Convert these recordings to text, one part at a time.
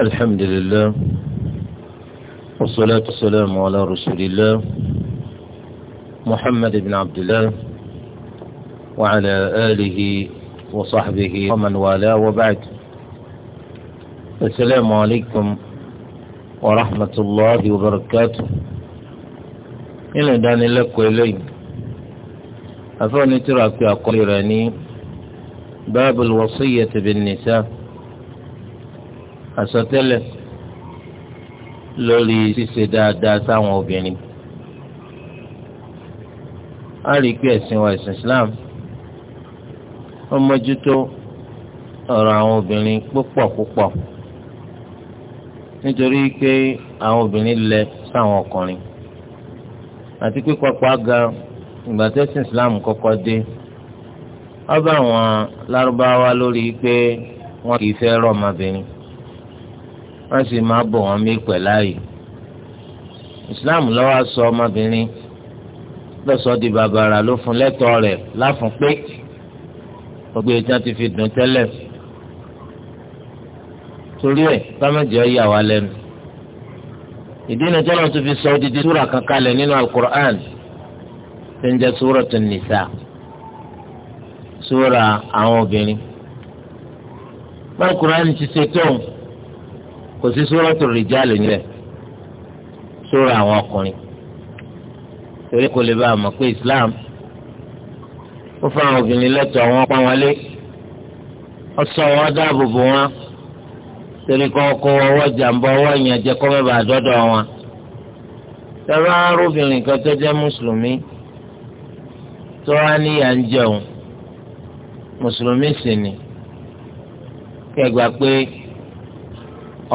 الحمد لله والصلاة والسلام على رسول الله محمد بن عبد الله وعلى آله وصحبه ومن والاه وبعد السلام عليكم ورحمة الله وبركاته إلى داني لك ولي أفاني تراك قريراني باب الوصية بالنساء àsọtẹ́lẹ̀ lórí ṣíṣe dáadáa sáwọn obìnrin a rí pé ẹ̀sìn wa ẹ̀sìn Islam ó mójútó ọ̀rọ̀ àwọn obìnrin púpọ̀ púpọ̀ nítorí pé àwọn obìnrin lẹ sáwọn ọkùnrin àti pé pápá ga ìgbà tẹ́sìn Islam kọ́kọ́ dé ọba àwọn lárúbáwá lórí pé wọ́n kì í fẹ́ rọ́ ọmọbìnrin wọ́n sì máa bọ̀ wọ́n mí pẹ̀lú ààyè islam lọ́wọ́ sọ ọmọbìnrin lọ́sọ̀ọ́ di bàbàrà ló fún lẹ́tọ̀ọ́ rẹ̀ láfún pé gbogbo ìtàn ti fi dùn tẹ́lẹ̀ torí ẹ̀ bámẹ́jọ yà wá lẹ́nu ìdí ni tọ́lọ́ tó fi sọ odidi súra kankan lẹ̀ nínú alukur'an tó ń jẹ́ súratun nisa súra àwọn obìnrin bálukur'an ti ṣe tóun. kò sí sóràtò rìjálì nílẹ̀ sóra àwọn ọkùnrin torí kò lè bá a mọ̀ pé Islam ó fáwọn obìnrin lẹ́tọ̀ọ́ wọn pa wọn lé ó sọ wọn dáàbò bò wọn torí kọ́ kó ọwọ́ jàǹbọ̀ ọwọ́ ìyànjẹ kọ́ wọn. tẹ́lá arúbìnrin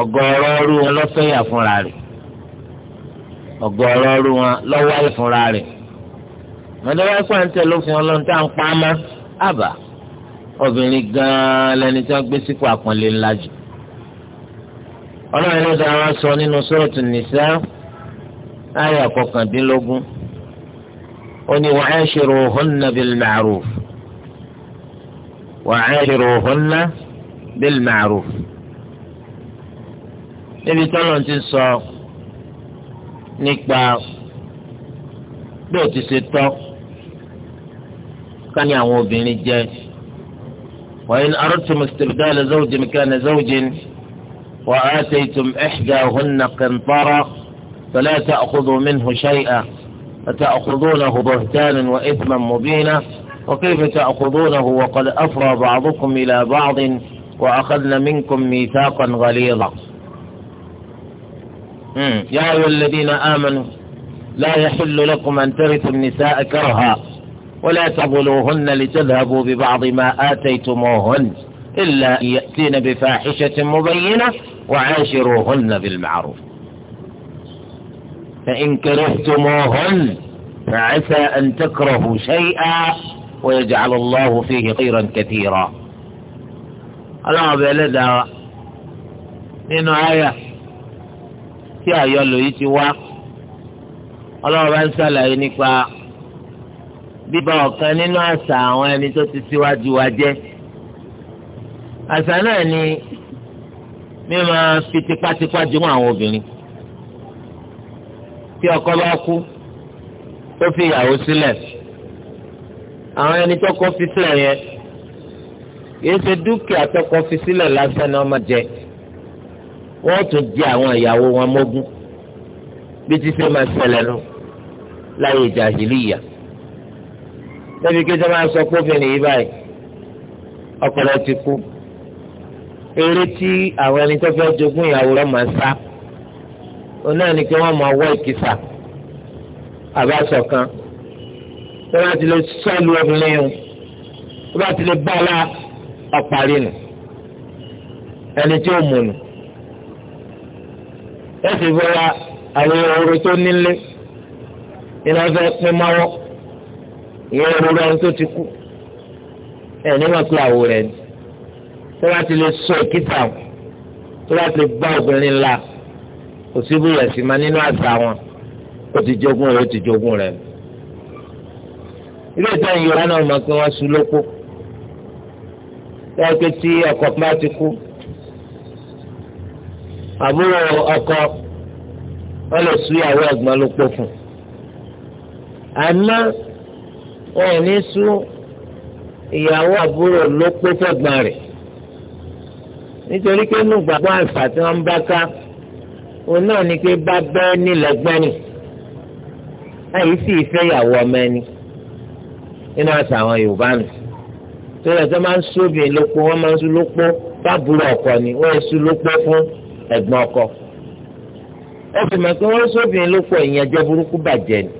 ọ̀gọ̀rọ̀ ọrú wọn lọfẹyà fúnra rẹ̀ ọ̀gọ̀rọ̀ ọrú wọn lọwọlẹ fúnra rẹ̀ mọdàlá pà ń tẹ lófin Ọlọ́run tá à ń pa á mọ àbá obìnrin gan-an lẹni tí wọ́n gbé sípò àpọ́nlé ńlá jù Ọlọ́run ló dára sọ nínú sọọtù nìṣẹ ayé àkọkàndínlógún ó ní wa'ashiruhunna bil ma'ruf wa'ashiruhunna bil ma'ruf. níbi tọ́lọ̀ ti sọ nípa bí o ti ṣe tọ́ ká ní àwọn obìnrin jẹ́ وإن أردتم استبدال زوج مكان زوج وآتيتم إحداهن قنطرا فلا تأخذوا منه شيئا فتأخذونه بهتانا وإثما مبينا وكيف تأخذونه وقد أفرى بعضكم إلى بعض وأخذن منكم ميثاقا غليظا يا أيها الذين آمنوا لا يحل لكم أن ترثوا النساء كرها ولا تبلوهن لتذهبوا ببعض ما آتيتموهن إلا أن يأتين بفاحشة مبينة وعاشروهن بالمعروف فإن كرهتموهن فعسى أن تكرهوا شيئا ويجعل الله فيه خيرا كثيرا الله بلدها nínú آية tí àyọlò yìí ti wá ọlọ́run bá ń ṣàlàyé nípa bíbá ọ̀kan nínú àṣà àwọn ẹni tó ti síwájú wa jẹ́ àṣà náà ni mímọ fi tipátipá jù mọ́ àwọn obìnrin tí ọkọ bá kú tó fi ìyàwó sílẹ̀ àwọn ẹni tó kọ́ fi sílẹ̀ yẹn kì í ṣe dúkìá tó kọ́ fi sílẹ̀ lásán ni wọ́n máa jẹ wọ́n tún di àwọn ìyàwó wọn mọ́gún bí ti ṣe máa ṣẹlẹ̀ nù láyé jàhìlíyà lẹ́bi kí ṣe máa sọ pé obìnrin yìí báyìí ọkọ rẹ̀ ti kú eré tí àwọn ẹni tó fẹ́ jogún ìyàwó rẹ̀ máa sá òun ni pé wọ́n máa wọ́ ìkísà àbáṣọ kan tó bá ti lè sọ́ọ̀lù obìnrin yìí tó bá ti lè bá a ọ̀parí nù ẹni tí ó mú nù ẹsì bọ́ra àwọn ehoro tó nílé iná fẹ́ pín máwọ́ ìyẹn ehoro ẹni tó ti kú ẹ̀ nígbà pé àwò rẹ̀ ni tó bá ti lè sọ ìkíta tó bá ti lè obìnrin la kò sí bóyá sí ma nínú àṣà wọn ó ti jogún rẹ̀ ó ti jogún rẹ̀ ilé ìtàn ìyọ̀rá náà pé wọ́n sun lóko lọ́wọ́ pé tí ọkọ̀ bá ti kú àbúrò ọkọ wọn lè sú ìyàwó ẹ̀gbọ́n ló pọ̀ fún àmọ́ wọn ò ní sú ìyàwó àbúrò ló pọ̀ fẹ̀gbọ́n rẹ̀ nítorí pé inú gbàgbọ́ àǹfà tí wọ́n ń bá ká òun náà ni pé bá bẹ́ẹ̀ nílẹ̀gbẹ́ni láyé sì ìfẹ́ ìyàwó ọmọ ẹni nínú àṣà àwọn Yorùbá nù tó yẹ kí wọ́n máa ń sú obìnrin lópo máa ń sú lópo fábùrò ọkọ ni wọ́n ń sú lópo fún ẹ̀gbọ́n ọkọ ó fi mọ̀ pé wọ́n sóbìnrin ló pọ̀ ìyànjẹ burúkú bàjẹ́ ni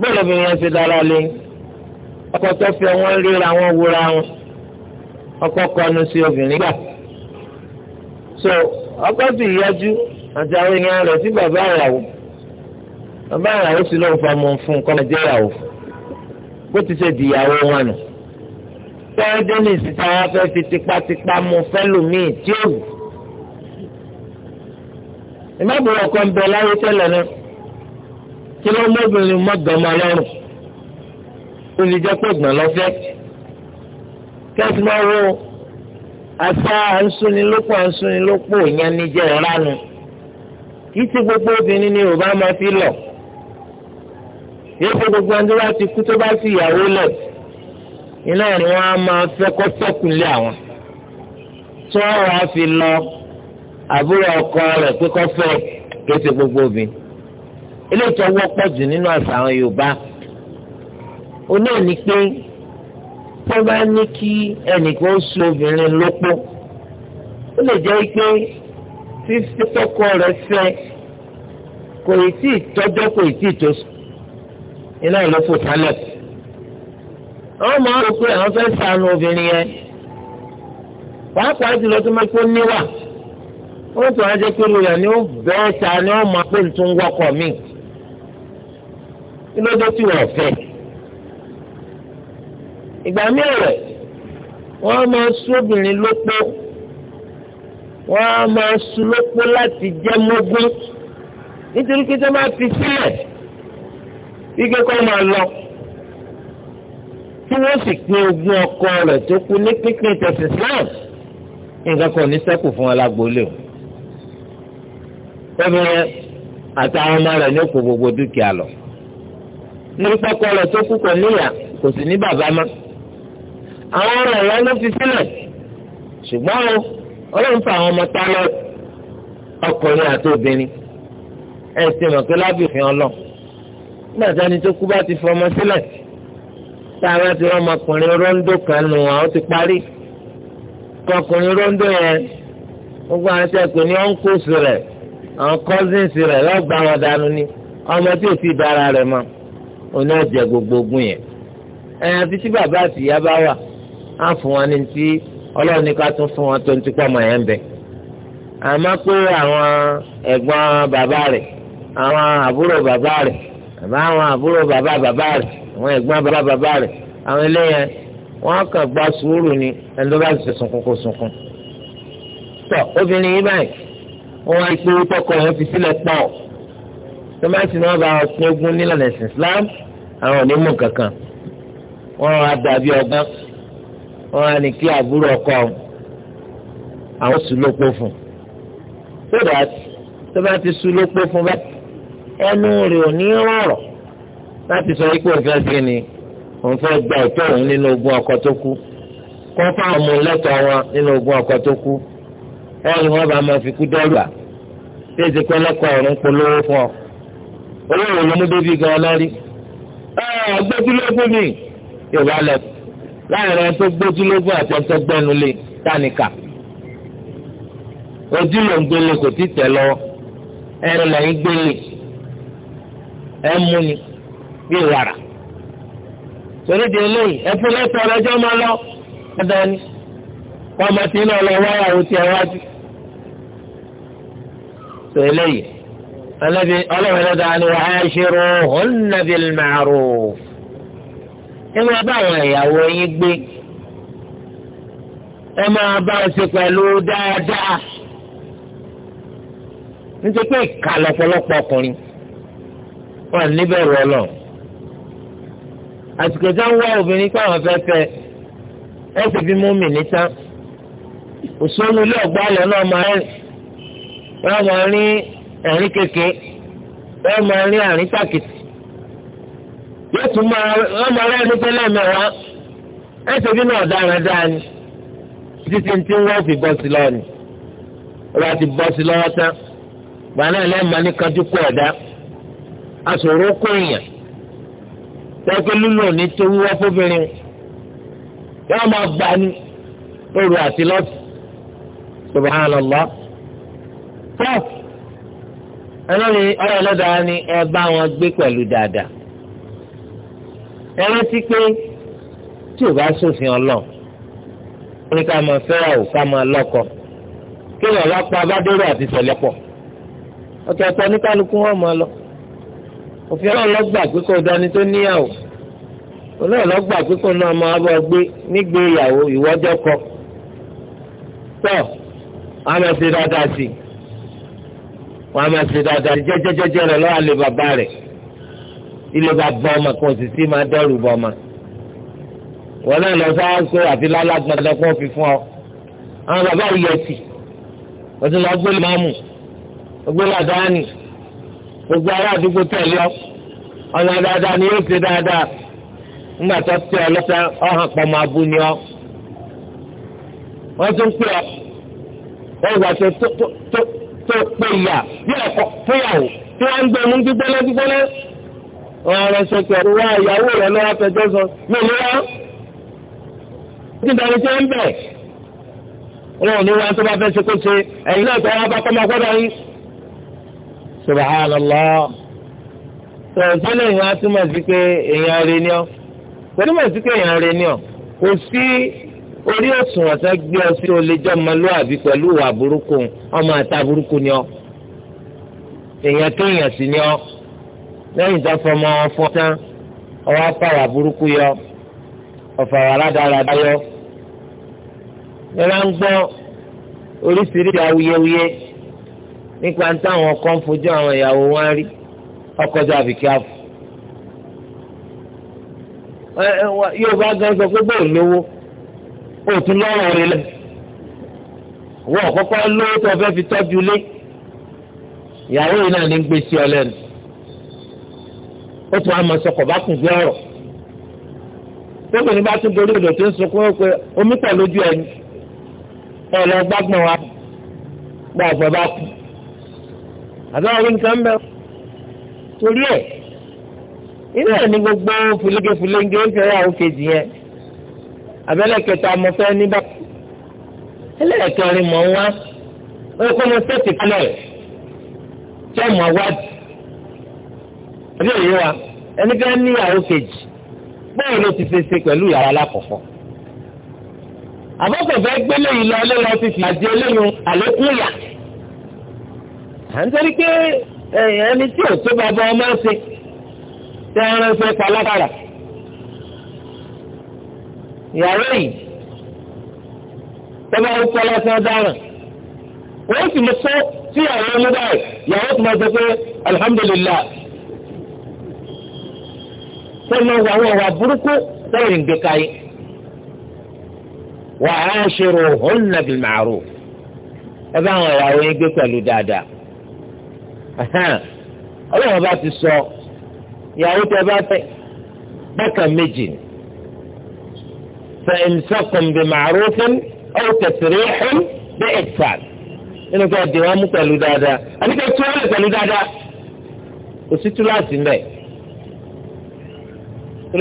bẹ́ẹ̀ lóbìnrin yẹn ṣe dára lé ọkọ tó fẹ́ wọ́n ríra wọn wúra wọn ọkọ kọnu sí obìnrin gbà so ọkọ sì yọjú àti àwọn èèyàn rẹ̀ sí bàbá ìyàwó bàbá ìyàwó sì ló ń fa ọmọ fún nǹkan ọjọ́ ìyàwó bó ti ṣe di ìyàwó wọn nù. sọ́ọ́ dénìsì táwọn afẹ́ fi tipátipá mú fẹ́lòmíì tí ó wù ìmọ̀bùrọ̀ ọkọ ń bẹ láyé tẹ́lẹ̀ náà kí ló mọ́bìnrin mọ́gànmọ́ lọ́rùn ó lè jẹ́ pé gbọ̀n lọ́fẹ́ kẹ́sì máa wo àṣà àǹsúnilópò àǹsúnilópò yẹn ní jẹ́ ìránu ti gbogbo obìnrin ni yorùbá máa fi lọ yóò fẹ́ gbogbo ẹni tó ti kú tó bá sì yàwó lẹ̀ iná ni wọ́n á máa fẹ́ kọ́ sẹ́kùnlé àwọn tí wọ́n wá fi lọ àbúrò ọkọ rẹ̀ pé kọ́ fẹ́ kéṣe gbogbo obìnrin eléyìí tó wọ́pọ̀ jù nínú àṣà àwọn Yorùbá ó náà ní pé tó bá ní kí ẹnìkan ó sun obìnrin lópó ó lè jẹ́ pé fífi tọkọ rẹ̀ fẹ́ kò ì tí ì tọ́jọ́ kò ì tí ì tó sùn iná ló fò sálẹ̀ àwọn máa ń rò pé àwọn fẹ́ sànù obìnrin yẹn pàápàá jùlọ tó máa ń kó níwà ó ń tọ́ ajẹ́ pé lóyún ni ó bẹ́ẹ̀ ta ni ó máa pé nítorí wọ́kọ̀ mi kí ló dé tí wọ́n fẹ́. ìgbà míì rẹ̀ wọ́n máa sóbìnrin lópó wọ́n á máa sun lópó láti jẹ́ mógún nítorí pé tó máa fi sílẹ̀ wíkẹ́ kọ́ máa lọ tí wọ́n sì pín ogún ọkọ rẹ̀ tó kú ní pínpín tẹ̀sán Islam nǹkan kan ní sẹ́kù fún alágbólé o obìnrin àtàwọn ọmọ rẹ̀ ní kó gbogbo dúkìá lọ nítorí pọkọ rẹ̀ tó kú kò níyà kò sì ní bàbá mọ́ àwọn ọ̀rọ̀ rẹ̀ ló fi sílẹ̀ ṣùgbọ́n o Ọlọ́run fa àwọn ọmọ tá lọ ọkùnrin àti obìnrin ẹ sì mọ̀ pé lábìfin ọlọ nígbà tí ẹni tó kú bá ti fọmọ sílẹ̀ tá a bá ti rọ ọmọkùnrin rọńdó kan nù àwọn ti parí kọkùnrin rọńdó yẹn gbogbo àwọn ẹsẹ pé ní ọńkóòsì rẹ̀ àwọn cousins rẹ̀ lọ́gbà wọn dànù ni ọmọ tí ò sì dára rẹ̀ mọ́ oní ọ̀jẹ̀ gbogbo ogun yẹn. ẹ̀yìn àti tí bàbá àti ìyá bá wà á fún wọn ní ti ọlọ́run ní ká tún fún wọn tó ń tipọ́ ọmọ yẹn bẹ̀. àmọ́ pé àwọn ẹ̀gbọ́n bàbá rẹ̀ àwọn àbúrò bàbá rẹ̀ àbá àwọn àbúrò bàbá bàbá rẹ̀ àwọn ẹ̀gbọ́n bàbá bàbá rẹ̀ àwọn eléyẹn wọn kàn gba sùúrù ni ẹni tó bá sì sunkún kó sunkún. tọ obìnrin yìí báyìí wọ́n wá ikú tọkọ yẹn fi sílẹ̀ pọ̀ tọ́mátì náà bá ọ̀pọ̀ ogun nílànà ẹ̀sìn Islam àwọn ò ní mú kankan wọ́n wá dàbí ọgbọ́n wọ́n wá ní kí àbúrò ọkọ àwọn sùn ló pọ̀ fún so that tọ́mátì sùn ló pọ̀ fún bẹ́ẹ̀ ẹnu rẹ̀ ò ní rọrọ̀ láti sọ ikú òfin ẹ̀sìn ni òun fẹ́ gba ìtọ́ òun nínú ogun ọkọ tó kú kọ́ fáwọn ọmọ lẹ́tọ̀ọ́ wọn nínú ogun ọkọ tó kú wọ́n ní wọ́n bá máa fi kú dọ́là tí èsì pé lọ́kọ̀ ọ̀run polówó fún ọ. olóòwò ló mú débi gan lọ́rí. ẹ gbójúlógún mi yorùbá lẹ láàrin ẹni tó gbójúlógún àti ẹni tó gbẹnulé táníkà. ojú ló ń gbélé kò tí tẹ̀ lọ ẹnu lẹ́yìn gbélé ẹ mú ni bí wàrà. torí di eléyìí ẹ fún lẹ́tọ̀ọ́ lọ́jọ́ máa lọ. ẹ dání kọ́ ọmọ lọ wáyà ó ẹ wájú tó eléyìí ọlọ́bi ọlọ́bi lọ́dọ̀ ni wàá ṣerú hunna bil ma'ruf. ẹ máa bá àwọn ìyàwó yín gbé ẹ máa bá wọn ṣe pẹ̀lú dáadáa nítorí pé ìka lọ́pọ̀lọpọ̀ ọkùnrin wọn níbẹ̀rù ọlọ́run àsìkò tí wọn wá obìnrin táwọn fẹ́ fẹ́ ẹ sì fi mú mi níta òṣèlú ilé ọgbà ilẹ̀ náà máa yóò máa rí ẹ̀rín kéke yóò máa rí àrín tàkìtì yóò tún máa yóò máa rí ẹni tẹ́lẹ̀ mẹ́wàá ẹ̀sẹ̀ bí náà dára dáa ni títí tí wọ́n fi bọ́ sí lọ́wọ́ ni ọba ti bọ́ sí lọ́wọ́ tán gbaná ẹlẹ́mà ní kájúkú ẹ̀dá asòro kó èèyàn tẹ́kẹ́ lílo ní tó wúwọ́ fóbìnrin yóò máa gbani lóru àti lọ́sùn subhanallah tọ́ ẹ̀rọ ni ọ̀rọ̀ ẹlẹ́dàá ni ẹ bá wọn gbé pẹ̀lú dáadáa ẹ rántí pé tí ò bá sófin ọlọ́ọ̀ ní ká máa fẹ́ràn ò ká máa lọ́kọ kí ni ọlọ́pàá abádọ́rọ̀ àti sọ̀lẹ́pọ̀ ọ̀kẹ́ ọ̀pọ̀ oníkálukú wọn máa lọ òfin ọlọ́gbà pé kò dání tó níyàwó olóòlọ́gbà pé kò náà máa bọ̀ gbé nígbé ìyàwó ìwọ́jọ́ kọ tọ́ àmọ̀ sí dáadáa sí i wọn a máa ṣe dáadáa jẹ́jẹ́jẹ́jẹ́ rẹ̀ lọ́wọ́ alẹ́ bàbá rẹ̀ ilé bàbá ọmọ kan sì sí máa dẹ́rù bọ́ ọmọ wọn náà lọ sáà pé àfi lálágbọ́n lọ́kọ́ fi fún ọ àwọn bàbá yìí ẹtì wọ́n ti lọ gbé mọ́mù gbé làdáni gbogbo ará àdúgbò tẹ̀lé ọ ọ̀nà dáadáa ni yóò ṣe dáadáa ńgbà tó tẹ ọ lọ́sẹ̀ ọ̀hàn pọ̀ máa bú ni ọ wọ́n tún pè ọ wọ́n gbà tó tó tó tó pé ìyà bí ọkọ o, tí wọ́n ń gbé mú gbígbóná gbígbóná. wọ́n rẹ sọ́kẹ́ wá ìyàwó rẹ̀ lọ́wọ́ fẹjọ́ sọ mí ní wá. ó ti dàrí tí ó ń bẹ̀. wọn ò ní wá tó bá fẹ́ ṣe kó ṣe ẹ̀yin náà tó wá bá kọ́mọ gbọ́dọ̀ yín. subhanallah. sọ̀rọ̀sọ́lẹ̀ yẹn á túmọ̀ sí pé èèyàn rẹ̀ ni ọ́. pẹ̀lú mọ̀ sí pé èèyàn rẹ̀ ni ọ́. kò sí orí òsùn ọ̀sẹ̀ gbé ọ sí olè jẹ́ ọmọlúwàbí pẹ̀lú ìwà burúkú ọmọ àta burúkú ni ọ èèyàn kéèyàn sì ni ọ lẹ́yìn tó fọmọ fún ọ tán ọwọ́ afáwà burúkú yọ ọ̀fàwà rádaràdá yọ yọlá ń gbọ́ oríṣiríṣi awuyewuye nípa ń táwọn ọkọ fojú àwọn ìyàwó wọn rí ọkọjá àbíkí àfọ. Yorùbá gan sọ pé bóun lówó o tún lọ́rùn rẹ lẹ wọ́n kọ́kọ́ lówó tó fẹ́ fi tọ́jú lé ìyàwó yìí náà ní gbé sí ọ lẹ́nu ó tún àmọ́ sọkọ̀ bá kùn gbé ọ̀rọ̀ tóbi ní bá tún dorí odò tó ń sunkún ó pé omi pọ̀ lójú ẹni ẹ lọ wa gba ọ̀gbọ́n bá kú àbẹ́wò rí nǹkan bẹ́ẹ̀ torí ẹ̀ ilé ẹ̀ ní gbogbo fúlégefúlégé ń fẹ́ yàwó kejì yẹn abẹ́lẹ́kẹta mo fẹ́ níbà ẹlẹ́ẹ̀kẹrin mọ̀ ń wá ó kọ́ mo sẹ́ẹ̀tì kalẹ̀ tẹ́ mọ̀ wájú àbí òye wa ẹni bẹ́ẹ̀ ní ìyàwó kejì bẹ́ẹ̀ ló ti ṣeéṣe pẹ̀lú ìyàwó alákọ̀ọ́kọ́ àbọ̀kọ̀fẹ́ gbélé yìí lọ lé lọ ti fi àjẹ eléyìí àlékún yà à ń tẹ́lí pé ẹni tí ò tó bá bọ́ ọmọ ẹ̀sìn tẹ́ ẹran ṣe palábàrà yàrá yìí tọ́lá ń kọ́ lọ́sẹ̀ dáràn wọ́n sì lè sọ sí àwọn ọmọ báyìí yàrá tó máa sọ pé alihamudulilayi tọ́lá wà wọ́n wà burúkú tọ́lá ń gbé káyé wà á ṣerò hón nàbì màrú ẹ bá àwọn ìyàwó yẹn gbé pẹ̀lú dáadáa ọlọ́run bá ti sọ ìyàwó tẹ bá fẹ́ bákan méjì ni. فإنساق بمعروف أو تسريح بإدفال إنه قال ديوامك لدادا أنا قلت سؤالك لدادا وست لا سنبي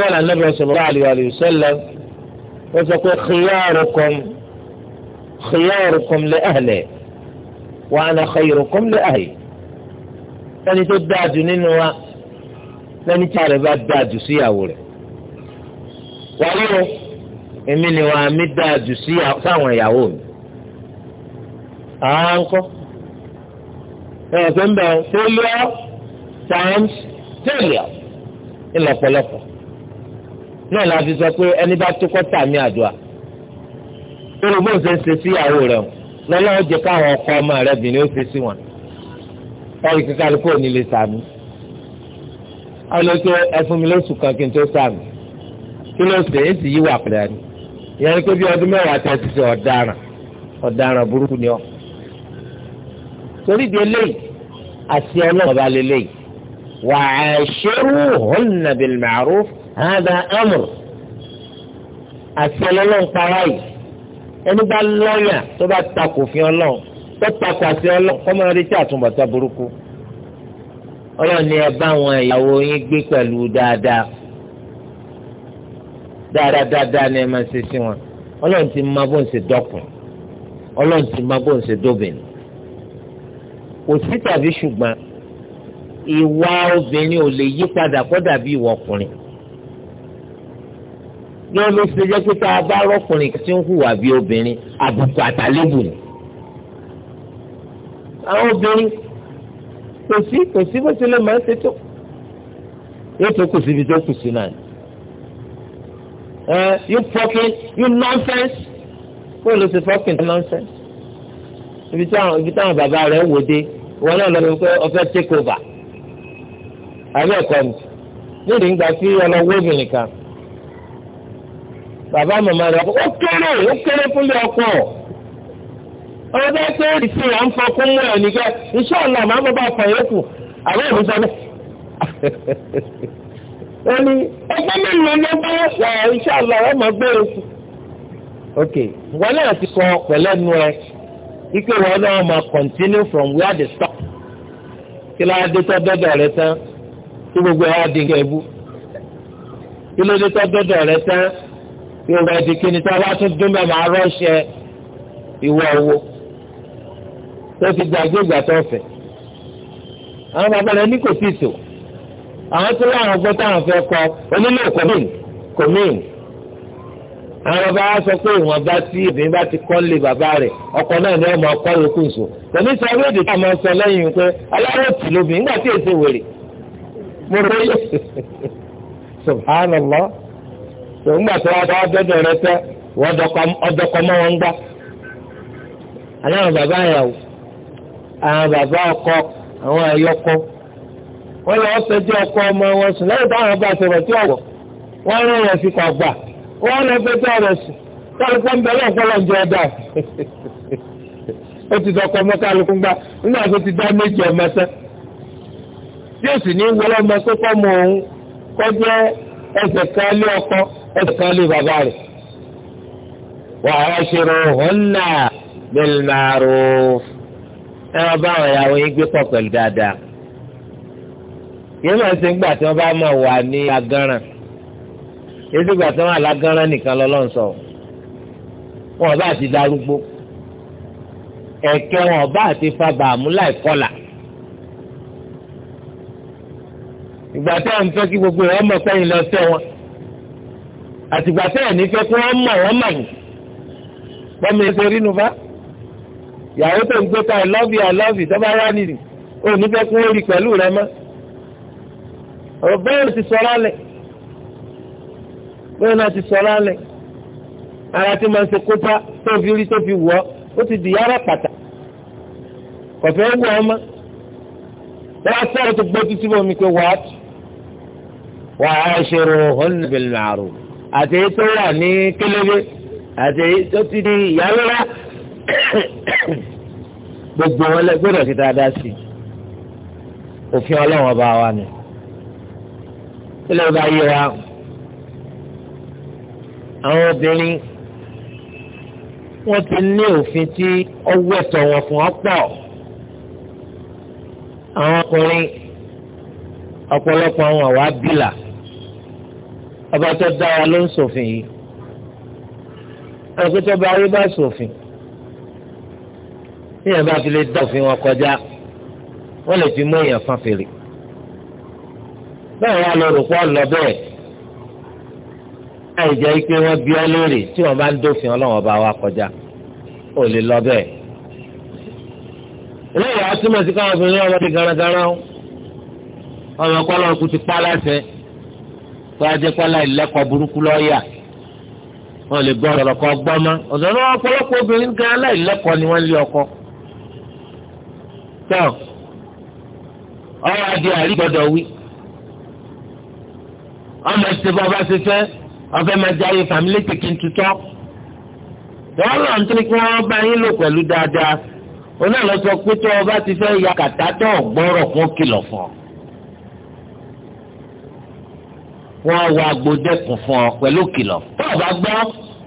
قال النبي صلى الله عليه وآله وسلم وسقوا خياركم خياركم لأهله وأنا خيركم لأهلي فاني تدادوا ننوى فاني تعرفات دادوا سياولي وعليه èmi ni wàá mi dáa jù sí sáwọn ìyàwó mi. àwọn akọ ẹ̀ ọ̀sẹ̀ ń bẹ̀ failure times failure ńlọ pọ̀lọpọ̀ náà la fi sọ pé ẹni bá tó kọ́tà mi àdúrà lórí bó ń ṣe ń ṣe sí ìyàwó rẹ̀ o lọ́lọ́wọ́ jẹ káwọn ọkọ ọmọ rẹ bìnrin ó ṣe sí wọn ọ̀rọ̀ kíkà ló kó ní lè sàmì ọlọ́tọ́ ẹfun mi lóṣù kan kí n tó sàmì kí ló ṣe é sì yí wà pẹ̀lẹ́ ni ìyẹn ni pé bí ọdún mẹ́wàá tẹ́ ti ṣe ọ̀daràn ọ̀daràn burúkú ni ọ́ torí di eléyìí àti ọlọ́run bá lélẹ́yìí wà á ṣerú hunna bil ma'ruf hada amr àti ọlọ́run para yìí ẹni bá lọ́yà tó bá takò fi ọlọ́run tó takò àti ọlọ́run kọ́ máa retí àtúbọ̀tán burúkú ọlọ́run ẹ bá àwọn ìyàwó yín gbé pẹ̀lú dáadáa dáadáa dáadáa ni ẹ máa ṣe sí wọn ọlọ́run ti máa bó ń ṣe dọ́kun ọlọ́run ti máa bó ń ṣe dóbìn kò sí tàbí ṣùgbọ́n ìwà obìnrin ò lè yí padà kó dàbí ìwà ọkùnrin yóò ló ṣe jẹ́ pé tá a bá rọ́kùnrin tí ń hùwà bí obìnrin àbùkù àtàlébù ni àwọn obìnrin kò sí kò sí bó ṣe lè máa ń ṣe tó yóò tó kù síbi tó kù sí náà Uh, you fucking you nonsense kó ló ti fucking nonsense ibi táwọn ibi táwọn bàbá rẹ̀ wò dé wọn náà lọ pé ọfẹ take over àbẹ ẹkọ ni níbi ń gbà sí ọlọwọ obìnrin kan bàbá màmá rẹ̀ ó kéré ó kéré fún mi ọkọ ọ̀rọ̀ bá pé ìsìn à ń fọkún mú ẹ nìkan iṣẹ́ ọ̀la màá bọ́ bá fọ yẹn kù àbẹ ìmúsọ náà. wọ́n ẹgbẹ́ mélòó ló bá wà iṣẹ́ àlọ́ ẹ̀ gbé oṣù. ok wọn náà ti sọ pẹ̀lú ẹnu ẹ ike wọn náà máa continue from where they stop kí ló dé tó dọ́dọ̀ rẹ tán tí gbogbo ẹ̀ wá di nǹkan ẹ̀bú kí ló dé tó dọ́dọ̀ rẹ tán tí gbogbo ẹ̀ di kíni tá a bá tún dún bẹ́ẹ̀ máa rọ́ṣẹ́ ìwọ owó tó fi gbàgbé ìgbà tó fẹ̀ àwọn bàbá rẹ ní kò sí ìtò. àwọn tó láwọn gbọ́ táwọn fẹ́ kọ onílé kòmíìn kòmíìn àwọn bàbá wa sọ pé ìwọ̀n bá tí obìnrin bá ti kọ́ lé bàbá rẹ̀ náà ni ọmọ yòókù sùn tẹ̀mí rẹ yẹ subhanallah tó tó dáwọ́ rẹ tẹ́ ọdọkọ mọ́ wọn gbá bàbá yà wò àwọn bàbá ọkọ àwọn wọ́n lọ fẹjọ́ ọkọ ọmọ wọn sùn lẹ́yìn táwọn bá sọ̀rọ̀ tí ọ̀wọ̀ wọ́n rán yẹn sí kọ̀ gbà wọ́n lọ fẹjọ́ rẹ̀ sùn kálukú ń bẹ lọ́ọ̀kọ́lọ́ jẹ ọ̀dà ó ti dọ̀kọ̀ ọmọ kálukú gbà nígbà tó ti dá méjì ọmọ tán tí ó sì ní wọlé ọmọ tó kọ́ mọ òun kọ́ jẹ́ ẹsẹ̀ kan lé ọkọ ẹsẹ̀ kan lé bàbá rẹ̀ wà á ṣeré hùnà bẹ́ẹ̀ máa rò ẹ máa bá àwọn ìyàwó yín gbé pọ̀ pẹ̀lú dáadáa yẹn máa ṣe ńgbà tí wọ́n bá máa wà ní agánran yẹn ti gbà tí wọ́n alágánran nìkan lọ́lọ́run sọ wọn bá ti darúgbó ẹ̀kẹ́ wọn bá ti fa bàmú láì kọlà ìgbà tí wọ́n fẹ́ kí gbogbo ẹ̀ ọmọ sẹ́yìn lọ sẹ́ wọn àtìgbà tí ẹ̀ ní fẹ́ kí wọ́n mọ̀ wọ́n mọ̀ yìí bọ́mi ẹsẹ̀ rí bá yàwó tó ń gbé ta I love you I love you tọ́ wá nìyí ò ní fẹ́ kí wọ́n rí pẹ̀lú rẹ mọ́ ọ̀rọ̀ bẹ́ẹ̀ ti sọ lálẹ́ bẹ́ẹ̀ náà ti sọ lálẹ́ ara ti máa ń ṣe kópa tó fi rí tó fi wọ́ ó ti di yàrá pàtà kọ̀fẹ́ wù ọ́ mọ́ wọ́n á sọ̀rọ̀ tó gbójú síbò mi pé wàá tù wàá aṣèrò ọ̀nàbẹ̀lẹ̀màrò àti èyí tó wà ní kélébé àti èyí tó ti di ìyálóra gbogbo wọn lẹ gbọ́dọ̀ ti dáadáa sí òfin ọlọ́wọ́n bá wa nù tí ló bá yíra àwọn obìnrin wọ́n ti ní òfin tí ọwọ́ ẹ̀tọ́ wọn fún ọ pọ̀ àwọn ọkùnrin ọ̀pọ̀lọpọ̀ àwọn àwa bílà ọba tó dá wa ló ń ṣòfin yìí ẹgbẹ́ tó bá rí bá ṣòfin níyẹn bá fi lè dá wọn kọjá wọ́n lè fi mú èèyàn fan bẹ́ẹ̀ wá lọ rò pọ̀ lọ bẹ́ẹ̀ láì jẹ́ pé wọ́n bí ọ lórí tí wọ́n bá ń dófin ọlọ́run ọba wa kọjá ò lè lọ bẹ́ẹ̀. eléyìí wàá túmọ̀ sí káwọn obìnrin ọmọdé garagara ó ọmọ ọpọlọ ọkùnrin ti pa láṣẹ tó ajẹ́ pálá ìlẹ́kọ̀ọ́ burúkú lọ́ọ̀yà wọn lè gbọ́ ọ̀rọ̀ kan gbọ́ mọ́ náà ọ̀pọ̀lọpọ̀ obìnrin gan aláìlẹ́kọ̀ọ́ ni wọ́n lé ọkọ. tán ọ̀rọ̀ adìẹ àrígbọ́dọ̀ wí ọmọ ẹsẹ bá bá ṣe fẹ́ ọfẹ máa jẹ ayé fàmílì tìkì tutọ́ wọn lọ nítorí kí wọn bá yín lò pẹ̀lú dáadáa oní àlọsọ pé tó ọba ti fẹ́ ya kàtá tó ọgbọrọ fún kìlọ̀ fún ọ wọn wá agbódẹkùn fún ọ pẹ̀lú kìlọ̀ tó ọba gbọ́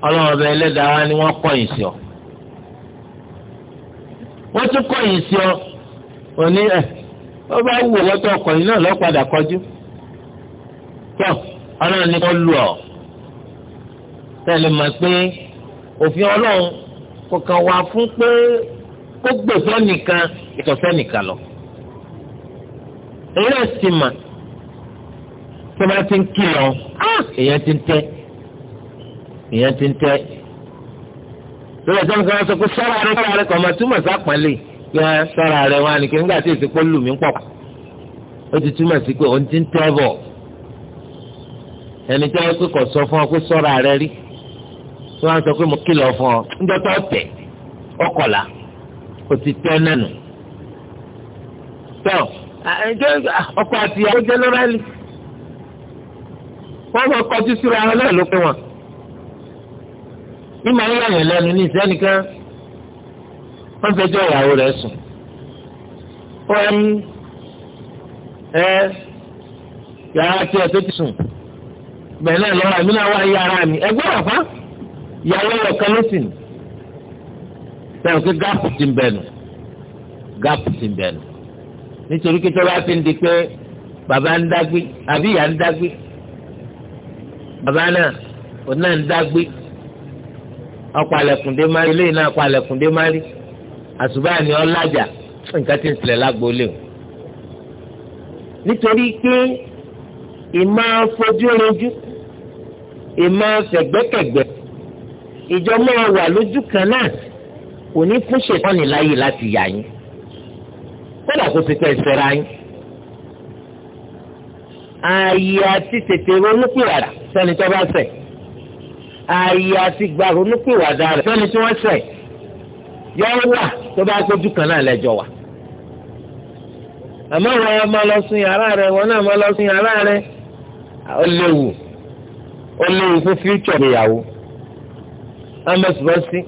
Ọlọ́run ọbẹ Ẹlẹ́dàá wa ni wọn kọ̀yìn sí ọ wọn tún kọ̀yìn sí ọ òní ẹ ọba wù wọtọ ọkọyìn náà lọ padà kọjú tọ ọlọ́run ní kó lù ọ́ tẹ́lẹ̀ mọ̀ pé òfin ọlọ́run kò kàn wá fún pé kó gbèsò nìkan ìtọ̀sẹ́ nìkan lọ. èyí náà sì mà tí wọ́n ti ń kìlọ̀ èèyàn ti ń tẹ́ èèyàn ti ń tẹ́ lórí ẹ̀sán kan sọ pé sọ́ra rẹ̀ sọ́ra rẹ̀ kàn máa túmọ̀ sápẹ́lẹ̀ pé sọ́ra rẹ̀ wọn ni kí nígbà tí èsì pé lù mí pọ̀ ó ti túmọ̀ sí pé òun ti ń tẹ́ bọ̀ ẹni tí wọ́n pè kọ̀ sọ fún ọ pé sọ́ra rẹ rí tí wọ́n sọ pé mo kìlọ̀ fún ọ níjọ́ tó tẹ̀ ọkọ̀la kò ti tẹ́ nánu. tọ́ ọkọ àti ìyàwó jẹ́nẹ́rálì wọ́n mọ̀ kọjú síra wọn náà ló pé wọn. bí màá yàyàn lẹ́nu ní ìsẹ́nìkan wọ́n fẹjọ́ ìyàwó rẹ̀ sùn. ó ẹ ẹ yàrá tí ẹ tó ti sùn. bẹ́ẹ̀ náà lọ́wọ́ àmì náà wà yí ara mi ẹgbẹ́ ọ̀fá ìyàwó rẹ̀ kan ló sì ní. sẹ́wọ̀n gáàpù ti ń nù gáàpù ti ń nù nítorí pé tọ́lá ti ń di pé bàbá ń dágbé àbí ìyá ń dágbé bàbá náà òun náà ń dágbé àlẹ̀kùndé o nítorí pé ìmọ̀ fẹ̀gbẹ́kẹ̀gbẹ́ ìjọmọ́ wà lójú kan náà kò ní fún ṣètọ́ni láyè láti yà yín kódà kó ti tẹ̀ ìṣẹ̀ra yín. ààyè àti tètè ronúpìwàdà sẹ́ni tó bá ṣẹ̀ ààyè àti gba ronúpìwàdà rẹ̀ sẹ́ni tí wọ́n ṣẹ̀ yọ wà tó bá gbójú kan náà lẹ́jọ́ wà. àmọ́ wọn máa lọ sun yàrá rẹ̀ wọn náà máa lọ sun yàrá rẹ̀ ó léwu ó léwu fún future ìyàwó amẹ́sibọ́sí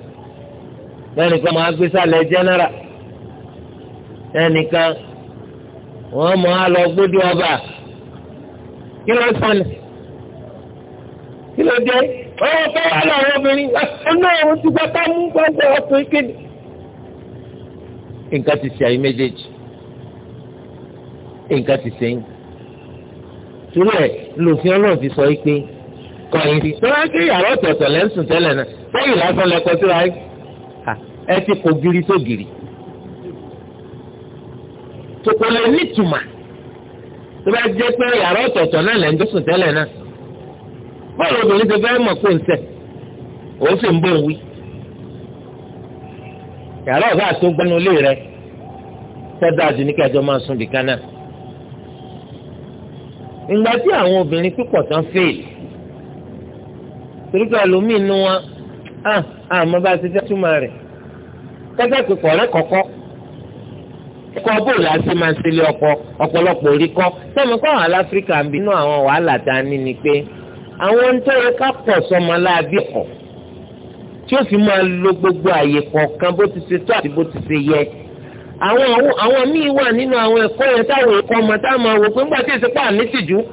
lẹ́nìkan máa gbé sálẹ̀ general lẹ́nìkan wọ́n máa lọ gbódú ọba kí ló sọnù kí ló dé ọwọ́ tó wà láwọn obìnrin ọ̀nà òun ti gbọ́ ká mú gbọ́dọ̀ ọkùnrin kéde. nǹkan ti ṣe àyè méjèèjì nǹkan ti ṣe yín. torí ẹ̀ lòfin ọlọ́run fi sọ yìí pé kọ́ yín sí. tọ́lá sí yàrá ọ̀tọ̀ọ̀tọ̀ lẹ́sùn tẹ́lẹ̀ náà sẹ́yìn lásán lẹ́kọ́ sí wa ẹ ti kó giri tó giri. tòkòlẹ̀ nítumà tó bá jẹ́ pé yàrá ọ̀tọ̀ọ̀tọ̀ náà lẹ́ ń dọ́sùn tẹ́lẹ̀ náà. bọ́ọ̀lù obìnrin ti fẹ́ mọ̀ kó ń sẹ̀ òun sì ń bọ̀ wí. yàrá ọ̀gá àtúngbẹ́nu ilé rẹ̀ sẹ́dá àdùnníkẹ́ àjọ máa sùn bìkan náà. ìgbà tí àwọn obìnrin púpọ̀ tán fèèlì torípé ẹlòmíín nu wọn àmọ́ ah, bá a ti fẹ́ túmọ̀ rẹ̀ kẹ́kẹ́ pé kọ̀ọ̀rẹ́ kọ̀kọ́ kọ́ bóòlù àti máa ń ọkọ ọ̀pọ̀lọpọ̀ orí kọ́ kọ́ àwọn ń bínú àwọn wàhálà ni pé àwọn tó yẹ ká pọ̀ sọmọ aláàbí ọ̀kọ̀ tí lo gbogbo àyè kọ̀ọ̀kan bó ti ṣe tó àti bó ti ṣe yẹ àwọn míì wà nínú àwọn ẹ̀kọ́ yẹn táwọn ẹ̀kọ́ ọmọ táwọn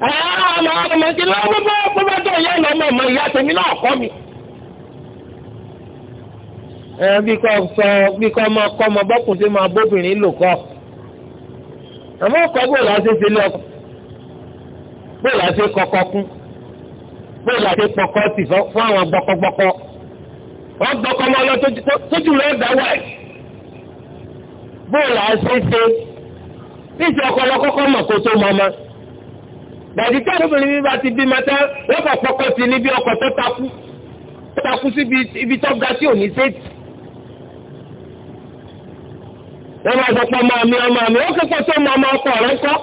àwọn ọmọ ọmọ ti lọ bó bó bá tó ìyá ọmọ ìyá tèmi náà kọ́ mi. bí kò sọ bí kò ọmọ kọ́ ọmọ bọ́kùn sí máa bóbìnrin lò kọ́ àmọ́ ọkọ̀ bó la ṣe ṣe lé ọkọ̀ bó la ṣe kọ́kọ́ kún bó la ṣe fún àwọn gbọ́kọ́gbọ́kọ́ wọ́n gbọ́kọ́ mọ́ lọ wáyé bó dàdí tí àdóbìnrin mi bá ti bí mọ́tẹ́ wọ́n kọ̀ kọ́kọ́ sí ní bí ọkọ̀ tó takú tó takú sí ibi tó ga sí òní séètì. wọ́n máa sọ pé ọmọ mi ọmọ mi ó kékeré tó mọ ọmọ ọkọ rẹ kọ́.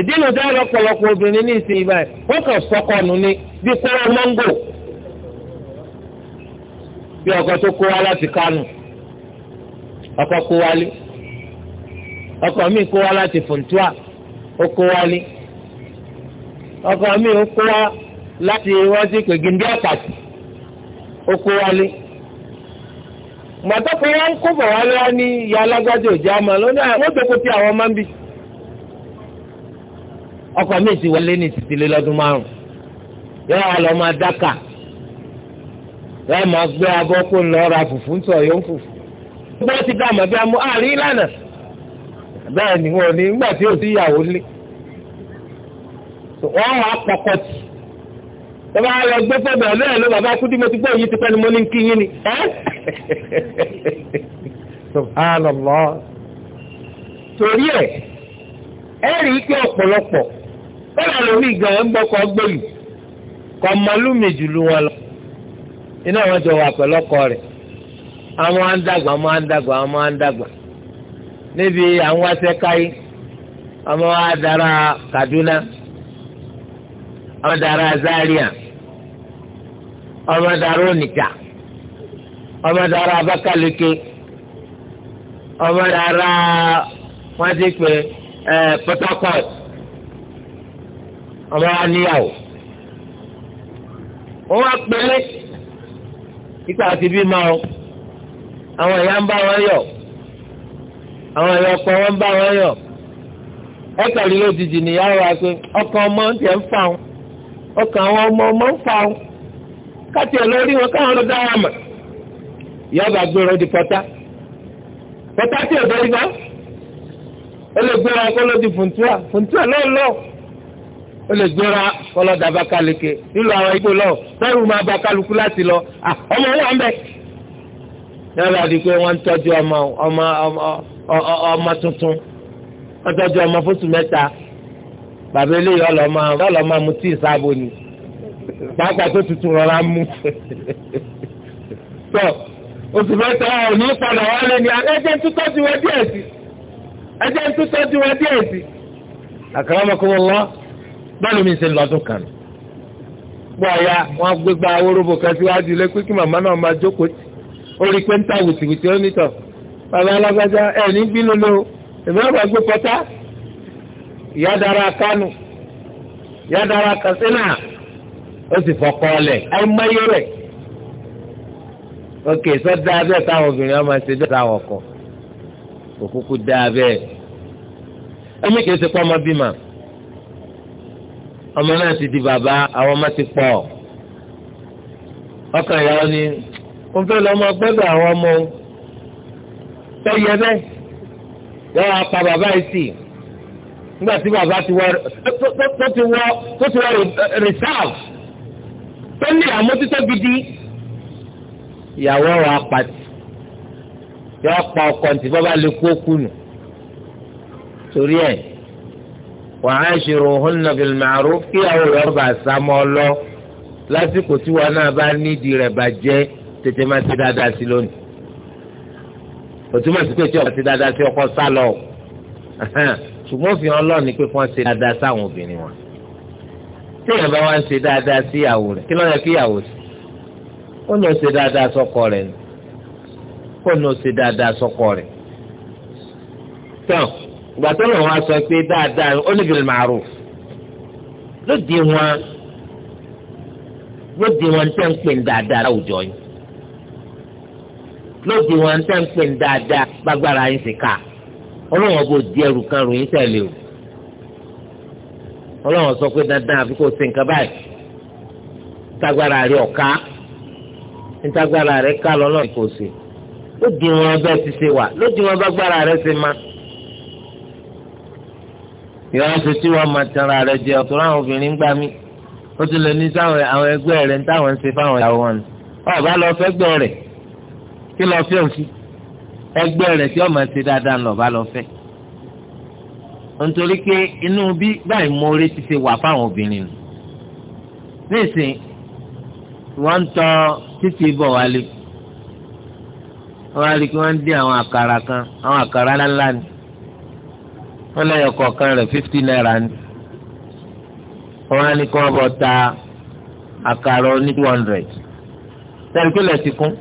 ìdí nu dá lọ́pọ̀lọpọ̀ obìnrin ní ìsìn ibà wọ́n kàn sọkọ nù ni bí kóró mọ́ngò bí ọkọ̀ tó kó wá láti kánù ọkọ̀ kó wálé ọkọ̀ mi kó wá láti fòntúà oko wálé ọkọ mi ò kó wa láti wọ́n sí pègìndé àpàtì oko wálé gbàtọ́ pé wọ́n ń kó bọ̀ wálé wá ní ìyá alágbájọ òjá ma lónìí àwọn òjòkó tí àwọn máa ń bì ọkọ mi ti wọlé ní títí lé márùn yóò wá máa dáka yóò máa gbé abọ́ kó ń lọ ra fùfú ń sọ yóò ń fùfú. gbọ́dọ̀ ti dá àmọ́ bí a mú àárín lánàá. bẹ́ẹ̀ ni wọn ò ní nígbà tí ò sí ìyàwó lé wọ́n wà pọ̀pọ̀ tì lọ gbé ló bàbá ti pẹ́ ni mo ní kí yín ni subhanallah torí ẹ rí i pé ọ̀pọ̀lọpọ̀ ẹ̀ ń kọ́ kọ́ wọn lọ iná wọn níbi àwọn asẹ́káyé ọmọ wa dára Kaduna ọmọ dára Zaria ọmọ dára Onitsha ọmọ dára Abakaliki ọmọ dára wọ́n ti pè ẹ Port ọmọ wa níyàwó wọ́n wá pélé ipa àti bímọ àwọn ìyá ń bá wọn yọ. àwọn ẹ̀yọ́ ọkọ wọn bá wọn yọ ẹ̀kàlélódìdì nìyàwó wa pé ọkàn ọmọ ń tẹ̀ ń fà wọn ọkàn àwọn ọmọ ọmọ ń fà wọn káti ẹ̀ lórí wọn káwọn ló dá wọn mọ̀ yọba gbèrò di pọ́tà pọ́tà tí ò dé ibà ó lè gbéra kọ́lọ́ di fùntúà fùntúà lọ́ọ̀lọ́ọ̀ ó lè gbéra kọ́lọ́ dàbà kálíkè nílò àwọn igbó lọ́ọ̀ bẹ́ẹ̀rù máa ba kálukú láti lọ ọmọ wọn bẹ́ẹ̀ yọba di pé wọ́n ń tọ́jú ọmọ ọmọ ọmọ ọmọ tuntun ọtọjú ọmọ fóṣù mẹ́ta bàbá eléyìí ọlọmọ ọlọmọ mu tíì sáàbò ni pàápàá tó tutù rọra mú tọ oṣù mẹ́ta ò ní padà wálé ni ẹjẹ ń tútọ́jú wọn díẹ̀ sí ẹjẹ ń tútọ́jú wọn díẹ̀ sí. àkàràmọ́kọ́wọ́lọ́ báwo mi ṣe lọ́dún kan gbọ́ ya wọ́n gbégbá awóróbó kan síwájú ilé pé kí màmá náà máa jókòó tì ó rí i pé ń ta wùtìwùtì ó nítọ̀ bàbá alágbájá ẹ ní bínú ló èmi àgbà gbé pọtá ìyá dara kánú ìyá dara katsina ó sì fọkọ ọlẹ ẹ mẹyẹ rẹ ok sọ dáa bẹ́ẹ̀ táwọn obìnrin ọmọ ẹsẹ bẹ́ẹ̀ táwọn ọkọ òkúkú dáa bẹ́ẹ̀ ẹmí kìí ṣe pọ ọmọ bímọ ọmọ náà ti di bàbá àwọn ọmọ ti pọ̀ ọkàn ìyàwó ni wọn fẹẹ lọ ọmọ gbẹdọ àwọn ọmọ òun sẹ́yẹ bẹ́ẹ̀ wọ́n á pa bàbá yìí sí nígbà tí bàbá ti wọ tó ti wọ tó ti wọ reserve tó ní àmójútó gidi ìyàwó ọ̀rọ̀ apàtì yọ pa ọkọ ntì bọ́ bá lè kú òkú nù torí ẹ̀ wa ashiruhunna bil ma'ruf kí àwọn ọ̀rọ̀ bá sámọ́ lọ lásìkò tí wọn náà bá nídìí rẹ̀ bàjẹ́ tètè má ti dáadáa sí lónìí òtúmọ̀ sí pé tí ọba ti dáadáa sí ọkọ sá lọ ṣùgbọ́n òfin ọlọ́run ni pé kí wọ́n ṣe dáadáa sáwọn obìnrin wọn tí èèyàn bá wá ń ṣe dáadáa sí ìyàwó rẹ̀ kí ló yẹ kí ìyàwó sí ó lọ ṣe dáadáa sọ́kọ rẹ̀ ni kó lọ ṣe dáadáa sọ́kọ rẹ̀ tán ìgbà tó lọ́wọ́ sọ pé dáadáa ó ní bil ma'ruf lóde wọn lóde wọn tẹ́ ń pè ní dáadáa láwùjọ yìí lóde wọn ń tẹ́ ń pè ní dáadáa gbàgbára yín sì ká ọlọ́wọ́n bò di ẹrù kan ròyìn tẹ̀lé o ọlọ́wọ́n sọ pé dandan àfi kò ṣe nǹkan báyìí tágbára rẹ ọ̀ká nítagbára rẹ ká lọ́nà kò sí lóde wọn bẹ́ẹ̀ ti ṣe wà lóde wọn gbàgbára rẹ ṣe má ìwọ́n ṣe tí wọ́n máa tanra rẹ jẹ ọ̀tún àwọn obìnrin gbá mi ó ti lè ní sáwọn àwọn ẹgbẹ́ rẹ ní táwọn ń ṣe fáwọn ìyàwó wọn ọ̀bá lọ fẹ́ gbọ́ rẹ̀ kí lọ fẹ́ òsì ẹgbẹ́ rẹ̀ tí ọmọ ti dáadáa lọ bá lọ fẹ́ nítorí pé inú bí báyìí mo rí ti ṣe wà fáwọn obìnrin nù nísìnyí wọ́n ń tọ́ títí bọ̀ wálé wọ́n á rí i pé wọ́n ń dín àwọn àkàrà kan àwọn àkàrà ńláńlá ni wọ́n lẹ́yọ̀ kọ̀ọ̀kan rẹ̀ fifty naira ni wọ́n á ní kí wọ́n bọ̀ ta àkàrà oní two hundred tẹ̀lé pé lẹ́sìn kún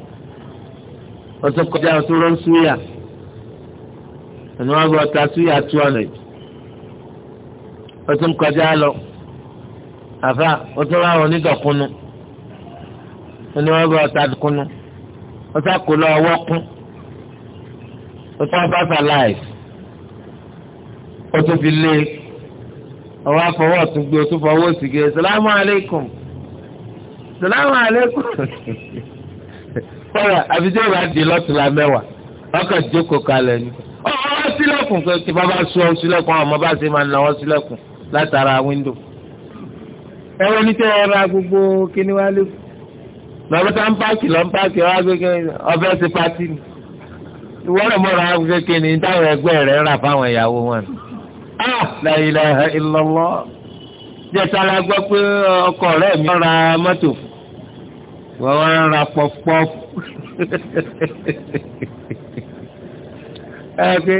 wọ́n tún kọjá wọ́n tún rán súyà ẹni wọ́n bọ̀ ta súyà two hundred wọ́n tún kọjá lọ àfa wọ́n tún rán àwọn onídọ̀kúnnú ẹni wọ́n bọ̀ ta dùkúnnú wọ́n tún kó lọ ọwọ́ kún wọ́n tún bá fà láìsí wọ́n tún fi lé ọwọ́ afọwọ́ tún gbé o tún fọwọ́ sí gé salamu aleykum salamu aleykum. kọ́ra àbíjọ́ bá di lọ́tùlá mẹ́wàá ọkọ̀ jókòó kalẹ̀ ni. ọ̀hún sílẹ̀kùn kí bàbá sọ ọ́ sílẹ̀kùn àwọn ọmọ bá ṣe máa náwó sílẹ̀kùn látara wíńdò. ẹ̀rọ ní tẹ́ ẹ ra gbogbo kíní wá lé. lọ́wọ́ tá ń páàkì lọ́n páàkì wá gbégbé ọbẹ̀ ṣe pátì ni. ìwọ́rọ̀ mọ́ra wá gbé kíní táwọn ẹgbẹ́ rẹ̀ rà fáwọn ìyàwó wọn. Ah! la ilaha illallah jẹ́ta la gbọ́ pé ọkọ rẹ̀ mi ra mọ́tò f wọ́n wá ń ra pọ́pọ́pù ẹ pé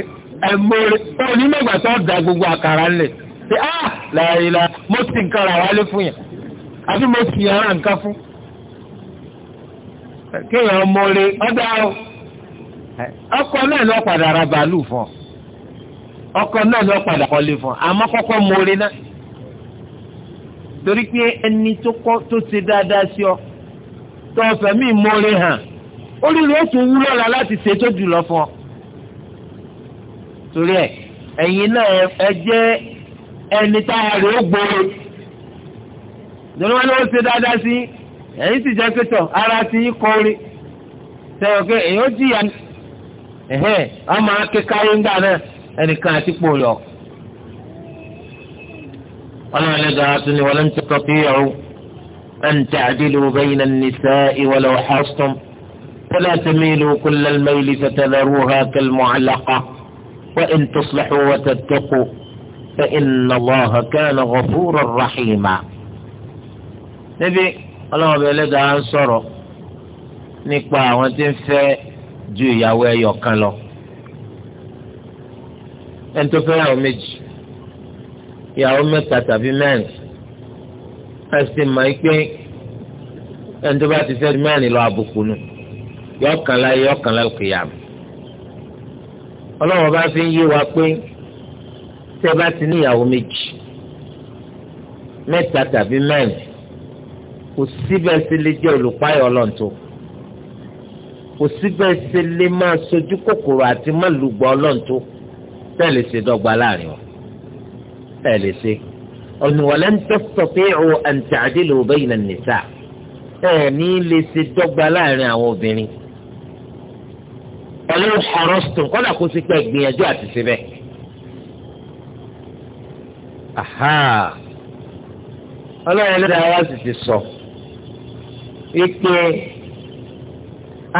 ẹ mọ̀rẹ́ onímọ̀gbà tó da gbogbo àkàrà ńlẹ̀ ṣe á làyìnlá mo ti nǹkan rà wálé fún yẹn àbí mo ti yàn án nǹkan fún kéèyàn mọ̀rẹ́ ọ̀dà ọkọ̀ náà ló padà ra bàálù fún ọ ọkọ náà ni wọn padà kọ́lé fún àmọ́ kọ́kọ́ mọre náà torí pé ẹni tó ṣe dáadáa sí ọ tó fẹ̀mí ìmoore hàn oríire ó tún wúlò la láti ṣe tó jù fún ọ. torí ẹ ẹ̀yin náà ẹ jẹ́ ẹni tá a rè ó gbòòrò ìjọba wọn ni wọ́n ṣe dáadáa sí ẹ̀yin sì jẹ́ ara ti yí kọ́ orí sẹ́yìn èyí ó jìyà ẹ̀hẹ́n ọmọ akẹ́kọ̀ọ́ ńgbà náà ẹnìkan أن تعدلوا بين النساء ولو حصتم فلا تميلوا كل الميل فتذروها كالمعلقة وإن تصلحوا وتتقوا فإن الله كان غفورا رحيما نبي الله بلد عن صرف nípa àwọn tí ń fẹ́ ju فى ẹyọ kan lọ. ẹni ẹ sì mọ̀ ẹ́ pé ẹni tó bá ti fẹ́ mẹ́rin lọ àbùkù nù yọ kàn láyé yọ kàn láyé kìyàmù. ọlọ́run bá fi ń yé wa pé tẹ́ bá ti níyàwó méjì mẹ́ta tàbí mẹ́rin kò síbẹ̀ jẹ́ olùpáyọ̀ ọlọ́run kò síbẹ̀ máa sojú kòkòrò àti má lùgbọ́ ọlọ́run ṣe dọ́gba láàrin wọn tẹ́ ṣe ọ̀nùwọ̀lẹ́ ń tẹ́sọ̀tẹ́ ọ̀ àǹtàdìlò bẹ́yìn nìta ẹ̀ ní lè ṣe dọ́gba láàrin àwọn obìnrin pẹ̀lú ọ̀rọ̀sùn kọ́dà kó sí pé gbìyànjú àti ṣe bẹ́ẹ̀. ọlọ́run ẹlẹ́dàá wa sì ti sọ wípé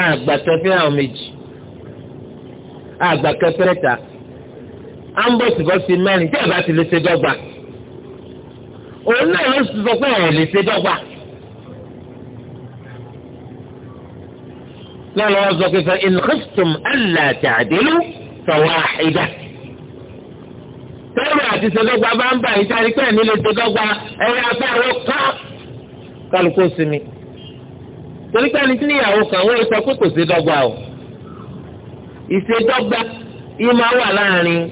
àgbàkẹ́fẹ́ àwọn méjì àgbàkẹ́fẹ́ ta à ń mẹ́rin tí àbá ti lè ṣe dọ́gba òun náà ló sọ pé ẹ̀ lè ṣe dọ́gba. náà lọ́wọ́ sọ pé in khiftum alla ta'dilu fawahida. tẹ́lẹ̀ àti ṣèdọ́gba bá ń bà yín sáré pé ẹ̀mí lè ṣe dọ́gba ẹ̀rọ abẹ́rẹ́ ká kálukú sinmi. torí pé tí níyàwó kan wọ́n sọ pé kò ṣe dọ́gba o. ìṣèdọ́gba yìí wà láàrin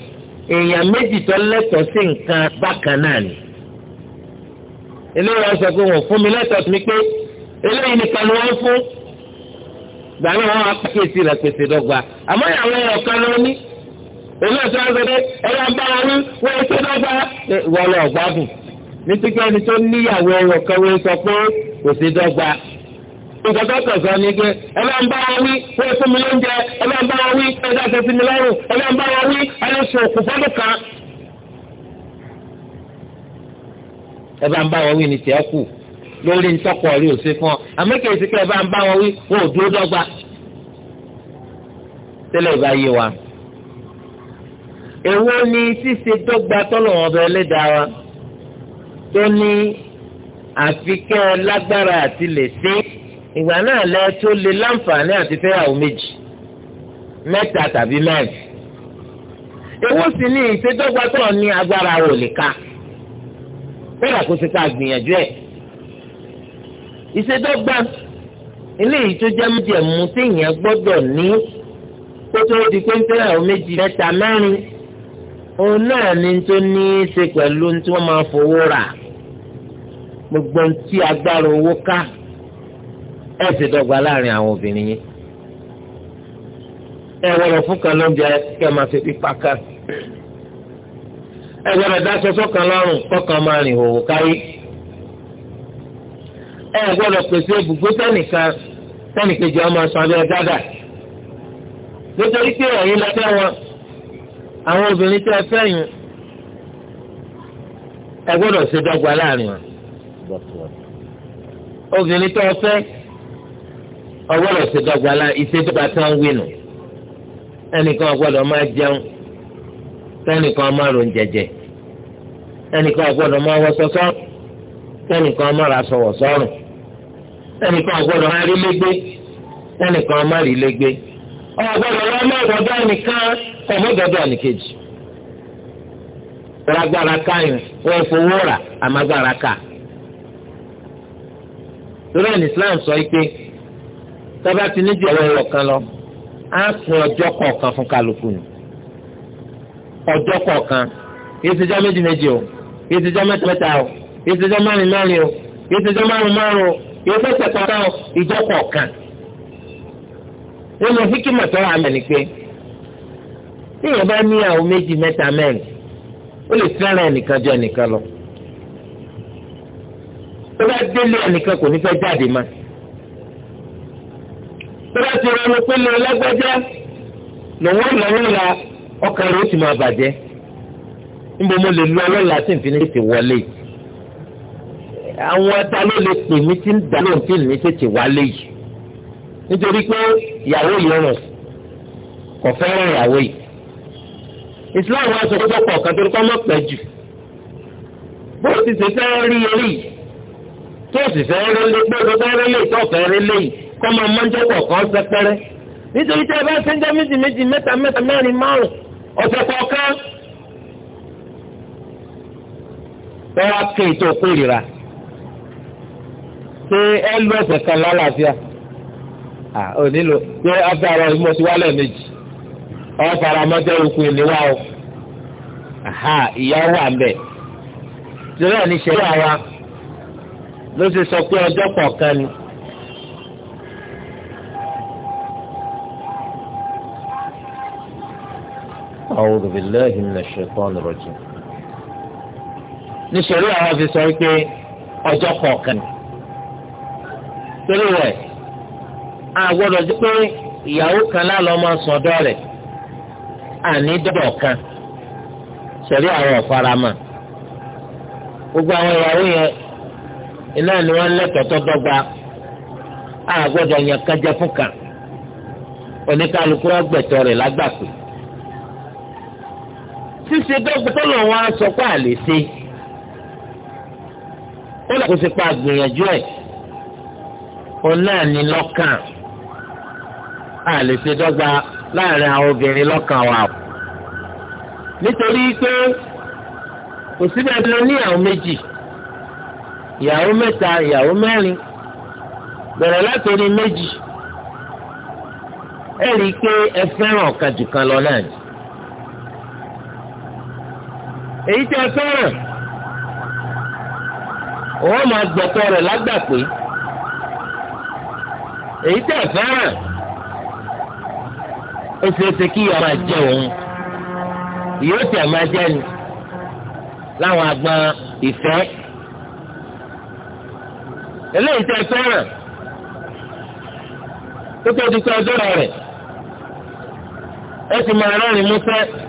èèyàn méjì tó lẹ́tọ̀ọ́ sí nǹkan bákan náà ni eléyìí wọn sọ pé wọn fún mi lẹ́tọ̀ọ́ sí mi pé eléyìí nìkan ni wọ́n fún gbà náà wọn apèsè rẹ̀ pèsè dọ́gba àmọ́ ìyàwó ẹ̀rọ kan ló ní èmi àti wọn sọdẹ ẹ̀rọ bá wọn ní wọ́n ṣe dọ́gba wọ́n lọ gbádùn nítorí pé ẹni tó níyàwó ẹ̀rọ kan wọ́n sọ pé kò ṣe dọ́gba nǹkan tó kàn ni pé ẹ máa ń bá wọn wí wọ́n fún mi lóúnjẹ ẹ máa ń bá wọn wí ẹ máa ń bá wọn ẹ máa ń bá wọn wí ẹ lè sùn òkú kan ẹ bá ń bá wọn wí ní tiẹ̀ kù lórí ntọkọ rí òsè fún ọ àmọkèsí pé ẹ bá ń bá wọn wí wọn ò dúró dọ́gba tẹ́lẹ̀ ìbá yé wa èwo ni ṣíṣe dọ́gba tọlọmọ ọbẹ ẹlẹ́dàá wa tó ní àfikẹ́ lágbára àti lè ṣe ìgbà náà lẹ tó lè láǹfààní àti fẹ́yàwó méjì mẹ́ta tàbí mẹ́rin èwo sì ni ìṣèdọ́gba tọ̀ ní agbára wò lè ka bẹ́ẹ̀ kó ṣe ká gbìyànjú ẹ̀. ìṣèdọ́gba eléyìí tó jẹ́ mọ́jẹ̀mú téèyàn gbọ́dọ̀ ní kó tó di pé méjì mẹ́ta mẹ́rin òun náà ni tó ní í ṣe pẹ̀lú tí wọ́n máa fowó rà gbogbo tí agbára owó ká ẹ ṣe dọ́gba láàrin àwọn obìnrin yìí ẹ wọ́n fún kan lóúnjẹ kẹ́ máa fi pípa kan ẹ gbọ́dọ̀ dáṣọ sọ́kàn lọ́rùn kọ́kàn máa rìn òwò káyé ẹ gbọ́dọ̀ pèsè ibùgbé tẹnìkan tẹnìkejì ọmọ sọ abẹ dáadáa nítorí pé ẹ̀yin lọ fẹ́ wọn àwọn obìnrin tẹ́ fẹ́ yín ẹ gbọ́dọ̀ ṣe dọ́gba láàrin wọn obìnrin tẹ́ fẹ́ ọ ṣe dọ́gba láàrin ìṣèjọba tí wọ́n ń wí nù ẹnìkan gbọ́dọ̀ máa jẹun tẹnìkan máa rò ń ẹnìkan ọgbọ́dọ̀ máa wọ sọsọ ẹnìkan máa ra sọwọ sọrùn ẹnìkan ọgbọ́dọ̀ máa rí lẹ́gbẹ́ ẹnìkan máa rí lẹ́gbẹ́ ọgbọ́dọ̀ lọ máa wọdọ ẹnìkan ọmọdọdọ ẹnìkejì lágbára káyọ wọn fowó rà àmàgbára ká lórí ẹni Islam sọ pé tọ́ba ti ní jọ̀wọ́ ẹ̀rọ kan lọ á fún ọjọ́ kọ̀ọ̀kan fún kálukú ni ọjọ́ kọ̀ọ̀kan. kì í ṣèjọ́ méjì méjì o kì í ṣèjọ́ mẹ́ta mẹ́ta o kì í ṣèjọ́ márùn márùn o kì í ṣèjọ́ márùn márùn o kì í ṣèjọ́ pátá o ìjọ kọ̀ọ̀kan. nínú hikimọ̀ tó wà mẹ́ni pé tí bá ní àwọn méjì mẹ́ta mẹ́rin ó lè fẹ́ràn ẹnìkan ju ẹnìkan lọ. tó bá délé ẹnìkan kò ní fẹ́ jáde má. tó bá ti rọrùn pé lọ lágbájá lòun ò lọ́wọ́ la ọkàn rẹ̀ ó ti máa bàjẹ́ níbo mo lè lọ lọ́la tí n fi ní tètè wọlé àwọn ẹta ló lè pè mí tí ń dá lóhùn tí ní tètè wálé yìí nítorí pé ìyàwó yìí rùn kò fẹ́ràn ìyàwó yìí Islam wa sọ pé pọ̀ kan torí kọ́ mọ́ pẹ́ jù bó ti ṣe fẹ́ rí orí tó sì fẹ́ rí lé pé o fẹ́ rí lé tó fẹ́ rí lé yìí kọ́ máa máa jẹ́ kọ̀ọ̀kan sẹ́pẹ́rẹ́ nítorí tí a bá ṣe ń jẹ́ méjì méjì mẹ́ta mẹ́ta mẹ́rin márùn-ún ọ̀sẹ̀ kọ̀ọ̀kan wọ́n wá pín ètò òkúrira ṣé ẹ lọ ọ̀sẹ̀ kan lálàáfíà ò nílò ṣé afẹ́ ara ìmọ̀ ti wálẹ̀ méjì ọ̀ faramọ́jọ́ òkú ìníwá o ìyá wà mbẹ̀ ìṣẹ̀lẹ̀ níṣẹ̀lẹ̀ àwa ló ṣe sọ pé ọjọ́ kọ̀ọ̀kan ni. أعوذ بالله من الشيطان الرجيم nítorí àwọn fi sọ pé ọjọ́ kọ̀ọ̀kan torí rẹ̀ a gbọ́dọ̀ jẹ́ pé ìyàwó kan lálọ́ máa sùn rẹ̀ àní kan àwọn ọ̀farama gbogbo àwọn ìyàwó yẹn iná ni wọ́n a gbọ́dọ̀ yàn fún kan oníkálukú ọgbẹ̀tọ̀ rẹ̀ lágbàpè ṣíṣe dọ́gba tó lọ́wọ́ á sọ ó lè kó sípa gbìyànjú ẹ̀ òun náà ní lọ́kàn a lè ṣe dọ́gba láàrin àwọn obìnrin lọ́kàn wa o nítorí pé kò síbẹ̀ lọ ní ìyàwó méjì ìyàwó mẹ́ta ìyàwó mẹ́rin bẹ̀rẹ̀ látòrí méjì ẹ rí i pé ẹ fẹ́ràn ọ̀kan kan lọ náà ni èyí tẹ́ ẹ fẹ́ràn wọ́n máa gbẹ̀tọ́ rẹ̀ lágbàpé èyí tẹ̀ fẹ́ràn ó ṣe é ṣe kí ìyá máa jẹ òun yóò tẹ̀ máa jẹ ni láwọn agbọn ìfẹ́ eléyìí tẹ̀ fẹ́ràn tó tó di pé ọjọ́ rẹ̀ ẹ ti máa rọrùn mú fẹ́.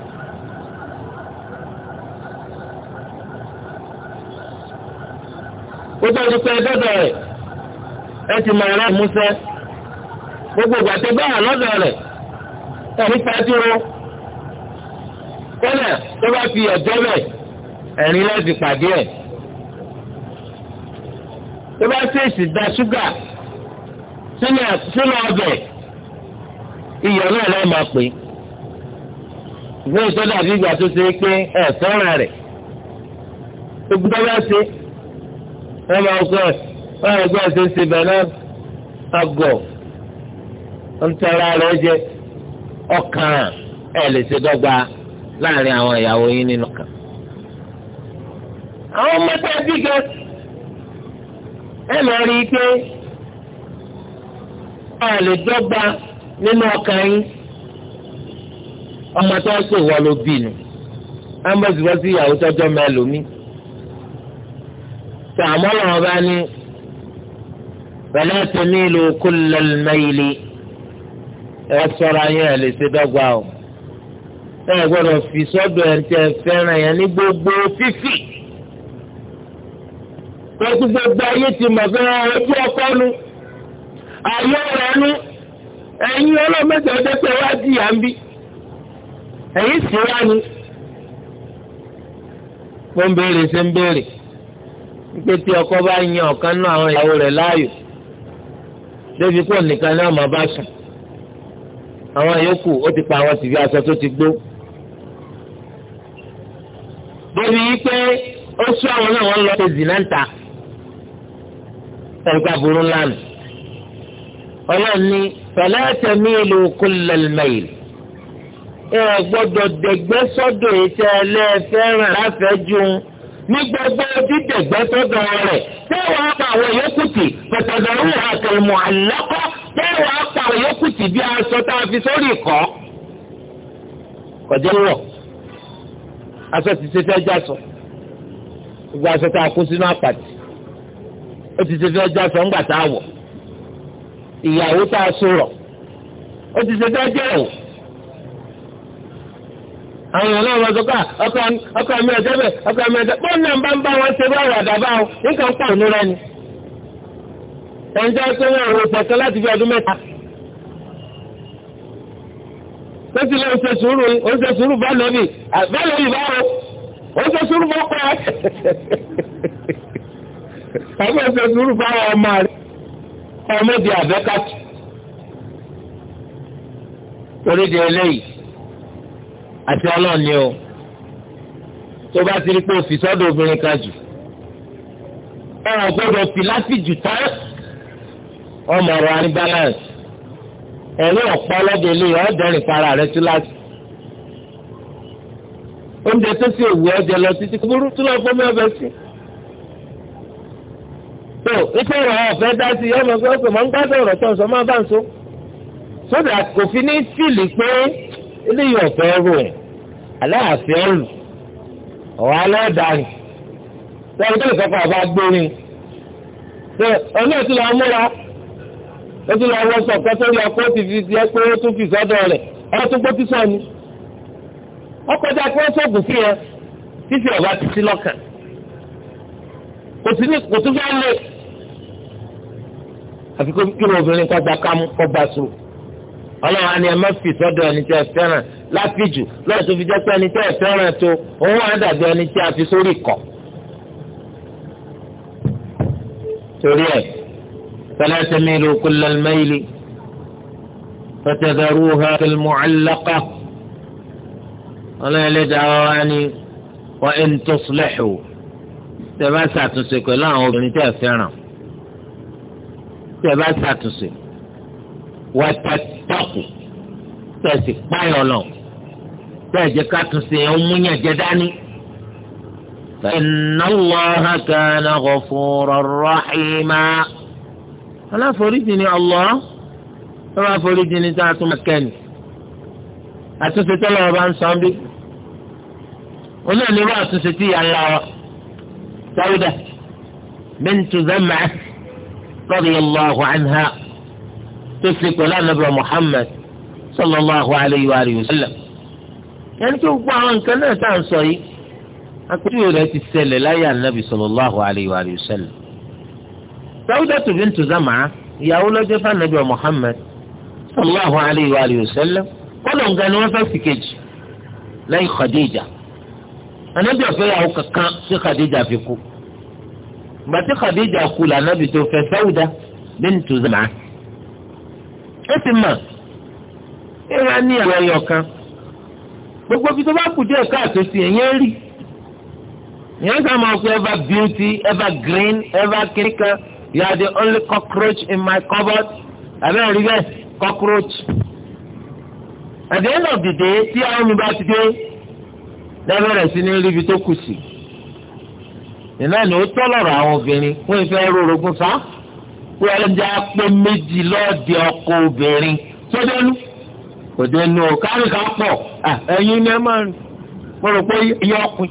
kó tó di pé dọ́dọ̀ rẹ̀ ẹ ti mọ ẹ̀rọ ìmúṣẹ gbogbo ìgbà tó bá wà lọ́dọ̀ rẹ̀ ẹ̀rí pàdúró kọ́nà tó bá fi ọ̀jọ́ bẹ̀ ẹ̀rín láti pàdé ẹ̀ tó bá ṣèṣì da ṣúgà sínú ọbẹ̀ iyọ̀ náà lọ́ọ́ máa pè é ìwé ìtọ́jú àbí ìgbà tó ṣe é pé ẹ̀ fẹ́ràn rẹ̀ gbogbo bá ṣe wọ́n máa gbọ́ ẹ̀ wọ́n máa gbọ́ ẹ̀ ṣe ń ṣe bẹ̀ náà àgọ̀ ń tẹ̀ra rẹ̀ jẹ ọkàn ẹ̀ lè ṣe dọ́gba láàrin àwọn ìyàwó yín nínú kan. àwọn ọmọ tá a ẹ lọ rí i pé a lè dọ́gba nínú ọkàn yín ọmọ tó ń sòwò ló bì nù. ambosibosi ìyàwó tọ́jọ́ mẹ́lòmíì tó àmọ́ lọ́wọ́ bá ní pẹ̀lú ẹ̀tẹ̀mí ìlú kúlẹ̀lmẹ́ìlì ẹ sọ̀rọ̀ ayé ẹ̀ lè ṣe dọ́gba o ẹ gbọ́dọ̀ fi sọ́dọ̀ ẹ̀ tẹ fẹ́ràn yẹn ní gbogbo fífì pẹ̀lú gbogbo ayé ti mọ̀ fẹ́ ojú ọkọ nu ayé rẹ̀ nu ẹ̀yin ọlọ́mọdé ọjọ́ pé wá di yà ń bí ẹ̀yin sì wá ni. wọ́n béèrè ṣe ń béèrè pé tí ọkọ bá yan ọ̀kan náà àwọn ìyàwó rẹ̀ láàyò débi pọ̀ nìkan náà máa bá sùn àwọn yòókù ó ti pa àwọn tìbí aṣọ tó ti gbó débi yìí pé ó sún àwọn náà wọ́n lọ sí zinanta ẹ̀ka burú ńlá nù ọlọ́run ní fẹ̀lẹ́ tẹ̀mí ìlú kúlẹ̀lmẹ̀yìn ẹ gbọ́dọ̀ dẹ̀gbẹ́ sọ́dọ̀ ètò ẹlẹ́fẹ́ràn láfẹ́jú ní gbogbo títẹ̀gbẹ́ tó dọ̀rọ̀ rẹ̀ tẹ́wọ̀ apá àwọn yòókù tì pẹ̀tẹ̀dọ̀rù àtẹ̀mọ̀ àlọ́kọ́ tẹ́wọ̀ apá àwọn yòókù tì bí aṣọ tá a fi sórí ìkọ́. kọjá wọ̀ aṣọ ti ṣe fẹ́ jásọ gbogbo aṣọ tá a sínú àpàtì ó ti ṣe fẹ́ jásọ ńgbà àwọn èèyàn náà wọ́n sọ pé ah, ọkọ mi ọjọ́ bẹ̀ ọkọ mi ọjọ́ bọ́ọ̀n náà bá ń bá wọn ṣe bá wà o nǹkan pọ̀ nira ni. ẹnjẹ́ pé wọ́n rò láti fi ọdún mẹ́ta. ó sì lọ ṣe sùúrù ó ṣe sùúrù bá ah, bá ó ṣe sùúrù bá pẹ́. sùúrù bá ọmọ rẹ̀ di àti ọlọ́run ni o tó bá ti rí pé o fi sọ́dọ̀ obìnrin kan jù ọ̀rọ̀ gbọ́dọ̀ fi láti jù tán ọmọ ọ̀rọ̀ àní balance ẹ̀rí ọ̀pọ̀ ọlọ́dẹ ilé ọ̀dẹ́rìn para rẹ tú láti. oúnjẹ tó sì wù ọ́ jẹ lọ títí kò burú tó lọ fún mi ọbẹ̀ sí. tó iṣẹ́ ìrọ̀ ọ̀fẹ́ dá sí ọmọ ọgbẹ́ ọ̀sẹ̀ máa ń gbádùn ọ̀rọ̀ tó ń sọ máa bá ń so. sódà kò fi ní fìlì pé eléyìí ọ̀fẹ́ ròyìn aláàfẹ́ lù ọ̀rọ̀ aládàáni lọ́wọ́ tó ìsọ́kọ̀ àbá gbóni ṣe ọ̀nà tí wọ́n múra ó tún lọ wọ́n sọ̀kọ́ sórí ọkọ̀ ó ti fi ṣe pé ó tún fi sọ́dọ̀ rẹ̀ ọ́ tún gbó tíṣọ́ ni ọkọjá pé ó sọ̀gùn sí ẹ fífi ọ̀bá ti sí lọ́kàn kò sí ní kò tún fẹ́ lé àfikún kí ni obìnrin kọjá kámú kọ́ bá sùn ọlọ́run àni ẹ má fi sọ́dọ̀ ẹni tí ẹ fẹ́ràn láfíjù lọ́dọ̀ tó fi jẹ́ pé ẹni tí ẹ fẹ́ràn tó òun á dàbí ẹni tí a fi sórí kọ̀. torí ẹ fala tamilu kullal mayli fatadharuha fil mu'allaqa ọlọ́run ẹlẹ́dàá wa ni wa in tuslihu tẹ bá ṣàtúnṣe pẹ̀lú àwọn obìnrin tí ẹ fẹ́ràn tẹ bá ṣàtúnṣe wàtàtàkù tẹ̀sí páyọ̀ lọ tẹ̀jẹ̀ kàtúnṣe ọmúnyànjẹ dání. فإن الله كان غفورا رحيما أنا فريدني الله أنا فريدني ذات مكاني àtúnṣe tọ́lọ̀ ọba ń san bí oní ìlú àtúnṣe tí ìyá ńlá wa sáwùdà bíntu Zam'a radiyallahu anha. tó ṣe pẹ̀lú anábìrọ̀ Muhammad sallallahu alayhi wa sallam. yẹnni tó gbọ́ àwọn nǹkan náà tá à ń sọ yìí akpẹ́tù rẹ̀ ti ṣẹlẹ̀ láyé anábì sallallahu alayhi wa sallam. Sawdatu bintu Zam'a ìyàwó lọ́jọ́ fanabi Muhammad sallallahu alayhi wa sallam kọ́nà nǹkan ni wọ́n fẹ́ sì kejì lẹ́yìn Khadija. anábì ọ̀fẹ́ yàwó kankan sí Khadija fi kú. bàtí Khadija kú lànàbì tó fẹ́ Sawda bintu Zam'a. ó ti mà ìrora ní àwọn ẹyọ kan gbogbo ibi tó bá kù díẹ̀ káàtó sí ẹ̀yẹ́ rí ìyẹn ká máa fi ever beauty ever green ever kíríkan you are the only cockroach in my cupboard àbẹ́ rí bẹ́ẹ̀ cockroach at the end of the day tí àwọn mi bá ti dé lẹ́bẹ̀rẹ̀ sí ní rí ibi tó kù sí ìnáà ni ó tọ́ lọ́rọ̀ àwọn obìnrin wọ́n fẹ́ rorogún sáà. wọ́n lè jẹ́ apó méjì lọ́ọ̀dì ọkọ obìnrin tó dénú kò dénú o kárí ká pọ̀ ẹ̀yin ni ẹ máa rìn mo rò pé iye ọkùn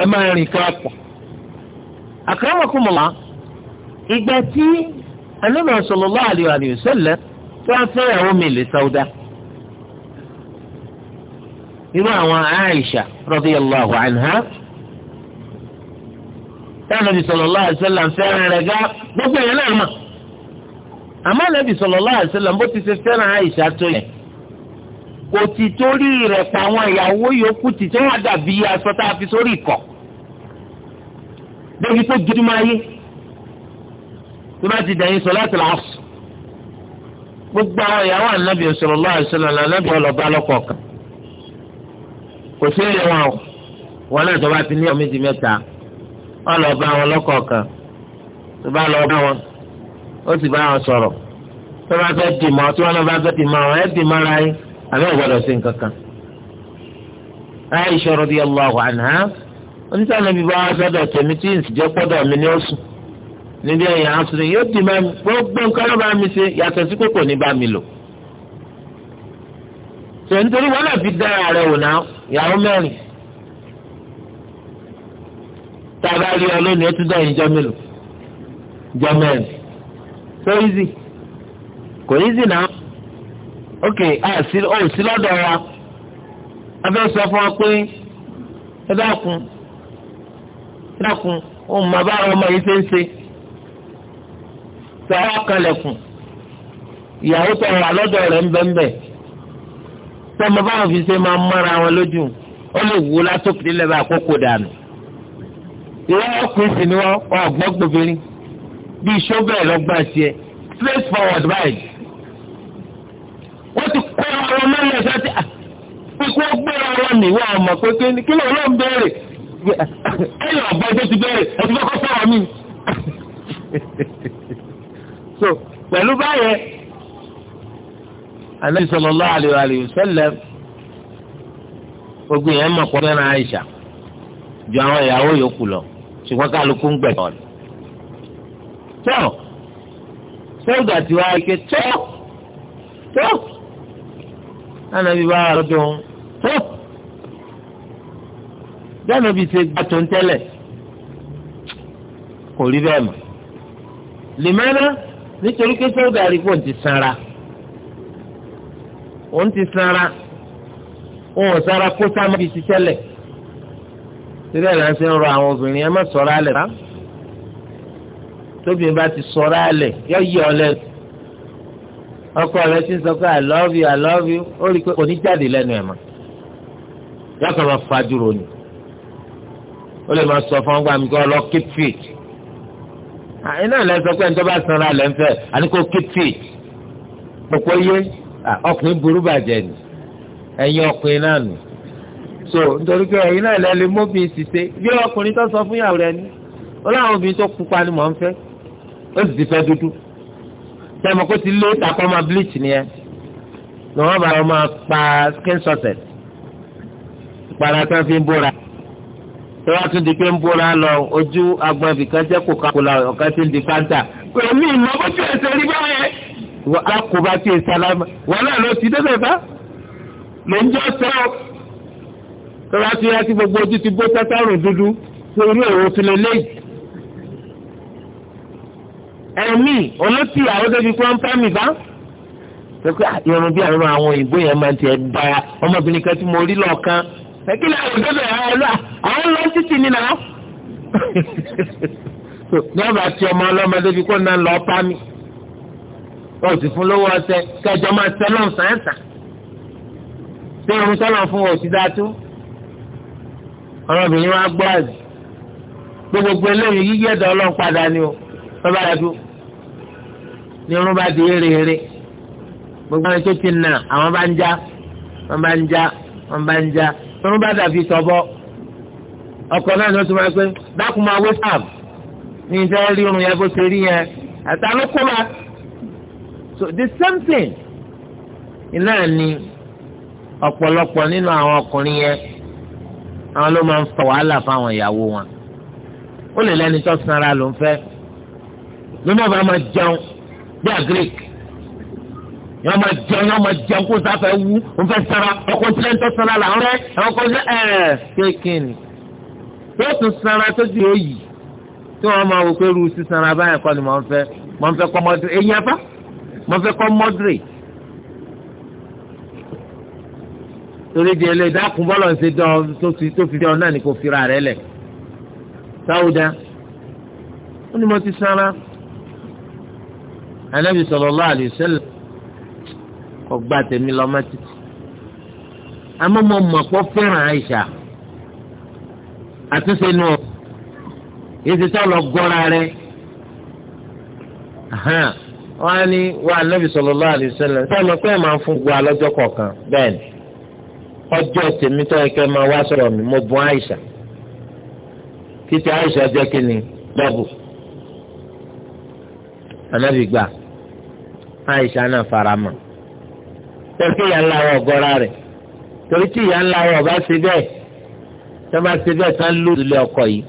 ẹ máa rìn ká pọ̀. àkàràmọ̀kùnmọ̀lá ìgbà tí Ànábì sallallahu alaihi wasallam tí wọ́n fẹ́ ìyàwó mi lè irú àwọn Aisha anha tí fẹ́ràn rẹ̀ gá gbogbo ẹ̀yẹ náà mọ̀. àmọ́ nàbì sallallahu alaihi wasallam bó ti ṣe fẹ́ràn àìsà tó yẹ kò ti torí rẹ̀ pa àwọn ìyàwó yòókù tì tí wọ́n dàbí aṣọ tá a fi sórí ìkọ̀ débi tó gidi máa yé tó bá ti dẹ̀yìn salatul asr gbogbo àwọn ìyàwó ànábì sallallahu alaihi wasallam ànábì ọlọ́ba lọ́kọ̀ọ̀kan kò sí ilé wọn o wọn náà tó bá ti ní ọmọ ó sì bá wọn sọ̀rọ̀ tó bá fẹ́ dì mọ́ tí wọ́n náà bá fẹ́ dì mọ́ àwọn ẹ̀ dì mọ́ ara yín àbẹ́ ìgbọ́dọ̀ sí nǹkan kan. Aisha radiyallahu anha oníṣẹ́ níbi bá wọn sọ́dọ̀ tèmi tí ìsìnjẹ́ pọ́dọ̀ mi ní oṣù níbi ẹ̀yìn asùnrin yóò dì mọ́ gbogbo nǹkan ló bá mi ṣe yàtọ̀ sí kòkò ní bá mi lò. sọ nítorí wọn náà fi dára rẹ wò náà ìyàwó mẹ́rin tá a bá rí ọ lónìí ó tún dọ̀ ìjọ mélòó so easy kò easy náà ok àìsí ò sí lọ́dọ̀ wa a fẹ́ sọ fún wa pé ẹ dákun ẹ dákun òun máa bá ọmọ yìí ṣe ń ṣe sọ wá kalẹ̀kùn ìyàwó tó wà lọ́dọ̀ rẹ̀ ń bẹ́ńbẹ́ sọmọ báwọn fi ṣe máa mọ́ra wọn lójú ó lè wú látòkìlẹ̀ bá àkókò dànù ìwọ́n ọkùnrin sì ni wọ́n ọ̀gbọ́n gbòbìnrin bí iṣó bẹ́ẹ̀ lọ́gbà tiẹ̀ straight forward báyìí. wọ́n ti kó ọ̀rọ̀ mẹ́lẹ̀ sọ́tì ikú ọgbẹ́ ọ̀rọ̀ nìwọ ọmọ pé kí ló ló ń béèrè ẹ̀yìn ọ̀bọ tó ti béèrè ẹ̀tí fẹ́ kọ́ sọ̀rọ̀ mi. so pẹ̀lú báyẹn anabi sallallahu alayhi wa sallam gbogbo yẹn mọ̀ kọ́ fẹ́ràn Aisha ju àwọn ìyàwó yòókù lọ ṣùgbọ́n kálukú ń gbẹ̀dọ̀ rẹ̀ tọ́ sẹ́gbà tí wàá ike tọ́ tọ́ ànábi bá wà lọ́dọ̀ tọ́ dánábi ṣe gbà tó ń tẹ́lẹ̀ kò rí bẹ́ẹ̀ mọ́ lèmọ́nà nítorí pé sẹ́gbà rí pò ń ti sanra òun ti sanra òun ò sanra kó sáà má fi ṣiṣẹ́ lẹ̀ síbẹ̀ là ń ṣe ń rọ àwọn obìnrin ẹ má sọ̀rọ̀ alẹ̀ rárá tóbi bá ti sọ̀rọ̀ alẹ̀ yọ yí ọ lẹ́nu ọkọ rẹ ti ń sọ pé i love you i love you ó rí i pé kò ní jáde lẹ́nu ẹ̀ mọ́ yọkọ̀ máa fàdúró ni ó lè máa sọ fún ọgbà mi kí ọ lọ keep fit iná ìlẹ̀ sọ pé nítorí bá sanra alẹ̀ ń fẹ́ àní kò keep fit pòpò yé ọkùnrin burú bàjẹ́ ni ẹ̀yin ọkùnrin náà nù so nítorí pé ẹ̀yin náà lẹ́ lè mọ́bìnrin sì ṣe bí ọkùnrin tó sọ fún ìyàwó rẹ ni ó láwọn obìnrin tó pupa ni mò ń fẹ́ ó sì ti fẹ́ dúdú sẹ́mi kó ti lé takọ́ máa bleach nìyẹn ni wọ́n bá wọn máa pa skin success ìpara tí wọ́n fi ń bóra tí wọ́n tún di pé ń bóra lọ ojú agbọ̀n ibìkan jẹ́ Coca-Cola ọ̀kan ti ń di Fanta pẹ̀lú ìmọ̀ bó tiẹ̀ ṣe rí báyẹn wọ́n á kó bá tiẹ̀ sálámà wọ́n náà ló ti débẹ̀ bá ló ń jọ sọ tí wọ́n ti rántí gbogbo ojú ti bó tátàrùn dúdú torí òun ti lè léyìí ẹ̀mí olóòtú ìyàwó débi pé wọ́n ń fẹ́ mi bá pé ah, irun bí àwọn àwọn òyìnbó yẹn máa ń tiẹ̀ bá ọmọbìnrin kan tí mo rí lọ́ọ̀kan ẹ̀kílẹ̀ àwọn òdòdó ẹ̀ àwọn lọ títì nínà á. lọ́ọ̀bà tí ọmọ ọlọ́mọdé bíi kó náà lọ́ọ́ pa mí wọ́n sì fún lówó ọsẹ kẹjọ máa tẹ lọ́n sàǹsà tí irun sọ́nà fún wọn ò ti ọmọbìnrin wa gbọ́ àjù gbogbo bàbá yàgò ní irun bá di eré eré gbogbo àwọn tó ti nà àwọn bá ń já wọn bá ń já wọn bá ń já irun bá dàbí tọbọ ọkọ̀ náà ni wọn ti máa pé dákun máa wé sáàbù ní ìjọ rí irun yẹn bó ṣe rí yẹn àtàlù kọ́ba so the same thing iná ni ọ̀pọ̀lọpọ̀ nínú àwọn ọkùnrin yẹn àwọn ló máa ń fa wàhálà fáwọn ìyàwó wọn ó lè lẹ́ni tó sanra ló ń fẹ́ ló náà bá máa jẹun bí agric yọọ máa jẹun yọọ máa jẹun kó sáfẹ wú òun fẹ sara ọkọ tílẹ̀ ń sara là ń rẹ àwọn kan ẹ ẹ kéèkéènì yóò tún sara tó ti yóò yìí tí wọn máa wò pé ru sísanra báyìí kọ́ ni mò ń fẹ́ mò ń fẹ́ kọ́ mọ́dúrè eyín afá mò ń fẹ́ kọ́ mọ́dúrè. torí di ẹlẹ́dá kún bọ́lọ̀ ń ṣe dán tó fi tó fi dán náà ni kò fira rẹ̀ lẹ̀ sáwùdá ó ní mo ti sanra anabi sallallahu alaihi wasallam kò gba tèmi lọ má títì àmọ́ mo mọ̀ pé fẹ́ràn àìsà àtúnṣe nù ọ èsì tó lọ gọ́ra rẹ wọ́n á ní wọ́n anabi sallallahu alaihi wasallam sọlọ pé màá fún gba lọ́jọ́ kọ̀ọ̀kan bẹ́ẹ̀ ni ọjọ́ tèmi tó yẹ kẹ́ máa wá sọ̀rọ̀ mi mo bùn àìsà títí àìsà jẹ́ kí ni bọ́ọ̀bù anabi gbà. Aisha náà faramọ́ tẹ̀sí ìyá ńlá wọ̀ ọ̀gọ́ra rẹ̀ torí tí ìyá ńlá wọ̀ ọba ṣe bẹ́ẹ̀ tó bá ṣe bẹ́ẹ̀ tán lù sílé ọkọ yìí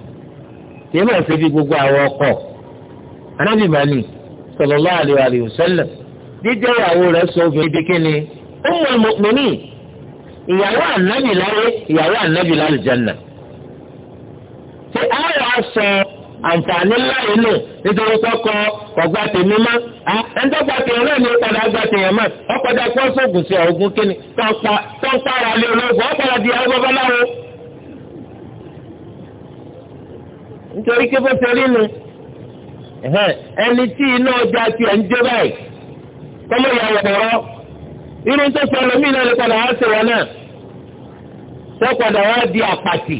kì í mọ̀ ṣe bí gbogbo àwọn ọkọ anábì mani sallallahu alaihi wasallam dídé ìyàwó rẹ̀ sọ obìnrin bí kíni Ummul Mu'minin ìyàwó ànábì láyé ìyàwó ànábì lálùjánnà ṣé àwọn aṣọ àǹfààní ńlá yìí nù nítorí kọkọ ọgbà tèmi mọ ẹnjọ gba tèèyàn náà ní ọpadà gba tèèyàn mọ ọpadà kọ sóògùn sí ọgùn kínní tọ́ǹpa ara lé olóògùn ọpadà di àwọn babaláwo. nítorí kí bó ṣe rí nu ẹni tí iná ọjà tiẹ̀ ń jó báyìí kọ́mọ ìyá wọ̀rọ̀ irun tó sọ lómìnira lè padà wá sí wọn náà sọ padà wá di àpàtì.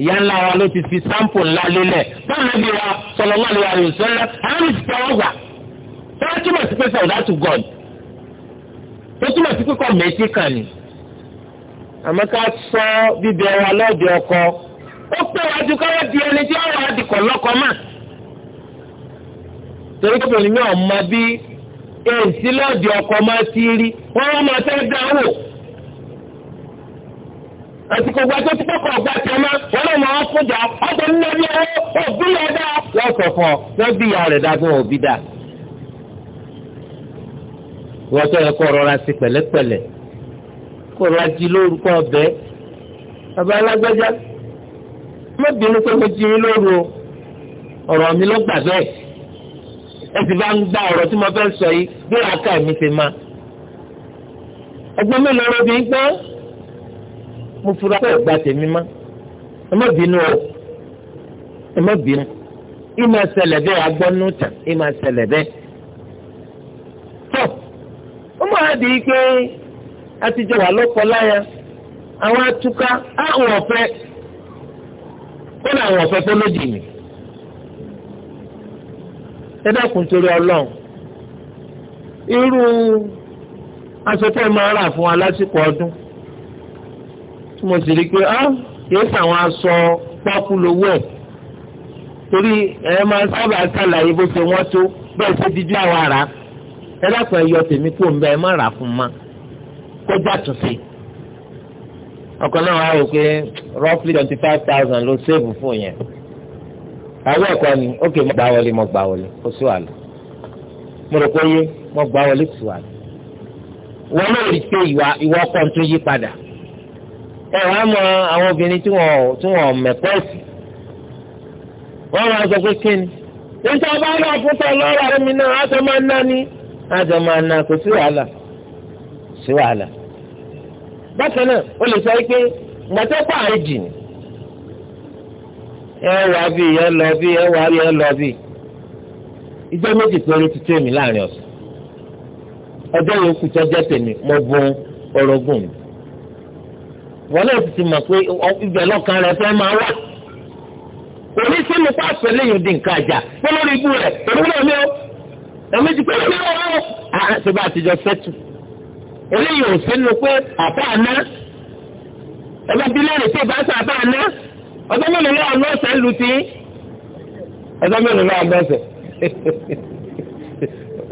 ìyá ńlá wa ló ti fi sáǹpù ńlá lélẹ̀ báwọn ẹbí wa sọlọ wọn lè wà lè sọlá àwọn ti tẹwọ́ gbà wọ́n túmọ̀ sí pé sọ̀dá tu god ó túmọ̀ sí pé kọ́ mẹ́tì kan ni àmọ́ ká sọ bíbẹ wa lọ́ọ̀dẹ ọkọ ó pé wájú káwá di ẹni tí wọ́n wá di kọ̀ lọ́kọ mà torí pé òní mi mọ bí èsì lọ́ọ̀dẹ ọkọ máa ti rí wọ́n wọ́n máa fẹ́ dáwọ́ àsìkò gba tó tó kọ̀ gba tẹ̀ wọn náà máa fún jà ọ̀tọ̀ nínú ẹbí ọwọ́ òbí yà dá. wọ́n sọ fún ọ wọ́n bí ìyá rẹ̀ dá fún òbí dá. wọ́n tó yẹ kó rọra sí pẹ̀lẹ́pẹ̀lẹ́ kó rọra jí lórúkọ ọbẹ̀ bàbá alágbájá mọ́bìnrin tó ti rí lóru ọ̀rọ̀ mi ló gbà bẹ́ẹ̀ ẹ sì bá ń gba ọ̀rọ̀ tí mo fẹ́ sọ yìí bí àká mi ti máa ẹgbẹ́ mi lọ́rọ́ bí ń mo fura pé ọgbà tèmi mọ́ ẹ má bínú o ẹ má bínú ẹ má ṣẹlẹ̀ bẹ́ẹ̀ agbọ́nú tàn ẹ má ṣẹlẹ̀ bẹ́ẹ̀ tó ó máa di pé àtijọ́ wà lọ́kọ láya àwọn atúká àwọn ọ̀fẹ́ ó ní àwọn ọ̀fẹ́ tó lódì mí ẹ dákun torí ọlọ́run irú aṣọ máa rà fún wa lásìkò ọdún tí mo sì rí i pé ah yóò sàwọn aṣọ pákó lówó ẹ̀ torí ẹ máa sábà ṣàlàyé bó ṣe wọ́n tó bẹ́ẹ̀ ṣe dídí àwọn ará ẹ dákun ẹ yọ tèmi kúrò nbẹ ẹ má rà fún ma kọjá túnṣe ọkàn náà wáyé pé roughly twenty five thousand ló ṣéèbù fún yẹn àwọn ẹ̀kọ́ ni ok mo gbà wọlé mo gbà wọlé kó sí wàhálà mo rò pé yé mo gbà wọlé kó sí wàhálà wọn náà rí i pé ìwà ọkọ̀ tó yí padà ẹ wàá mọ àwọn obìnrin tí wọn tí wọn mẹpẹsì wọn máa sọ pé kí ni níta bá lọ fún tọ lọ́rọ̀ àmì náà àjọ máa ná ni àjọ máa ná kò sí wàhálà sí wàhálà bákan náà o lè sọ pé gbàtẹ́ pa àìjì ni ẹ wàá bí ẹ lọ bí ẹ wàá bí ẹ lọ bí ìjọ méjì péré ti tó èmi láàrin ọ̀sán ọjọ́ yòókù tó jẹ́ tèmi mo bun orogún mi wọn náà ti ti mọ̀ pé ibẹ̀ lọ́kàn rẹ̀ fẹ́ máa wà kò ní sínú pàṣẹ lẹ́yìn di nǹkan àjà pé lórí ibú rẹ̀ èmi náà mi ó èmi ti pé èmi náà ó àti ah, ah, bá àtijọ́ sẹ́tù eléyìí ò sínú pé àbá àná ẹgbẹ́ bí lẹ́yìn tí ìbá sọ àbá àná ọjọ́ mélòó lọ́wọ́ lọ́sẹ̀ ń lu ti ọjọ́ mélòó lọ́wọ́ lọ́sẹ̀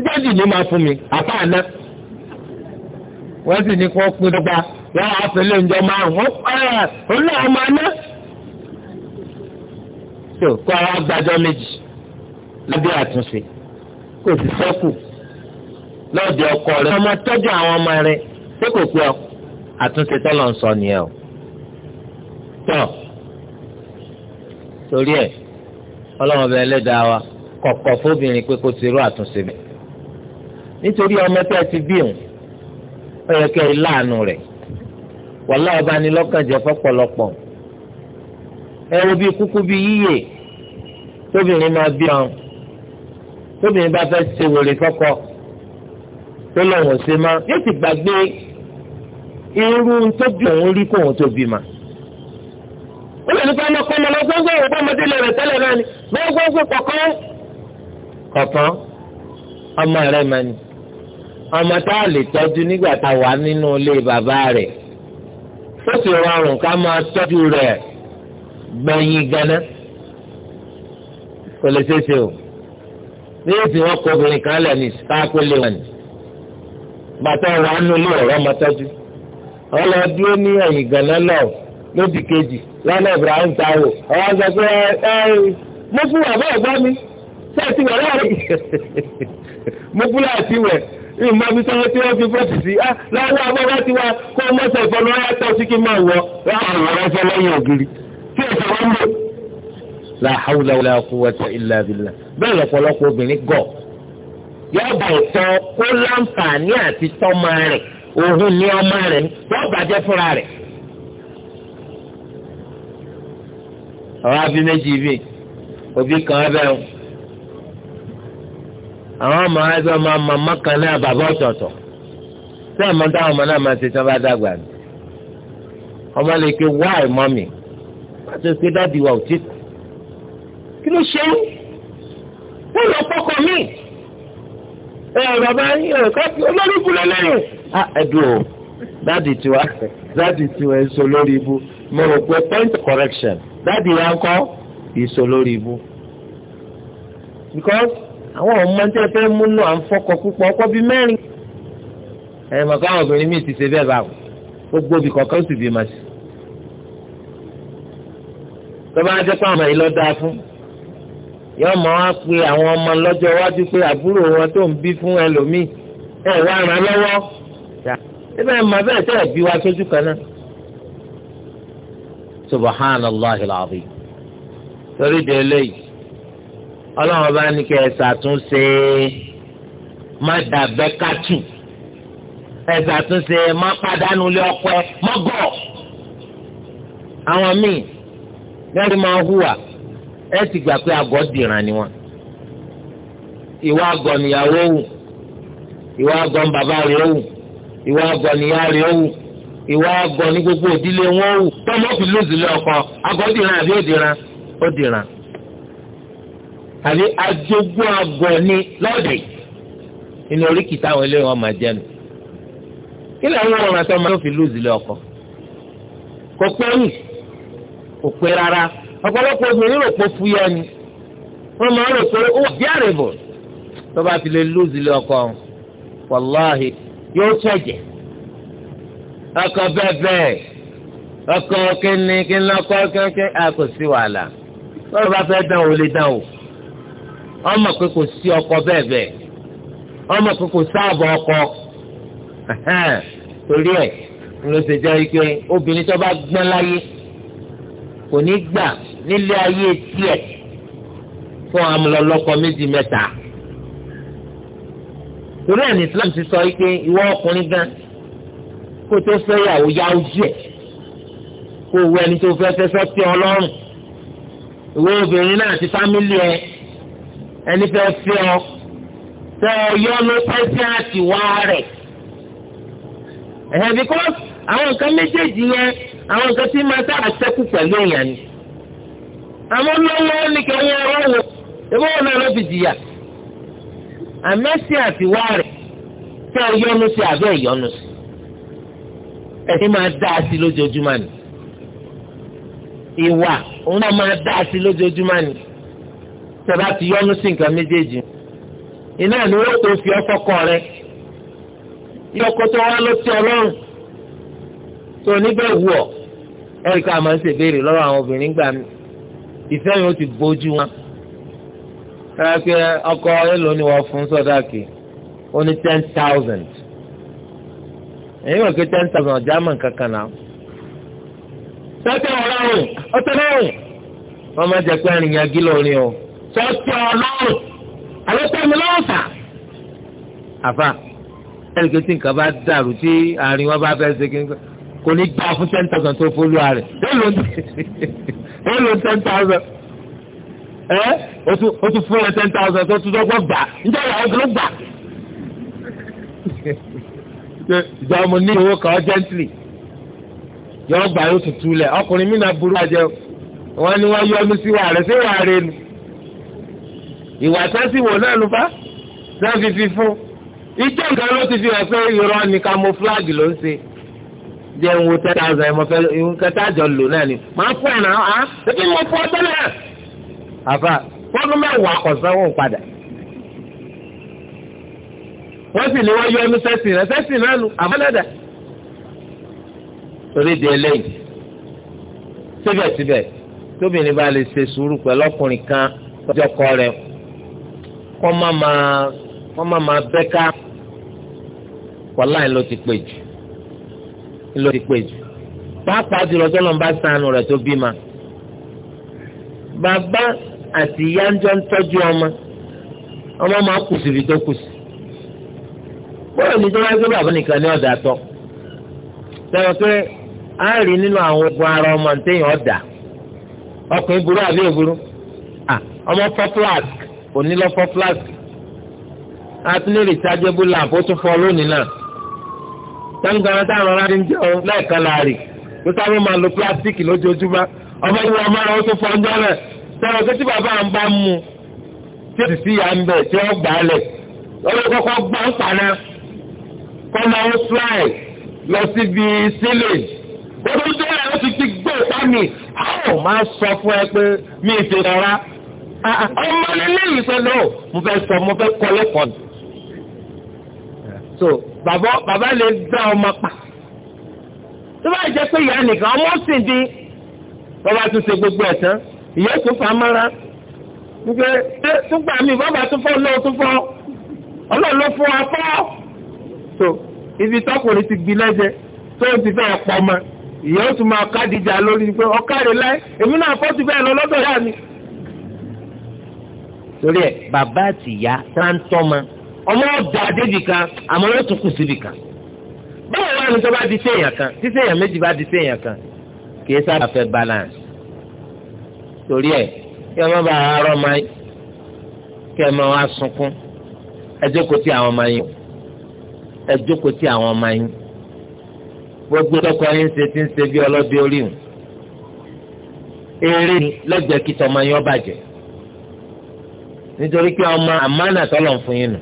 jáde ni máa fún mi àbá àná wọ́n sì ní kó pín dọ́gba wọ́n á fẹ́ lóúnjẹ márùn ún náà ọmọ aná. tó kó àwọn agbájọ méjì lábẹ́ àtúnṣe kò sì sẹ́kù lọ́ọ̀dẹ ọkọ rẹ ọmọ tọ́jú àwọn ọmọ rẹ pé kò pé ọ àtúnṣe tọ́lọ̀ ń sọ nìyẹn o. tọ́ torí ẹ̀ ọlọ́mọbẹ ẹlẹ́dàá wa kọ̀kọ̀ fóbìnrin pé kó ti rú àtúnṣe mi nítorí ọmọ tẹ́ ti bí òun ó yẹ kẹ́ ẹ láàánú rẹ̀ wàlá ọba ni lọ́kàn jẹ́ fọ́pọ̀lọpọ̀ ẹ wo bíi kúkú bíi yíyè tóbìnrin máa bí ọ́n tóbìnrin bá fẹ́ ṣe wèrè fọ́kọ tó lọ́wọ́ ṣe má yóò ti gbàgbé irú tó bí òun rí kóun tó bí ma ó lè nípa ọmọ kọ́mọ lọ gbọ́ngbọ́n òun bá ọmọdé lè rẹ̀ tẹ́lẹ̀ náà ni bẹ́ẹ̀ gbọ́ngbọ́n kọ̀ọ̀kan kọ̀ọ̀kan ọmọ rẹ̀ máa ọmọ tá lè tọ́jú nígbà tá a wà nínú ilé bàbá rẹ̀ ó sì rọrùn ká máa tọ́jú rẹ̀ gbẹ̀yìn gánà kò lè ṣeéṣe o ní èsì wọn kọ obìnrin kan lẹ̀ ní sáàpélé wọn ni bàtà wà nù ilé ọ̀rọ̀ mọ́tọ́jú ọlọ́dún ní ẹ̀yìn gánà lọ lódì kejì lọ́nà Ibrahim Táwò ọ̀hún sọ pé ẹ ẹ mo fún bàbá ẹ̀gbọ́n mi ṣé ẹ ti wẹ̀ láàrin mo fún láti wẹ̀ ìmọ̀ ibi tí wọ́n ti wọ́n fi fọ́ọ̀sì sí á ah, láwọn abọ́bá ti wá kó o mọ̀sẹ̀ ìfọ̀nù ọ̀rẹ́ tó sí kí n máa wọ̀ láwọn ọ̀rẹ́ fẹ́ lẹ́yìn ògiri kí ẹ̀sẹ̀ wọn lò. la hawla wala quwwata illa bẹ́ẹ̀ lọ́pọ̀lọpọ̀ obìnrin gọ̀ yọ̀ọ̀bà ìtọ́ kó láǹfààní àti tọ́mọ rẹ̀ òun ní ọmọ rẹ̀ wọ́n bàjẹ́ fúnra rẹ̀. ọ̀rọ̀ abí méjì bíi òbí kan bẹ́ẹ̀ àwọn ọmọ ẹgbẹ́ ọmọ màmá kan náà bàbá ọ̀tọ̀ọ̀tọ̀ tí àmọ́ táwọn ọmọ náà máa ṣe tí wọ́n bá dàgbà ni ọmọ lè ké wáì mọ́mì pàṣẹ pé dáàdi wa ò tí kù kí ló ṣe é wọ́n lọ pọ́kọ mi ẹ bàbá yín ẹ káàkiri olórí ibu lẹ́lẹ́yìn. a ẹdùn o dáàdi tiwa dáàdi tiwa ẹ sọ lórí ibu mo rò pé point correction dáàdi wa ń kọ́ ìsọ lórí ibu because àwọn ọmọ tẹ fẹ́ mú nù à ń fọkọ púpọ̀ ọkọ bíi mẹ́rin. ẹ mọ̀ káwọn obìnrin mi ti ṣe bẹ́ẹ̀ báwo gbogbo ibì kọ̀ọ̀kan sì bí ma ṣe. tọ́ba á jẹ́ pé àwọn ìlọ dáa fún yọ mọ wá pé àwọn ọmọ lọ́jọ́ iwájú pé àbúrò wọn tó ń bí fún ẹlòmíì ẹ wá ràn án lọ́wọ́ ibẹ̀ mọ bẹ́ẹ̀ tẹ́ ẹ̀ bí wa sójú kan náà. subhanallah alazim torí de eléyìí ọlọ́run bá ní kẹ́ ẹ ṣàtúnṣe má dàbẹ́ kátù ẹ ṣàtúnṣe má pàdánù lé ọpẹ má gọ̀ àwọn míì lẹ́rìí máa hùwà ẹ sì gbà pé àgọ́ dìran ni wọn ìwà àgọ́ níyàwó wù ìwà àgọ́ ní bàbá rẹ̀ wù ìwà àgọ́ níyà rẹ̀ wù ìwà àgọ́ ní gbogbo ìdílé wọn wù tọ́mọ́ fi lóòzì lé ọkọ àgọ́ dìran àbí òdìran ó dìran. àbí ajogún àgọ̀ ni lọ́dẹ̀ nínú oríkì táwọn eléyìí wọn máa jẹnu kí làwọn tó máa fi lùzì lé ọkọ kò pé yìí kò pé rárá ọ̀pọ̀lọpọ̀ obìnrin rò pé ni wọ́n máa rò pé ó bí àrèbò tó bá fi lè lùzì lé ọkọ wàláhì yóò tẹ̀jẹ̀ bẹ́ẹ̀ bẹ́ẹ̀ kínní ọmọ pé kò sí ọkọ bẹ́ẹ̀ bẹ́ẹ̀ ọmọ pé kò sáàbọ ọkọ torí ẹ̀ ló ṣe jẹ́ ike obìnrin tó bá gbọ́n láyé kò ní gbà nílé ayé tiẹ̀ fún amúlọ́lọ́kọ méjì mẹ́ta torí ẹ̀ ní Islam ti sọ ike ìwọ ọkùnrin gan kó tó fẹ́ yàwó yá ojú ẹ̀ kó wọ ẹni tó fẹ́ fẹ́ fẹ́ tẹ́ ọ lọ́rùn ìwọ obìnrin náà ti fámílì ẹ̀ ẹni fẹ́ fẹ́ ọ tẹ ọ yọ ló pẹ́sẹ́ àti wá rẹ̀ ẹ̀hẹ́ because àwọn nǹkan méjèèjì yẹn àwọn nǹkan tí máa sábà sẹ́kù pẹ̀lú èèyàn ni àmọ́ lọ́wọ́ ní kẹ́yìn ẹ̀rọ wò ẹ̀fọ́ wọn náà ló fi jìyà àmẹ́sì àti wá rẹ̀ tẹ ọ yọ ló sí àbẹ́ ìyọnu sí ẹ̀sìn máa dá a sí lójoojúmọ́ ni ìwà òun náà máa dá a sí lójoojúmọ́ ni. tẹ́lá ti yọ́nú sí nǹkan méjèèjì iná ni wọ́n tó fi ọkọ rẹ yọkọ tó wá ló ti ọlọ́run tó níbẹ̀ wù ọ́ ẹ̀ríkà máa ń ṣèbéèrè lọ́wọ́ àwọn obìnrin gbà mí ìfẹ́ ó ti bójú wọn. rárá pé ọkọ ni wọ́n fún sọ́dáàkì ten thousand èyí wọ̀ ten thousand ọ̀já mọ̀ kankan náà. ọ̀rọ̀ ọ̀hún náà wọ́n o. ìfẹ́ tí ọ lọ́rùn àwọn tẹ́mi lọ́rùn nǹkan bá dàrú tí àárín wọn bá fẹ́ ṣe kí kò ní gbà fún ten thousand tó fólú ààrẹ ó lò ten thousand ẹ o tún fún ẹ ten thousand tó tún dọ́gbọ́n gbà níjẹ́ ìyàwó tó gbà. ní kan urgently yọ ọgbà yóò tutù lẹ ọkùnrin mi náà burú àjẹ wọn ni wọn yọ ọdún sí sí ìwà sásìwò náà ló bá náà fi fi fún ìjọ nǹkan ló ti fi hàn pé irọ́ ni camouflage ló ń ṣe jẹ́ ń wo ten thousand mo fẹ́ ìwé kẹta àjọ lò náà ni màá fún ẹ̀ náà á ah, ebi mo fọ́ tẹ́lẹ̀ àfà fọ́dún mẹ́wàá kọ̀sánwó padà wọ́n sì ní wọ́n yọ ẹnu sẹ́sìn rẹ̀ sẹ́sìn náà nu àmọ́lẹ́dà torí di eléyìí síbẹ̀síbẹ̀ tóbìnrin bá lè ṣe sùúrù pẹ̀lú ọkùnrin kan ọjọ́ kọ rẹ̀ kọ́ má máa kọ́ má máa bẹ́ká wàláì ló ti pè jù ló ti pè jù bá ma bàbá àti ìyá ń jọ ń tọ́jú ọmọ ọmọ máa kù síbi tó kù sí bóyá ní tó bá gbé bàbá nìkan ní a rí nínú àwọn ogun ara ọmọ ọ̀dà ọkùnrin burú àbí èburú ọmọ onílọ́fọ́ fúláàsì àti ní rìtájẹ́bù làbó tún fọ́ lónìí náà tẹ́nugàrán táwọn ará ń jẹun lẹ́ẹ̀kan láàrin máa lo plastiki lójoojúmọ́ ọmọ ìwà ọmọràn ó tún fọ́ ọjọ́ rẹ̀ sọ̀rọ̀ pé tí bàbá ń bá mu tí ó sì yà ń bẹ̀ tí ó gbà á lẹ̀ olùkọ́kọ́ gbà ń pàná kọ́nà ó fly lọ ceiling gbogbo yẹ sọ fún ẹ pé mi Ah, ah. ọmọ lélẹ́yìn pẹ̀lú mo fẹ́ sọ mo fẹ́ kọ́ lẹ́kọ̀ọ́ ni. so bàbá bàbá lè dá ọmọ pa tó bá jẹ́ pé ìyá nìkan ọmọ sì di bàbá tún ṣe gbogbo ẹ̀ tán ìyá tún fa mọ́ra nígbà tún gbà mí bàbá tún fọ́ lọ́wọ́ tún fọ́ ọlọ́run ló fún wa fọ́ so ibi tọkùnrin ti gbi lẹ́jẹ̀ tó ti fẹ́ pọ̀ mọ́ ìyá tún máa ká dìjà lórí pé ọ̀kadì láì èmi náà fọ́ ti fẹ́ lọ lọ́dọ̀ yá mi torí ẹ bàbá àti ìyá sáńtọ́mà ọmọ ọ̀dà débì kan àmọ́ yóò tún kù síbì kan báwo wà ní tó bá di séèyàn kan tí séèyàn méjì bá di séèyàn kan kì í sábà fẹ́ balance torí ẹ kí ẹ má bàa rọ ọmọ yín kí ẹ má sunkún ẹ jókòó ti àwọn ọmọ yín ẹ jókòó ti àwọn ọmọ yín gbogbo tọkọ yín ṣe ti ń ṣe bí ọlọ́dẹ orí hùn eré ni lẹ́gbẹ̀ẹ́ kí tọmọ yín ó bàjẹ́ nítorí pé ọmọ àmánà tọ́lọ̀ ń fún yín nù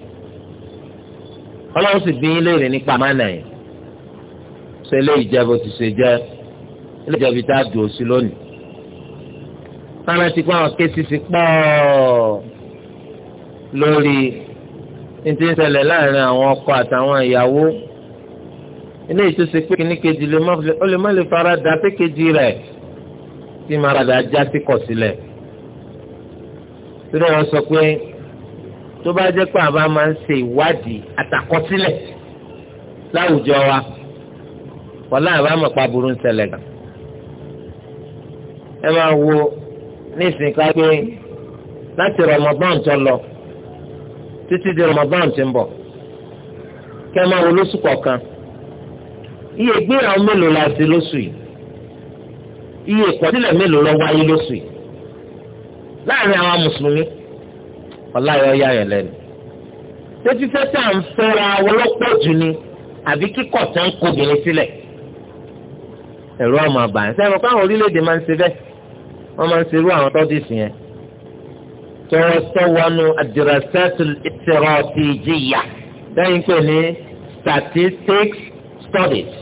ọlọ́run sì bí yín léèrè nípa àmánà yẹn ṣe lé ìjẹ́bù ti ṣe jẹ́ ilé ìjẹ́bù tá a dùn ó sí lónìí. Fárántì pé àwọn kéésì ti pọ̀ lórí ní ń ṣẹlẹ̀ láàrin àwọn ọkọ àtàwọn ìyàwó. Ilé ìtúsí pé kíní kejì lè má lè fara da pé kejì rẹ̀ tí màá padà já sí kọ̀ sílẹ̀ sílẹ̀ wọn sọ pé tó bá jẹ́ pé àbá máa ń ṣe ìwádìí àtàkọsílẹ̀ láwùjọ wa wọlé àbá mọ̀ pa burú ń ṣẹlẹ̀ gan. ẹ máa wo nísìnyí ká pé láti Ramadan tó lọ títí di Ramadan tí ń bọ̀ kẹ́ ẹ máa wo lóṣù kọ̀ọ̀kan iye ìgbéyàwó mélòó la ṣe lóṣù yìí iye ìkọ̀sílẹ̀ mélòó ló wáyé lóṣù yìí láàrin àwọn mùsùlùmí ọláyọ yá yẹn lẹ́nu tètè tẹsẹ à ń fẹ́ra wọlọpọ jù ni àbí kíkọ tẹ ń kóbìnrin sílẹ̀ ẹ̀rọ ọmọ àbá ẹ sẹwọn káwọn orílẹ̀-èdè máa ń ṣe bẹ́ẹ̀ wọ́n máa ń ṣerú àwọn tọdísì yẹn tọwọ sọwọnù àdìrẹsẹtù ìtẹrọtìjìyà lẹ́yìn pé ní statistics studies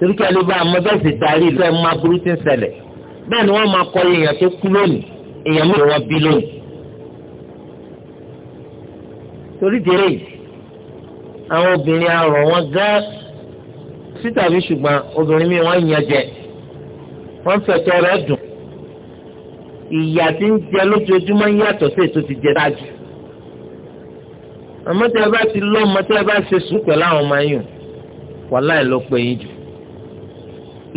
torí kí a lè bá àmọ́ bẹ́ẹ̀ sì darí ìlú ẹ máa burú ti ń ṣẹlẹ̀ bẹ́ẹ̀ ni wọ́n máa kọ èèyàn tó kú lónìí èèyàn mìíràn wọ́n bí lónìí. torí dèrè àwọn obìnrin arọ̀ wọn gá sí tàbí ṣùgbọ́n obìnrin mi wọ́n yan jẹ wọ́n fẹ̀tọ́ rẹ̀ dùn ìyà tí ń jẹ lójoojúmọ́ yàtọ̀ sí ètò ti jẹ dájú àmọ́ tí ẹ bá ti lọ́ ọmọ tí ẹ bá ṣe sùn pẹ̀lú àwọn ọmọ yìí wàláì ló pé yín jù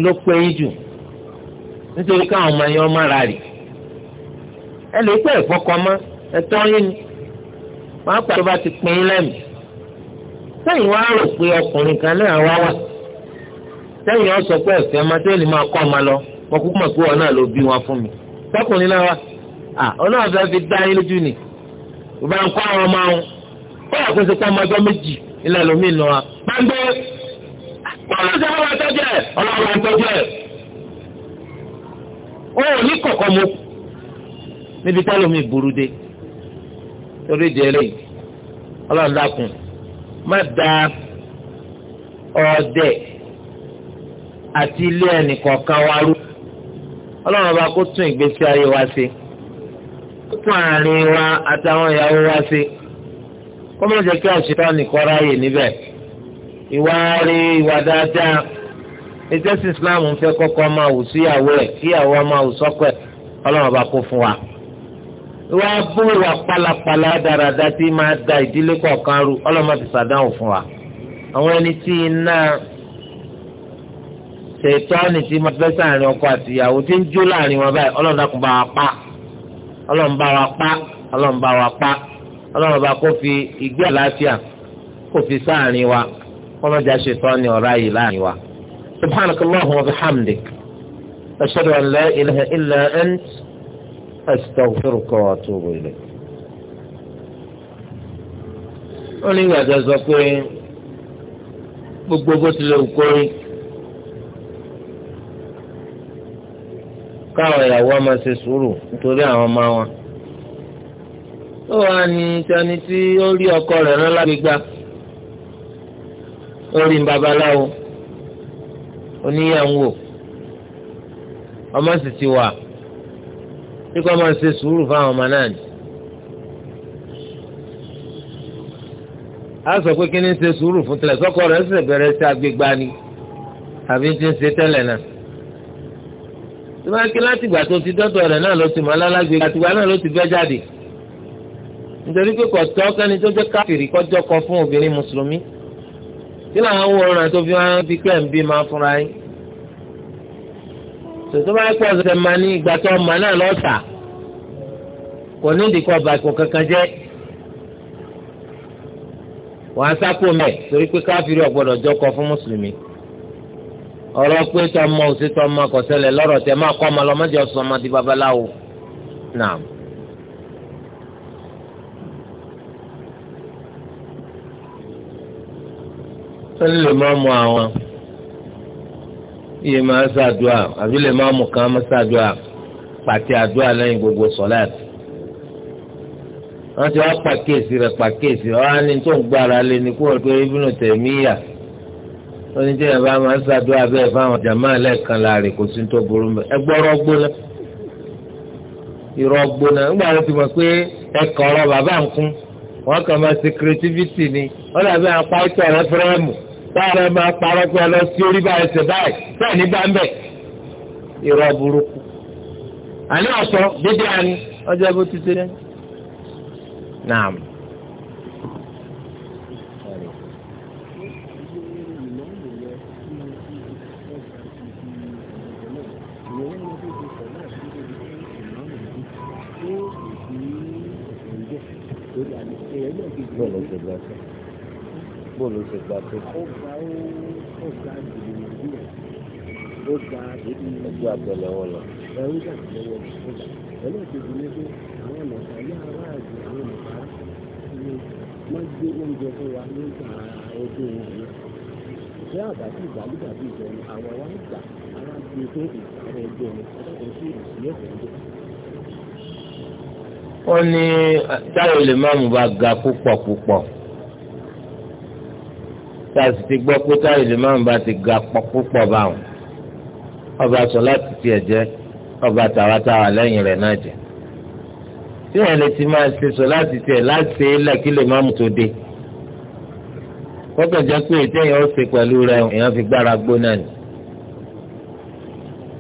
ló pé yín jù nítorí káwọn ọmọ yẹn ọmọ ara rè ẹ lè pẹ́ ìfọkànmọ́ ẹ̀tọ́ yín ni wọ́n á pàtó bá ti pín in lẹ́mìí sẹ́yìn wá rò pé ọkùnrin kan náà wá wà sẹ́yìn ọ sọ pé ẹ̀fẹ́ ọmọ tó lè máa kọ́ ọmọ lọ mo kúkú mọ̀ pé ọ̀nà ló bí wọn fún mi sọ́kùnrin náà wà à ọlọ́run fi dá yín lójú ni ìbá ń kọ́ àwọn ọmọ wọn ó yà kó sepá ọmọ ọjọ́ méjì ilẹ̀ lómi nù wa máa ń gbé ọlọ́run tọ́jú ẹ̀ ọlọ́run tọ́jú ẹ̀ ó ní kọ̀kọ́ mu níbi tálómi burú dé torí di eléyìí ọlọ́run dákun má da ọdẹ àti ilé ẹnìkọ̀ọ̀kan wa rú ọlọ́run ọba kó tún ìgbésí ayé wa ṣe kó tún àárín wa àtàwọn ìyàwó wa ṣe kó má jẹ́ kí àṣetán nìkan ráàyè níbẹ̀ ìwà rí ìwà dáadáa. ìtẹ́sí islam ń fẹ́ kọ́kọ́ máa wù síyàwó ẹ̀ kíyàwó máa wù sọ́kọ ẹ̀ ọlọ́run bá kó fún wa. ìwà búrúwà pálapàla dáradá tí máa da ìdílé kọ̀ọ̀kan ọlọ́run fún wa. àwọn ẹni tí iná ṣètọ́ni tí máa fẹ́ sáàrin ọkọ àti ìyàwó tí ń jó láàrin wọn báyìí ọlọ́run dákun bá wa pa ọlọ́run bá pa ọlọ́run bá fi ìgbé àlàáfíà kó fi sáàrin wa سبحانك اللهم وبحمدك أشهد أن لا إله إلا أنت أستغفرك وأتوب إليك wọ́n ní ìgbà tó sọ pé gbogbo bó tilẹ̀ òkú rí káwọn ìyàwó ọmọ ṣe sùúrù nítorí àwọn ọmọ wọn. ó wàá ní tani tí ó rí ọkọ rẹ̀ rán lágbègbà ó rí babaláwo oníyàwó ọmọ sì ti wà tí kò máa ṣe sùúrù fáwọn ọmọ náà ni. a sọ pé kí ni ṣe sùúrù fún tẹ́lẹ̀ sọ́kọ rẹ̀ ṣe bẹ̀rẹ̀ sí agbègbà ni àbí ti ń ṣe tẹ́lẹ̀ náà. tí wọ́n ké láti ìgbà tó ti dọ́tọ̀ rẹ̀ náà ló ti mọ alálágbègbè àti náà ló ti bẹ́ jáde. nítorí pé kò tọ́ kẹ́ni tó jẹ́ káfìrí kọjọ́ kan fún obìnrin mùsùlùmí kí làwọn wòran tó fi wọn fi pẹ́ ń bí máa fúnra yín tòtò bá pọ̀ ṣẹ̀ṣẹ̀ máa ní ìgbà tó ọmọ náà lọ́ọ̀tà kò ní ìdíkọ̀ bàkọ̀ kankan jẹ́ wọ́n á sápò mẹ́ torí pé káfíìrì ọ̀gbọ́dọ̀ jọkọ fún mùsùlùmí ọ̀rọ̀ pé tọmọ òsì tọmọ kọ̀sẹ́lẹ̀ lọ́rọ̀ tẹ máa kọ́ ọmọ lọ́mọdé ọ̀sán ọmọdé babaláwo náà. wọ́n lè máa mú àwọn iye máa ṣàdúrà àbí lè máa mú kan máa ṣàdúrà pàtẹ àdúrà lẹ́yìn gbogbo sọ́láàtì wọ́n ti wá pàkíyèsí rẹ̀ pàkíyèsí wọ́n á ní tó ń gbára lé ní kó o tó ibùnú tẹ̀míyà wọ́n ní jẹ́yìn bá máa ń ṣàdúrà bẹ́ẹ̀ fáwọn jàmáà lẹ́ẹ̀kan láàrin kò sí tó burú mẹ́ ẹgbọ́rọ́ gbóná irọ́ gbóná nígbà wọ́n ti mọ̀ pé ẹ̀kọ́ ọ̀rọ̀ bàbá ń kún wọ́n kàn máa ṣe creativity ni wọ́n dàbí apá ìtọ̀ rẹ́fúrẹ́mù táwọn ẹ máa parọ́ pé ọlọ́ sí orí báyìí ṣe báyìí bẹ́ẹ̀ ní bá irọ́ burúkú. àní ọ̀sọ́ dídí àní bóòlù ṣe gbà tó. ó gba ó gba ìdìbò nàìjíríà ó gba èdè ẹgbẹ́ àtẹlẹwọ lọ. ẹ̀rú àtẹlẹwọ ló gbà pẹ̀lú ìṣègùn ní pé àwọn ọ̀nà ìyá aráàlú àwọn ọ̀nà ni wọ́n gbé oúnjẹ fún wa nígbà ọdún òní. ìṣe àbájú ìgbàlúgbà bíi ìjọ ni àwọn wa ń gbà ara gbé fún ìgbàlẹ̀ ẹgbẹ́ ni ọdún sí ìṣúlẹ̀ ọ̀dọ́. wọ́n ní táyọ̀ lè má mú bá ga púpọ̀ púpọ̀ tá a sì ti gbọ́ pé táyì lè máa ń bá ti ga púpọ̀ báwọn ọba sọ láti tiẹ̀ jẹ́ ọba tàwátàwá lẹ́yìn rẹ̀ náà jẹ́ tí wọn lè ti máa ṣe sọ láti tiẹ̀ láti ilẹ̀ kí lè máa mú tó dé kọ́kàn jẹ́ pé ìtẹ̀yìn ó ṣe pẹ̀lú rẹ̀ èèyàn fi gbára gbóná ni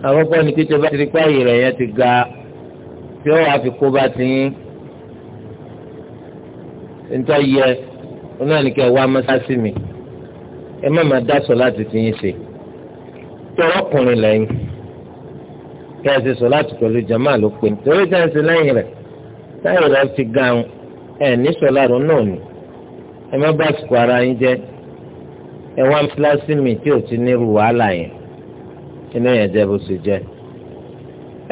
àkọ́kọ́ ni kí tó bá ti rí páyì rẹ̀ yẹn ti ga tí ó wàá fi kó bá ti yín nítorí yẹ onáà ní kẹ́ wá mọ́sásí mi ẹ má máa dá sọ láti ti yín ṣe tọrọkùnrin lẹ́yìn kí ẹ ṣe sọ láti pẹ̀lú jama ló pè nítorí tí ẹ ṣe lẹ́yìn rẹ̀ táyà rẹ̀ ti ga ọ ẹ ní sọ láàrú náà ni ẹ má bá sùkú ara yín jẹ ẹ wá kíláàsì mi tí ò ti nírú wàhálà yẹn inú yẹn jẹ bó ṣe jẹ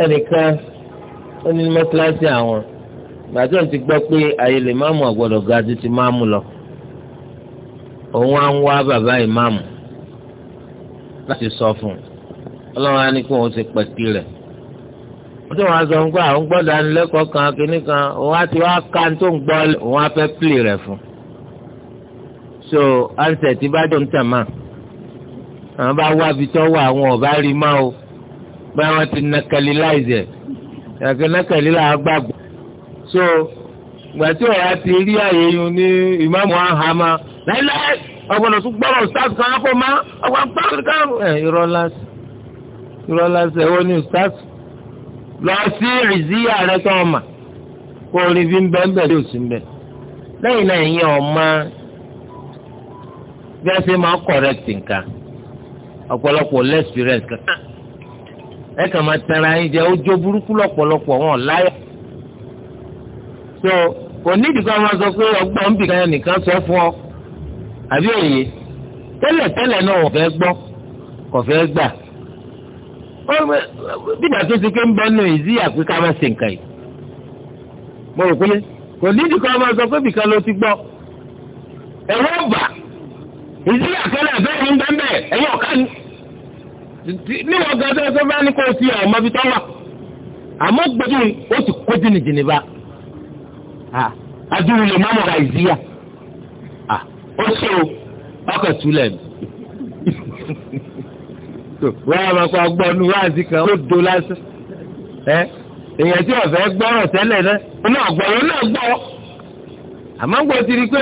ẹnìkan ó ní mọ́tíláṣí àwọn gbàtọ́ ti gbọ́ pé àyè lè má mú àgbọ̀dọ̀ ga ju ti má mú lọ òun á ń wá bàbá ìmáàmù láti sọ fún un ọlọ́run á ní kí òun ti pẹ̀kí rẹ̀ wọ́n ti wọ́n á sọ fún pé àwọn gbọ́dọ̀ anilẹ́kọ̀ọ́ kan kínní kan òun á ti wá ká tó ń gbọ́ òun á fẹ́ pìlì rẹ̀ fún un so ansẹ̀ tí bá dùn tàn máa àwọn bá wá ibi tó wà àwọn ọ̀bá rí má o bí wọ́n ti nàkàlí láìsẹ̀ yàtọ̀ nàkàlí là á gbàgbọ́ so gbàtí ọ̀rá ti rí àyè yun ní ìmáàmù àhámá láíláí ọgbọ̀nà tún gbọ́rọ̀ ustaz kan á kó má ọgbà pàṣẹ. ẹ irọ́ lásì irọ́ lásì ẹ̀wọ́n ní ustaz lọ sí rìzíyà rẹ tó o mà kó o rí fi ń bẹ́ ń bẹ̀ lé òsì ń bẹ̀ lẹ́yìn náà ìyẹn ọmọ bí a ṣe máa kọ̀rẹ́tì nǹkan ọ̀pọ̀lọpọ̀ lẹ́sìrẹ́ǹsì kankan ẹ kàn máa tẹ̀ra yín jẹ ojú burúkú lọ́pọ̀lọpọ̀ wọn láyọ̀ so kò nídìí kan máa sọ pé ọgbọ́n bìkan nìkan sọ fún ọ àbí òye tẹ́lẹ̀tẹ́lẹ̀ náà wọ́n fẹ́ gbọ́ kò fẹ́ gbà bíbà tó ti ké ń bẹ́ẹ̀ nù ìzí àpé ká má ṣe nǹkan yìí mo rò pé kò nídìí kan máa sọ pé bìkan ló ti gbọ́ ẹ̀rọ ọ̀bà ìzí àkẹ́lẹ̀ bẹ́ẹ̀ ní bẹ́ẹ̀ ẹ̀yọ ọ̀ká ni níwọ̀n tó bá ní kó o ti ó ṣe o ọkọ̀ túlẹ̀ wọ́n á máa pa gbọ́nú kan ó do èèyàn tí ọ̀fẹ́ gbọ́rọ̀ tẹ́lẹ̀ náà ó náà gbọ́ náà gbọ́. àmọ́ gbọ́ ti pé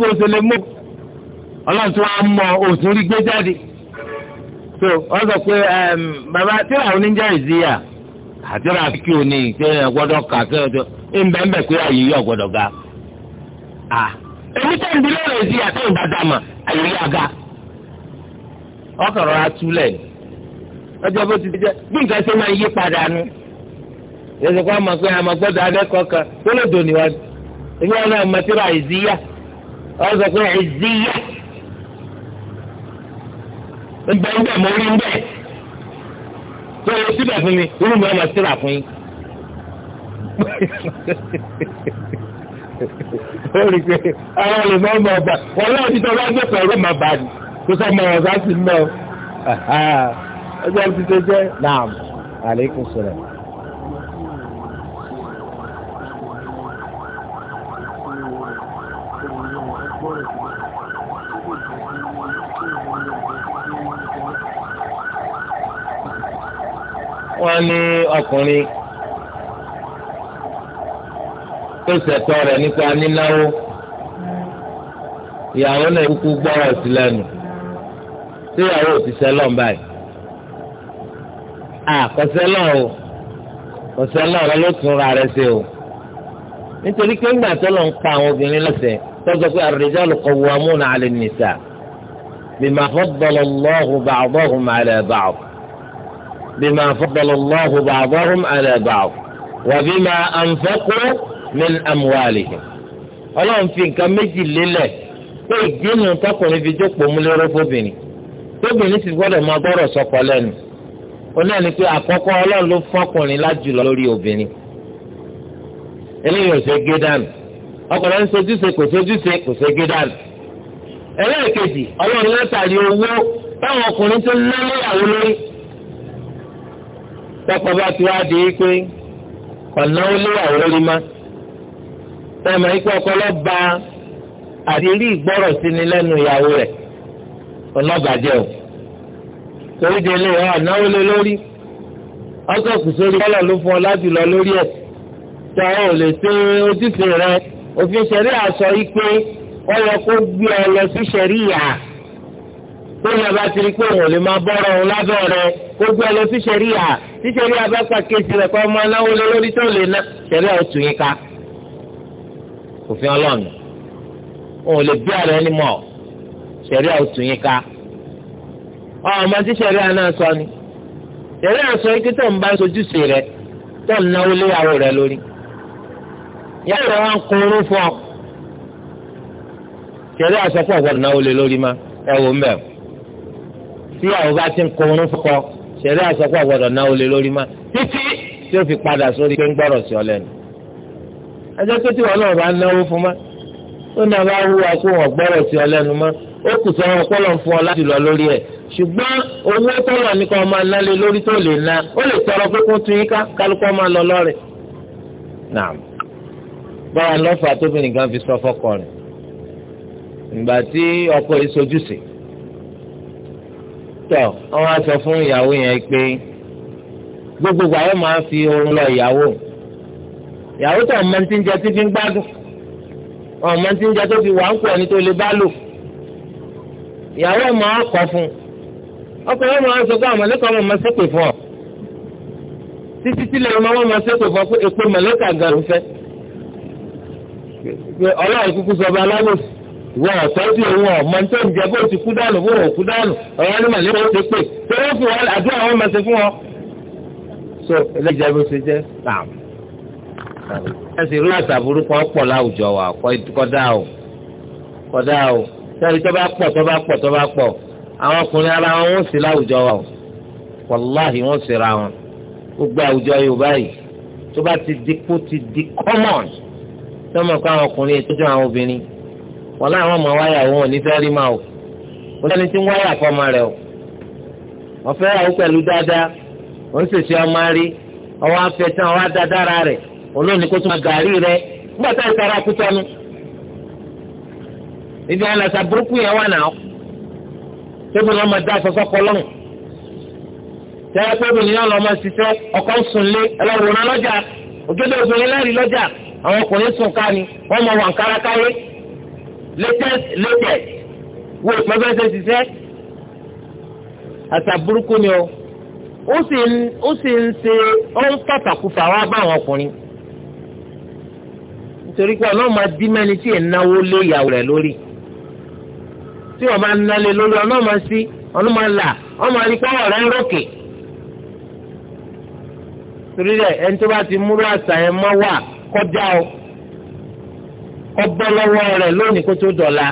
bó ṣe lè mú ọlọ́run tí wọ́n á mọ rí gbé jáde. so wọ́n sọ pé bàbá tí àwọn oníjà àti o ní kí ẹ èmi tẹ̀ ń bilẹ̀ rẹ̀ sí àti ìbàdàmà àyè àga ọkàn rọra ọjọ́ bó ti jẹ́ bí nǹkan ṣe máa yí padà nu yẹsẹ̀ kó àmọ̀ pé àmọ̀ gbọ́dọ̀ adẹ́kọ̀ọ́ kan tó lè dòní wa èmi wọn náà mọ̀ síra ìzíyà sọ pé ìzíyà ó rí i pé ara lè má ọmọ ọba wọn náà ti tọ́lá gbé pẹ̀lú ọmọ ọba ni kó sọmọ ọ̀sán sì ń lọ ọjọ́ ti ṣe jẹ́ naam aleykum salaam. wọ́n ní ọkùnrin ó ṣẹ̀tọ́ rẹ̀ nípa nínáwó ìyàwó náà kúkú gbọ́rọ̀ sí lẹ́nu tí ìyàwó ò ti sẹ́lọ̀ báyìí àkọsẹ́lọ̀ o kọsẹ́lọ̀ rẹ ló tún ra rẹ ṣe o nítorí pé ńgbà tó lọ ń pa àwọn obìnrin lọ́sẹ̀ tọ́jú pé ar-rijalu qawwamuna 'ala an-nisa bima faddala Allahu ba'dahum 'ala ba'd bima faddala Allahu ba'dahum 'ala ba'd wa bima anfaqu min amwalihim ọlọ́run fi nǹkan méjì lélẹ̀ pé ìdínú tọkùnrin fi jókòó múlẹ́rọ́ fóbìnrin tóbìnrin sì gbọ́dọ̀ máa gbọ́rọ̀ sọkọ lẹ́nu oní ẹni pé àkọ́kọ́ ọlọ́run ló fọkùnrin lájùlọ lórí obìnrin eléyìí ò ṣe gé dànù ọkùnrin ń sojúṣe kò sojúṣe kò ṣe gé dànù ẹlẹ́ẹ̀kejì ọlọ́run látàrí owó táwọn ọkùnrin tó lẹ́lẹ́yàwó lórí tọkọ bá ti wá di pé kọ̀nà ó léyàwó lórí máa sẹ́mi ikú ọkọ lọ́ba àdìrí ìgbọ́rọ̀ sí ni lẹ́nu ìyàwó rẹ̀ ọlọ́bàjẹ́ o torí de ilé ọ̀ náwó lé lórí ọkọ̀ kù sórí kọ́lọ̀ ló fún ọ láti lọ lórí ẹ̀ tó o lè ṣe ojúṣe rẹ òfin ṣẹ̀rí àṣọ ipe wọ́n yẹ kó gbé ọ lọ sí ṣẹ̀rí yà tó yẹ bá ti rí pé òun ò lè máa bọ́rọ̀ òun lábẹ́ rẹ kó gbé ọ lọ sí ṣẹ̀rí yà tí ṣẹ̀rí bá pàkíyèsí rẹ̀ kọ́ ọmọ náwó lé lórí tó lè ná ṣẹ̀rí yà yín ká òfin ọlọ́run òun lè bí ààrẹ ẹni mọ̀ ṣẹ̀ríà òtún yín ká ọmọ tí ṣẹ̀ríà náà sọ ni ṣẹ̀ríà sọ yín kí tó ń bá sojúṣe rẹ tó ń náwó léyàwó rẹ lórí yàrá wa ń kun irun fún ọ ṣẹ̀ríà sọ pé ọ̀gbọ́n náwó lé lórí ma ẹ wò mẹ́ tí àwọn bá ti ń kun irun fún ọ ṣẹ̀ríà sọ pé ọ̀gbọ́n náwó lé lórí ma títí tí ó fi padà sórí pé ń gbọ́rọ̀ sí ọ lẹ́nu ẹjọ́ pé tí wọn náà bá náwó fún ma ó náà bá wúwa kó wọn gbọ́rọ̀ sí ọ lẹ́nu mọ́ ó kù sọ wọn kọ́lọ̀ fún ọ láti lọ lórí ẹ̀ ṣùgbọ́n owó tọ́lọ̀ ní kan máa nálé lórí tó lè na ó lè tọrọ pé kó tún yín ká kálukọ́ máa lọ lọ́rẹ̀. naam báwa lọ́fà tóbi nìkan fi sọ fọ́kọ rẹ̀ ìgbà tí ọkọ yìí sojú sí tọ wọn á sọ fún ìyàwó yẹn pé gbogbo àwọn máa fi oorun lọ ìyàwó ìyàwó tó ọmọ tí ń jẹ tí fi ń gbádùn ọmọ tí ń jẹ tó fi wà ń pọ̀ ní tó lè bá lò ìyàwó ọmọ ọkọ fún ọkùnrin ọmọ ọsọ pé àwọn mọlẹ́kọ̀ ọmọ ṣépè fún ọ títí tílẹ̀ ọmọ ọmọ ṣépè fún ọ pé èpè mọlẹ́kà gan ló fẹ́ ọlọ́run kúkú sọba alálòsì ìwọ ọ̀tọ́jú ìwọ ọmọ tó ń jẹ bó ti kú dànù bó òkú dànù ọ̀rọ̀ ní mọ̀lẹ́kọ̀ ó ti pè tẹ́lẹ̀ fún wọn àdúrà wọn máa ṣe fún ọ. so eléjẹ bó ṣe jẹ tààmù ẹ sì rí àṣà burúkú ọ̀pọ̀ láwùjọ wa kódà o kódà o sẹ́ni tó bá pọ̀ tó bá pọ̀ tó bá pọ̀ àwọn ọkùnrin ara wọn wọ́n sì láwùjọ wa o wàláhì wọ́n sì ra wọn gbogbo àwùjọ Yorùbá yìí tó bá ti di kó ti di common tó mọ̀ kó àwọn ọkùnrin ìtọ́jú àwọn obìnrin wọ́n láwọn ọmọ wáyà wọn ò ní fẹ́ rí máa o kó sẹ́ni tí ń wáyà fọmọ rẹ o wọ́n fẹ́ ra o pẹ̀lú dáadáa wọ́n sì ṣe ọmọ rí ọwọ́ afẹ́ tán ọwọ́ adádára rẹ̀ olóòní kó tún gàárì rẹ nígbà tá ìtara kútọ́nu ibi àwọn àṣà burúkú yẹn wà náà tóbi ni wọn máa dá sọsọ kọlọ́n tẹ́lẹ̀ tóbi ni wọn lọ máa ṣiṣẹ́ ọkọ̀ ń sùn lé ẹlọ́wòrán lọ́jà obìnrin lẹ́rìí lọ́jà àwọn ọkùnrin sùn ká ni wọ́n mọ̀ wọn kárakáyé latest latest wo ìpẹ́fẹ́sẹ̀ ṣiṣẹ́ àṣà burúkú ni o ó sì ń ṣe ó ń pàtàkùfà wá bá àwọn ọkùnrin. torí pé ọlọ́run máa dí mẹ́ni tí ẹ̀ náwó lé ìyàwó rẹ̀ lórí tí wọ́n bá ná lé lórí ọlọ́run máa sí ọlọ́run máa là ọlọ́run máa rí pọ́wọ́ rẹ̀ ń rókè. torí ẹni tó bá ti múrú àṣà yẹn mọ́ wà kọjá o kọ́ bọ́ lọ́wọ́ rẹ̀ lónìí kó tó dọ̀la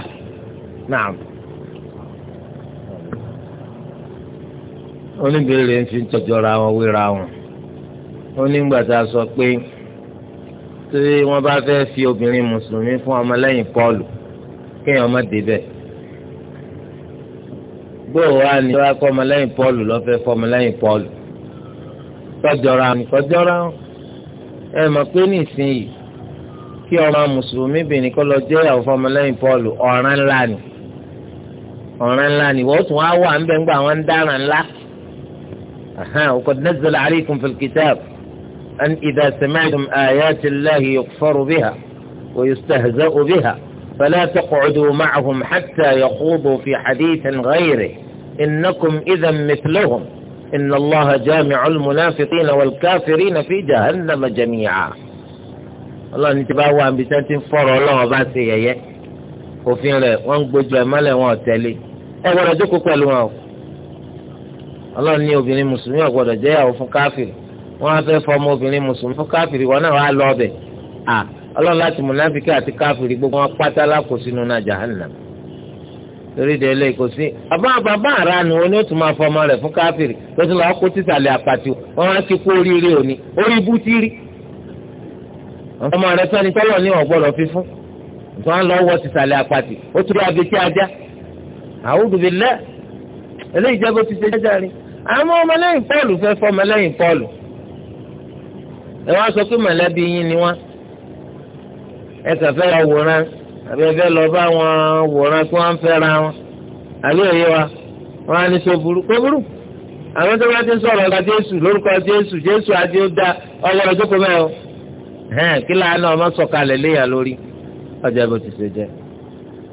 náà. oníbèrè ń fi wọn wọn ó nígbà tí wọ́n bá fẹ́ fi obìnrin mùsùlùmí fún ọmọlẹ́yìn Pọ́ọ̀lù kéèyàn má débẹ̀ gbóò wá ní wọ́n kọ́ ọmọlẹ́yìn Pọ́ọ̀lù lọ́fẹ́ fọ́ ọmọlẹ́yìn Pọ́ọ̀lù tọ́jọ́ra nìkọ́jọ́ra ẹ mọ̀ pé ní ìsinyìí kí ọmọ mùsùlùmí bìnrin kọ́ lọ jẹ́ ìyàwó fọmọlẹ́yìn Pọ́ọ̀lù ọ̀ràn ńlá ni ọ̀ràn ńlá ni wọ́n tún wá wà ń bẹ́ ń ńlá ọkọ̀ أن إذا سمعتم آيات الله يكفر بها ويستهزأ بها فلا تقعدوا معهم حتى يخوضوا في حديث غيره إنكم إذا مثلهم إن الله جامع المنافقين والكافرين في جهنم جميعا الله نتباوى وان بسنت فرع الله باسي يا òfin rẹ̀ wọ́n ń gbójú ẹ̀ mọ́lẹ̀ wọn tẹ̀lé ẹ gbọ́dọ̀ jókòó pẹ̀lú wọn o ọlọ́run wọn á fẹ́ fọmọ obìnrin mùsùlùmí fún káfìrí wọn náà wàá lọ ọbẹ̀ à ọlọ́run láti mùnáfíkì àti káfìrí gbogbo wọn pátá lákò sínú náà jahannam torí de ilé kò sí àbá bàbá ara nu oní òtún máa fọmọ rẹ̀ fún káfìrí tó ti lọ́ọ́ kó títàlẹ̀ àpàtì wọn á ti kó oríire òní orí ibú ti rí ọmọ rẹ̀ sọ́ni tọ́lọ̀ ní ọ̀gbọ́dọ̀ fífún tó ń lọ́wọ́ títàlẹ̀ àpàtì ó tún lọ́ọ́ abetí ajá àwùjọ bíi lẹ́ jẹ́ bó ti ṣe jẹ́jẹ́ rí àwọn ọmọlẹ́yìn Pọ́ọ̀lù fẹ́ fọ́ ọmọlẹ́yìn Pọ́ọ̀lù ẹ wá sọ pé mọ̀lẹ́bí yín ni wọ́n ẹ kàn fẹ́ lọ wòran àbí ẹ fẹ́ lọ bá wọn wòran kí wọ́n fẹ́ra wọn àbí òye wa wọ́n á ní so burú kó burú àwọn tó bá ti ń sọ̀rọ̀ ọ̀gá jésù lórúkọ jésù jésù àti ó da ọwọ́ ọjọ́ kò mẹ́rin o hẹ́n kí láàánú ọmọ sọ̀kalẹ̀ léyàn lórí ọjọ́ ìbò ti ṣe jẹ́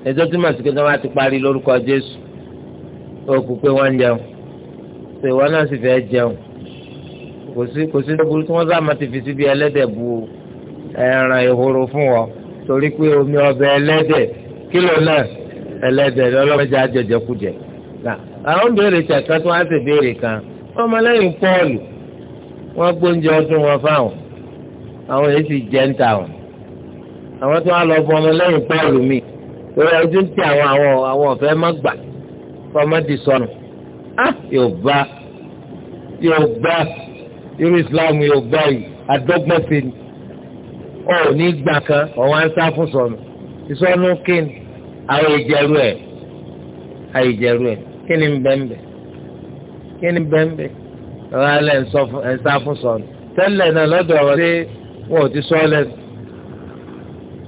ẹjọ́ tí màsíkè tó bá ti parí lórúkọ jésù ó kú pé wọ́n ń jẹun ṣèwọ́n náà sì fẹ́ jẹun kò sí kò sí tó burú tí ti fi síbi ẹlẹ́dẹ̀ bu ẹran ìhoro fún ọ torí pé omi ọbẹ̀ ẹlẹ́dẹ̀ kílò náà ẹlẹ́dẹ̀ lọ́lọ́mọdé ajẹjẹkújẹ. àwọn béèrè tẹ̀kan tí wọ́n á sì béèrè kan wọ́n mọ lẹ́yìn pọ́ọ̀lù wọ́n gbóúnjẹ ọdún wọn fáwọn àwọn èyí sì jẹ́ ń ta wọn. àwọn tí wọ́n lọ bọ ọmọ pọ́ọ̀lù mi torí ojú ń tẹ àwọn àwọn àwọn ọ̀fẹ́ má gbà fọmọdé sọnù. ah yóò bá yóò bá irú islam yóò gbá yìí adọ́gbọ́n sí ni ọ ò ní gbà kan ọ̀wọ́n á ń sá fún sọnù ìsọnù kíni àwọn ìjẹ̀rú ẹ̀ àìjẹ̀rú ẹ̀ kíni ń bẹ́ńbẹ́ kíni bẹ́ńbẹ́ ọ̀wọ́n á lẹ̀ ń sá fún sọnù tẹ́lẹ̀ náà lọ́dọ̀ ọ̀rọ̀ ṣé wọn ò ti sọ ọ́ lẹ́nu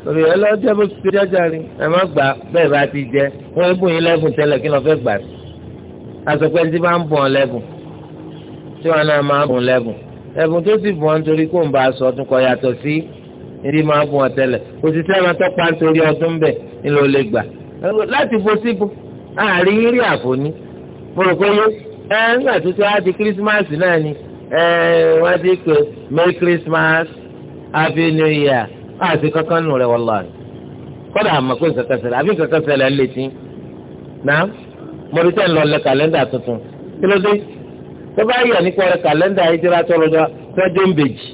torí ẹ lọ jẹ bó ti jájà ni ẹ má gbà bẹ́ẹ̀ bá ti jẹ wọn ebùn yín lẹ́bùn tẹ́lẹ̀ kí lọ fẹ́ gbà sí asọpẹ́ ti bá ń bọ̀ ọ́ lẹ́bùn tí wọn náà máa bùn lẹ́bùn ẹ̀bùn tó sì bùn wọn nítorí kó ń bá aṣọ ọdún kọ yàtọ̀ sí ibi máa bùn wọn tẹ́lẹ̀ òṣìṣẹ́ wọn tó pa nítorí ọdún bẹ̀ ńlọ lè gbà láti bo síbo àárín rí àfòní mo rò pé ẹ nígbà tó tó á di kírísímàsì náà ni ẹ wọ́n ti pè merry christmas happy new year àti kankan nù rẹ wọláì kọ́dà àmọ́ pé nǹkan kan ṣẹlẹ̀ àbí nǹkan kan ṣẹlẹ̀ ńlẹ̀ tí náà mo rí tẹ́ ń lọ lẹ kàlẹ́ndà tuntun kí ló dé tó bá yọ nípa ọ̀rẹ́ kàlẹ́ndà ìjọba tọ́lọ́dọ́ tọ́jọ́ ń bèjì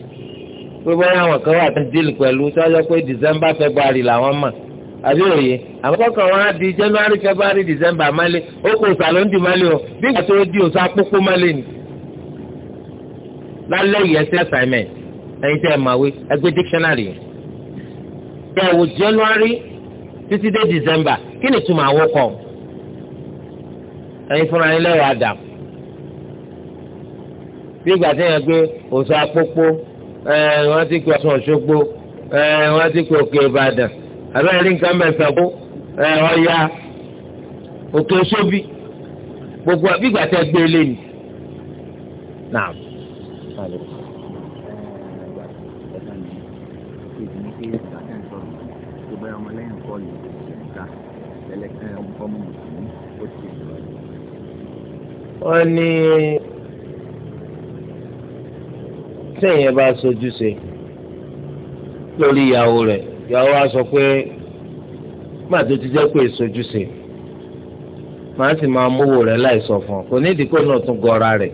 pé bóyá àwọn kan wà tó díìlì pẹ̀lú tọ́jọ́ pé December February làwọn mọ̀ àbí òye àwọn kọ̀ọ̀kan wọn á di January February December mọ́lẹ̀ ó kò sàlọ́ ń di o bí ìgbà tó di òsà pópó mọ́lẹ̀ ni. lálẹ́ yìí ẹsẹ̀ assignment ẹ̀yin tẹ́ ẹ màwé ẹgbẹ́ dictionary yẹn. ẹ January títí dé December kí ni túmọ̀ àwọn kọ̀ ẹ̀yin fúnra yín lẹ́yìn Adam bí ìgbà téèyàn gbé òsè àpòpò wọ́n ti pè ọ̀sán òṣogbo wọ́n ti pè òkè ìbàdàn àbẹ́rẹ́ rí nǹkan mẹ́fẹ́ kó ọ̀ya òkè sóbì gbogbo bí ìgbà tẹ́ gbé lé ni. Naam. wọ́n ní téèyàn bá sojú ṣe lórí ìyàwó rẹ̀ ìyàwó wa sọ pé máa tó ti jẹ́ pé sojú ṣe màá sì máa mówó rẹ̀ láì sọ fún ọ kò ní ìdíkò náà tún gọra rẹ̀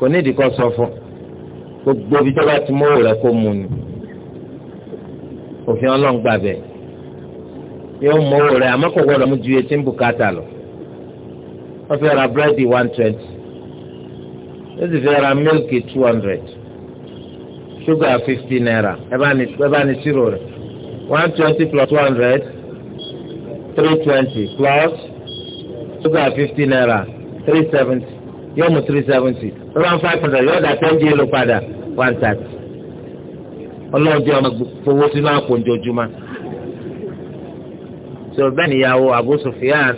kò ní ìdíkò sọ fún gbogbo ibi tó bá ti mówó rẹ̀ kó mu ni òfin ọlọ́ngbà bẹ̀ yóò mówó rẹ̀ àmọ́ kò gbọ́dọ̀ mú ju etí ń bùkátà lọ wọ́n fi ra búrẹ́dì one twenty ó sì fi ra mílìkì two hundred ṣúgà fifty naira ẹ bá ní sírò rẹ̀ one twenty plus one hundred three twenty plus ṣúgà fifty naira three seventy yóò mú three seventy ló bá five hundred yóò dá ten jí ló padà one thirty ọlọ́ọ̀dẹ ọmọ fowó sínú àpò ojoojúmọ́ sọ bẹ́ẹ̀ níyàwó Abu Sufyan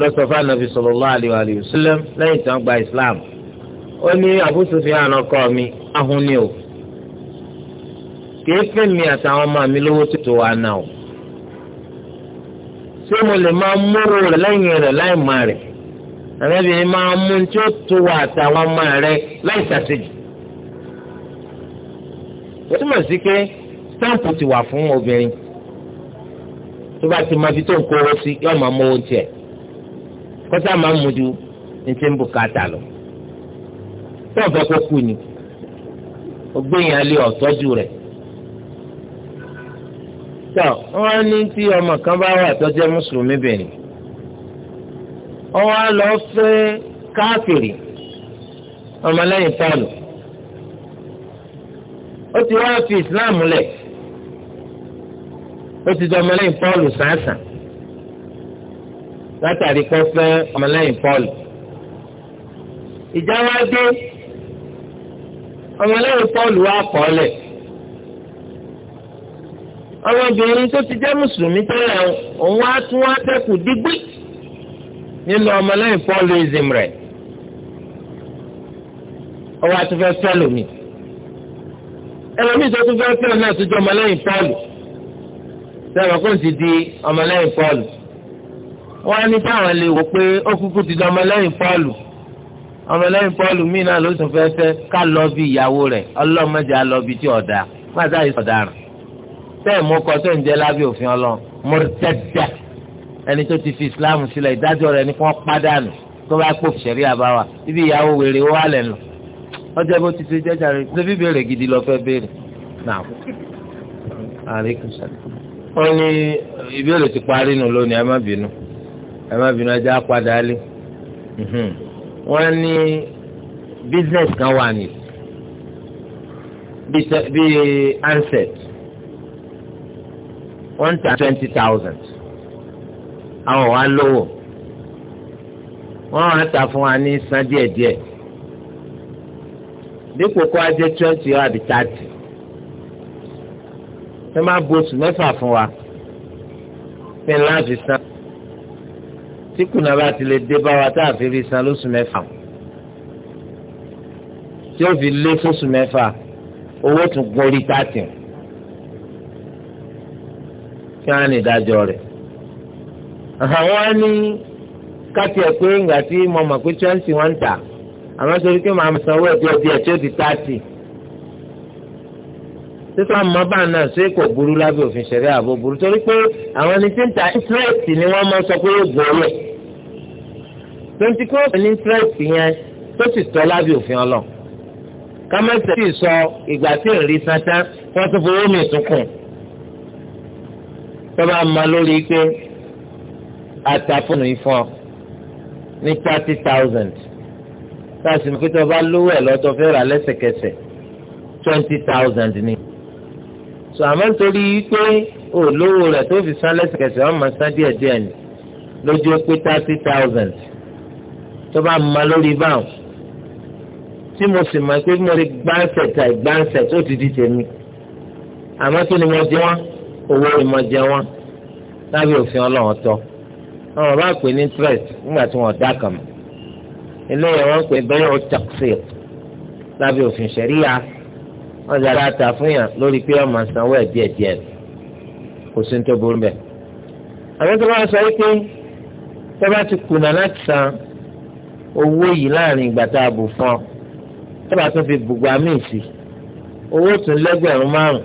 lọ́sọ̀fà nàbì sallallahu alaihi wasallam lẹ́yìn tí wọ́n gba Islam ó ní Abu Sufyan ọkọ mi ahun ni o kìí fẹ́ mi àtàwọn ọmọ mi lówó tuntun wa náà o ṣé mo lè máa múrò rẹ̀ lẹ́yìn rẹ̀ láì máa rẹ̀ àbẹ́bí máa mú tí ó tó wa àtàwọn ọmọ rẹ̀ láì ṣàṣejù. ó túmọ̀ sí pé stampu ti wà fún obìnrin tó bá ti máa fi tó nǹkan owó sí yóò máa mú owó tiẹ̀ kọ́tà máa mú ju ní ti ń bùkátà lọ. tó o fẹ́ kó kú ni o gbé yẹn lé ọ̀tọ́jú rẹ̀ tọ wọ́n ní tí ọmọ kan bá wà tó jẹ́ mùsùlùmí bìnrin ọwọ́ á lọ fẹ́ káfìrì ọmọlẹ́yìn pọ́ọ̀lù ó ti wá fi ìsìláàmù lẹ̀ ó ti di ọmọlẹ́yìn pọ́ọ̀lù sàǹsàn látàrí kó fẹ́ ọmọlẹ́yìn pọ́ọ̀lù ìjà wá dé ọmọlẹ́yìn pọ́ọ̀lù wá kọ́ lẹ̀. ọmọbìnrin tó ti jẹ́ mùsùlùmí tẹ́lẹ̀ òun á tún wá tẹ́kù dígbì nínú ọmọlẹ́yìn pọ́lùism rẹ̀ ọwọ́ àtúfẹ́ fẹ́ lómi ẹlòmíì tó tún fẹ́ fẹ́ náà tó jẹ́ ọmọlẹ́yìn sẹ́wọ̀n kò sì di ọmọlẹ́yìn wọ́n á ní táwọn lè wò pé ó kúkú ti di ọmọlẹ́yìn ọmọlẹ́yìn míì náà ló tún fẹ́ bẹ́ẹ̀ mú kọ tó ń jẹ́ lábẹ́ òfin ọlọ́run mọ̀rẹ́dẹ́dẹ́ ẹni tó ti fi islam sílẹ̀ ìdájọ́ rẹ̀ ni kí wọ́n pàdánù tó bá pò sẹ́rí àbáwá ibi ìyàwó wèrè wà lẹ́nu ọjọ́ bó ti ṣe jẹ́jà rẹ̀ ṣé bíbélì gidi lọ fẹ́ béèrè náà àríkù sẹ́lẹ̀. ó ní ìbéèrè ti parí nù lónìí ẹ má bínú ẹ má bínú ẹ jẹ́ àpàdé alẹ́ mhm. wọ́n ní bísíǹsì kan wà ní bíi ansẹ̀tì wọ́n ń ta twenty thousand àwọn wa lówó wọ́n á ta fún wa ní san díẹ̀díẹ̀ dípò kó a twenty or àbí thirty ẹ máa bo oṣù mẹ́fà fún wa pé ńlá fi san tí kùnà bá ti lè dé bá wa tá a fi rí san lóṣù mẹ́fà tí ó fi lé fóṣù mẹ́fà owó tún gorí thirty kí ni á ní ìdájọ́ rẹ̀. àwọn á ní káti ẹ̀ pé ìgbà tí mo mọ̀ pé twenty wọ́n ń tà àmọ́ sori pé màá sanwó ẹ̀ díẹ̀ díẹ̀ tí ó di thirty. títí wọn mọ bá náà ṣé kò burú lábẹ́ òfin ṣẹ̀rẹ́ àbò burú torí pé àwọn ẹni tí interest ni wọ́n máa sọ pé yóò gbọ́ ọ́ twenty four ní interest yẹn tó sì tọ́ lábẹ́ òfin ọlọ́ọ̀ ká sọ ìgbà tí ń rí sántán wọ́n tún fowó mi tún kùn tó bá ma lórí pé ata fóònù yìí ní thirty thousand tá a sì mú pé tó bá lówó ẹ̀ lọ́tọ́ fẹ́ rà lẹ́sẹ̀kẹsẹ̀ twenty thousand ni so àmọ́ nítorí pé ò lówó rẹ̀ tó fi san lẹ́sẹ̀kẹsẹ̀ wọ́n máa san díẹ̀ díẹ̀ ni lójú pé thirty thousand tó bá ma lórí báwọn tí mo sì mọ̀ pé mo lè gbáǹsẹ̀ tà gbáǹsẹ̀ tó ti di tèmi àmọ́ kí ni mo jẹ́ wọ́n owó ni mo jẹ wọn lábẹ́ òfin Ọlọ́run tọ́ àwọn bá pè ní interest nígbà tí wọ́n dá kàn mọ́ eléyìí wọ́n pè bẹ́ẹ̀ ó taxi lábẹ́ òfin ṣẹ̀ríya wọ́n ti dáa ta fún yàn lórí pé ọmọ sanwó ẹ̀ díẹ̀ díẹ̀ kò sí ní tó burú bẹ́ẹ̀. àwọn tó bá sọ wípé tó ti kùnà láti san owó yìí láàrin ìgbà tá a bù fún ọ tó fi bùgbà míì sí owó tún lẹ́gbẹ̀rún márùn-ún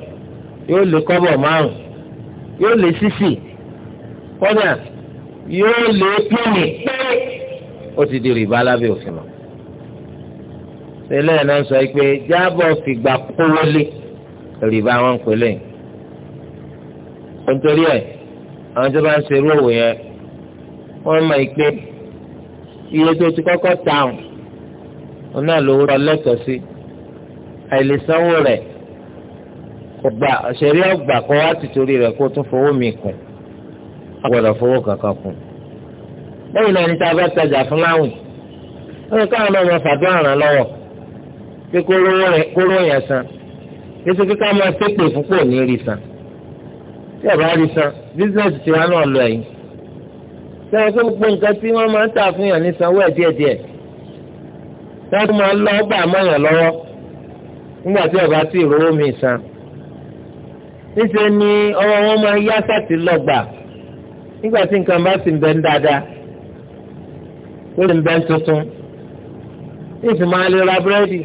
yóò lè kọ́bọ̀ márùn-ún yóò lé sisi, kọ́nà yóò lé pínì pé ó ti di rìbá lábẹ́ òfin mọ́. sẹ́lẹ̀ náà sọ pé jábọ̀ fìgbà kówó lé rìbá wọn pè lẹ́yìn. nítorí ẹ̀ àwọn tó bá ń ṣerú òwò yẹn wọ́n mọ̀ pé iye tó ti kọ́kọ́ ta ọ̀hún náà lówó lọ lẹ́tọ̀ọ́ sí àìlèsánwó rẹ̀ ọgbà ṣẹ̀rí ọgbà kọ́ wá ti torí rẹ̀ kó tún fowó mi kù a gbọ́dọ̀ fowó kankan kù. lẹ́yìn náà ní tá a bá tajà fún láwìn ó yẹ káwọn náà máa fàdúrà ràn lọ́wọ́ pé kóró yẹn san yíṣu kíkà máa tẹ́pẹ̀ fún pò ní rí san tí ẹ̀ bá rí san bísíǹsì tí wọn lọ ẹ̀yìn. sẹ́yìn tó gbogbo nǹkan tí wọ́n máa ń tà fún yàn ní sanwó ẹ̀ díẹ̀díẹ̀ sẹ́yìn tó máa ń lọ mọ́yàn lọ́wọ́ nígbà tí ẹ̀ bá sí mi san níṣẹ́ ni ọmọ wọn máa yá sátì lọ́gbà nígbà tí nǹkan bá sì ń bẹ ń dáadáa ó lè ń bẹ ń tuntun níṣẹ́ máa lè ra búrẹ́dì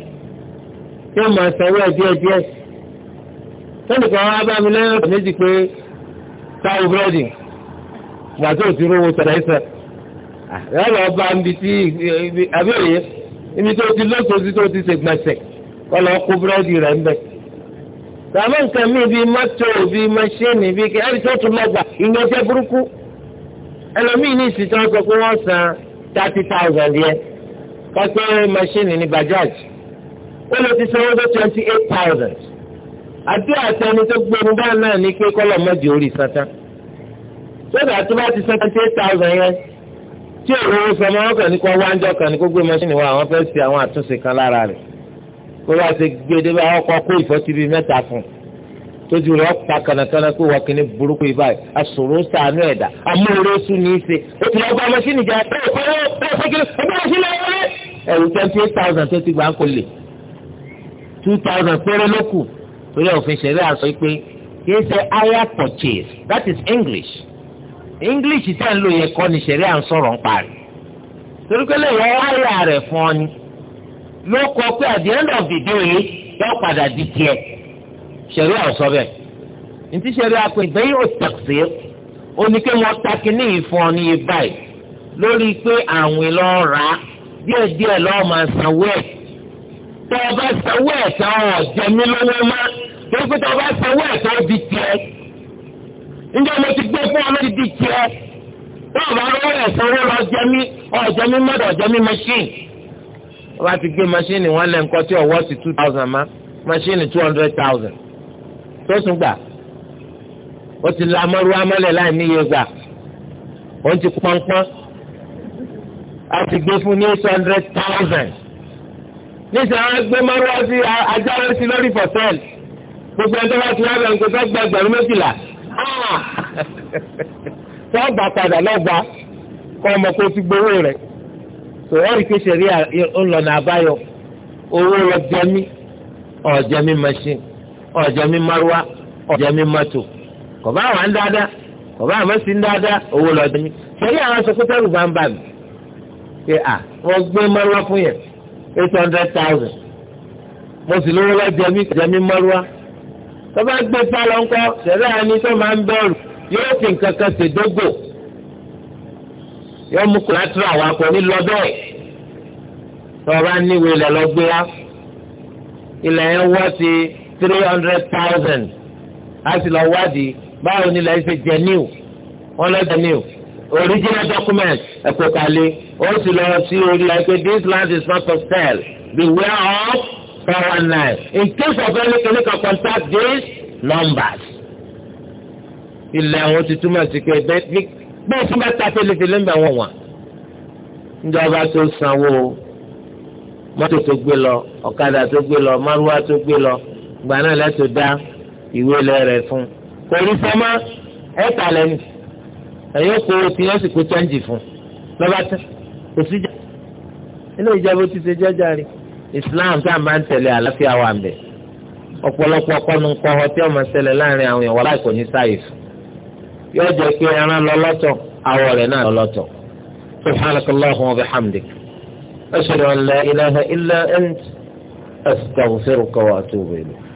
tí ó máa sanwó ẹ̀ díẹ̀ díẹ̀ tẹ́lifà wọn bá mi lẹ́yìn ọ̀sẹ̀ méjì pé táwọn búrẹ́dì ìgbà tó ti rówó tẹ̀lé ẹ̀sẹ̀ yọ̀ọ́ bá ń bi tí àbí òye ibi tó ti lóṣooṣì tó ti ṣègbọ̀nsẹ̀ kọ́ lọ́ọ́ kó búrẹ́dì rẹ̀ ń bẹ̀ sàmọ́ nǹkan mi bíi mọ́tò bíi mọ́ṣíìnì bíi kí ẹ̀rí tó tún lọ gbà ìyẹn jẹ́ burúkú ẹlòmíì ní ìsìn tí wọ́n sọ pé wọ́n san thirty thousand yẹn kọ́sẹ́ mọ́ṣíìnì ní bajaj ó lọ ti san one twenty eight thousand àdúrà àtẹni tó gbẹnu bá náà ní pé kọ́lọ̀ mọ́jì orí sátán sódà tó ti san twenty eight thousand yẹn tí òun sọmọ wọn kàn ní kó wáńjọ kàn ní kó gbé mọ́ṣíìnì wa àwọn fẹ́ ṣe àwọn àtúnṣe kan lára rẹ̀ wọ́n bá ṣe gbé e débẹ̀ àwọn kan kó ìfọ́tí bíi mẹ́ta fún un tójú rẹ̀ pa kànákànná pé wọ́n kìíní burúkú yìí báyìí àṣòro sànú ẹ̀dá amóore sùn ní í ṣe ó ti lọ gba mọ́ṣínì jẹ́ ẹ̀rù twenty eight thousand tó ti gbà ń kó lè two thousand péré ló kù torí òfin ṣẹlẹ̀ àṣọ pé kìí ṣe higher purchase that is English English tẹ́ ń lò yẹ kọ́ ni ṣẹlẹ̀ à ń sọ̀rọ̀ ń parí torí pé lè yọ ọ́ àyà rẹ̀ fún ọ ni ló kọ pé at the end of the day yóò padà di tiẹ̀ ṣẹ̀rí ọ̀sọ́ bẹ́ẹ̀ ntí ṣẹ̀rí akọ ìgbẹ́yìn òtẹ̀sí ó ní kí wọ́n ta kínní ìfún ọ ní iye báyìí lórí pé àwìn lọ rà á díẹ̀ díẹ̀ lọ́ọ́ máa sanwó ẹ̀ tọ́ ọ bá sanwó ẹ̀ tán ọ̀ jẹ́mi lọ́wọ́ má lórí pé tọ́ ọ bá sanwó ẹ̀ tán ó di tiẹ̀ ǹjẹ́ mo ti gbé fún ọ lórí di tiẹ̀ tọ́ ọ bá lọ́wọ́ ẹ̀ sanwó lọ́ọ́ jẹ́mi ọ̀ jẹ́mi mọ́tò ọ̀ machine wọ́n bá ti gbé machine wọn lẹ́ nǹkan tí ọwọ́ sí two thousand ma machine two hundred thousand tó sùn gbà ó ti la amọ́rú amọ́lẹ̀ láì níye gbà ó ti pọ́npọ́n a ti gbé fún ní eight hundred thousand nísìnyí àwọn gbé mọ́rú sí ajáwé sí lórí for sale gbogbo ẹjọ́ bá ti wá bẹ̀rù pé fẹ́ gba ẹgbẹ̀rún méjìlá ah! tó gbà padà lọ́gbà kọ́ ọmọ kó ti gbowó rẹ̀. sọ̀rọ̀ ìké sẹ̀rí ọlọ́nà àbáyọ owó ọjọ́mí ọjọ́mí machine ọjọ́mí maruwa ọjọ́mí mọ́tò kọ̀bá wà ń dáadáa kọ̀bá àmọ́ sí ń dáadáa owó lọ́jọ́mí sẹ̀rí àwọn sọkútẹ́rù bá ń bà mí pé à wọ́n gbé marua fún yẹn eight hundred thousand mo sì lówó lọ́jọ́mí ọjọ́mí maruwa tọ́ba gbé sálọ sẹ̀rí àwọn ẹni tó máa ń bẹ̀rù yóò fi nǹkan yọ mú kòlátìrà wà pọ̀ ní lọ́dọ̀ ẹ̀ tọ́ba níwèé ilẹ̀ lọ gbé wá ilẹ̀ yẹn wọ́ sí three hundred thousand a sì lọ wádìí báwo ni ilẹ̀ yìí ṣe jẹ níw wọ́n lọ jẹ níw original document ẹ̀kọ́ kalẹ̀ ó sì lọ sí orí ẹ̀ this land is not for sale beware of four one nine in case of any kind of contact these numbers ilẹ̀ àwọn ti túmọ̀ sí pé bẹ́ẹ̀ bẹ́ẹ̀ tí wọ́n ta fèlèfèlè ń bẹ̀ wọ̀n wọ̀n níjọba tó sanwó mọ́tò tó gbé lọ ọ̀kadà tó gbé lọ márúwá tó gbé lọ gbà náà lẹ́tọ̀ dá ìwé lẹ́rẹ̀ fún kò rí sọ́mọ́ ẹ̀ tà lẹ́nu ẹ̀yọ́ kó o ti sì kó chẹ́ǹjì fún lọ́ba tán kò sí jà nínú ìjọba ti ṣe jọ́jà rí Islam tá a máa ń tẹ̀lé àlàáfíà wà ń bẹ̀ ọ̀pọ̀lọpọ̀ ọkọ̀ nù ń kọ́ ọtí ọmọ yóò jẹ́ pé ẹran lọ lọ́tọ̀ awọ rẹ̀ náà lọ lọ́tọ̀ subhanakallahu wa bihamdik ashhadu an la ilaha illa ant astaghfiruka wa atubu ilayk.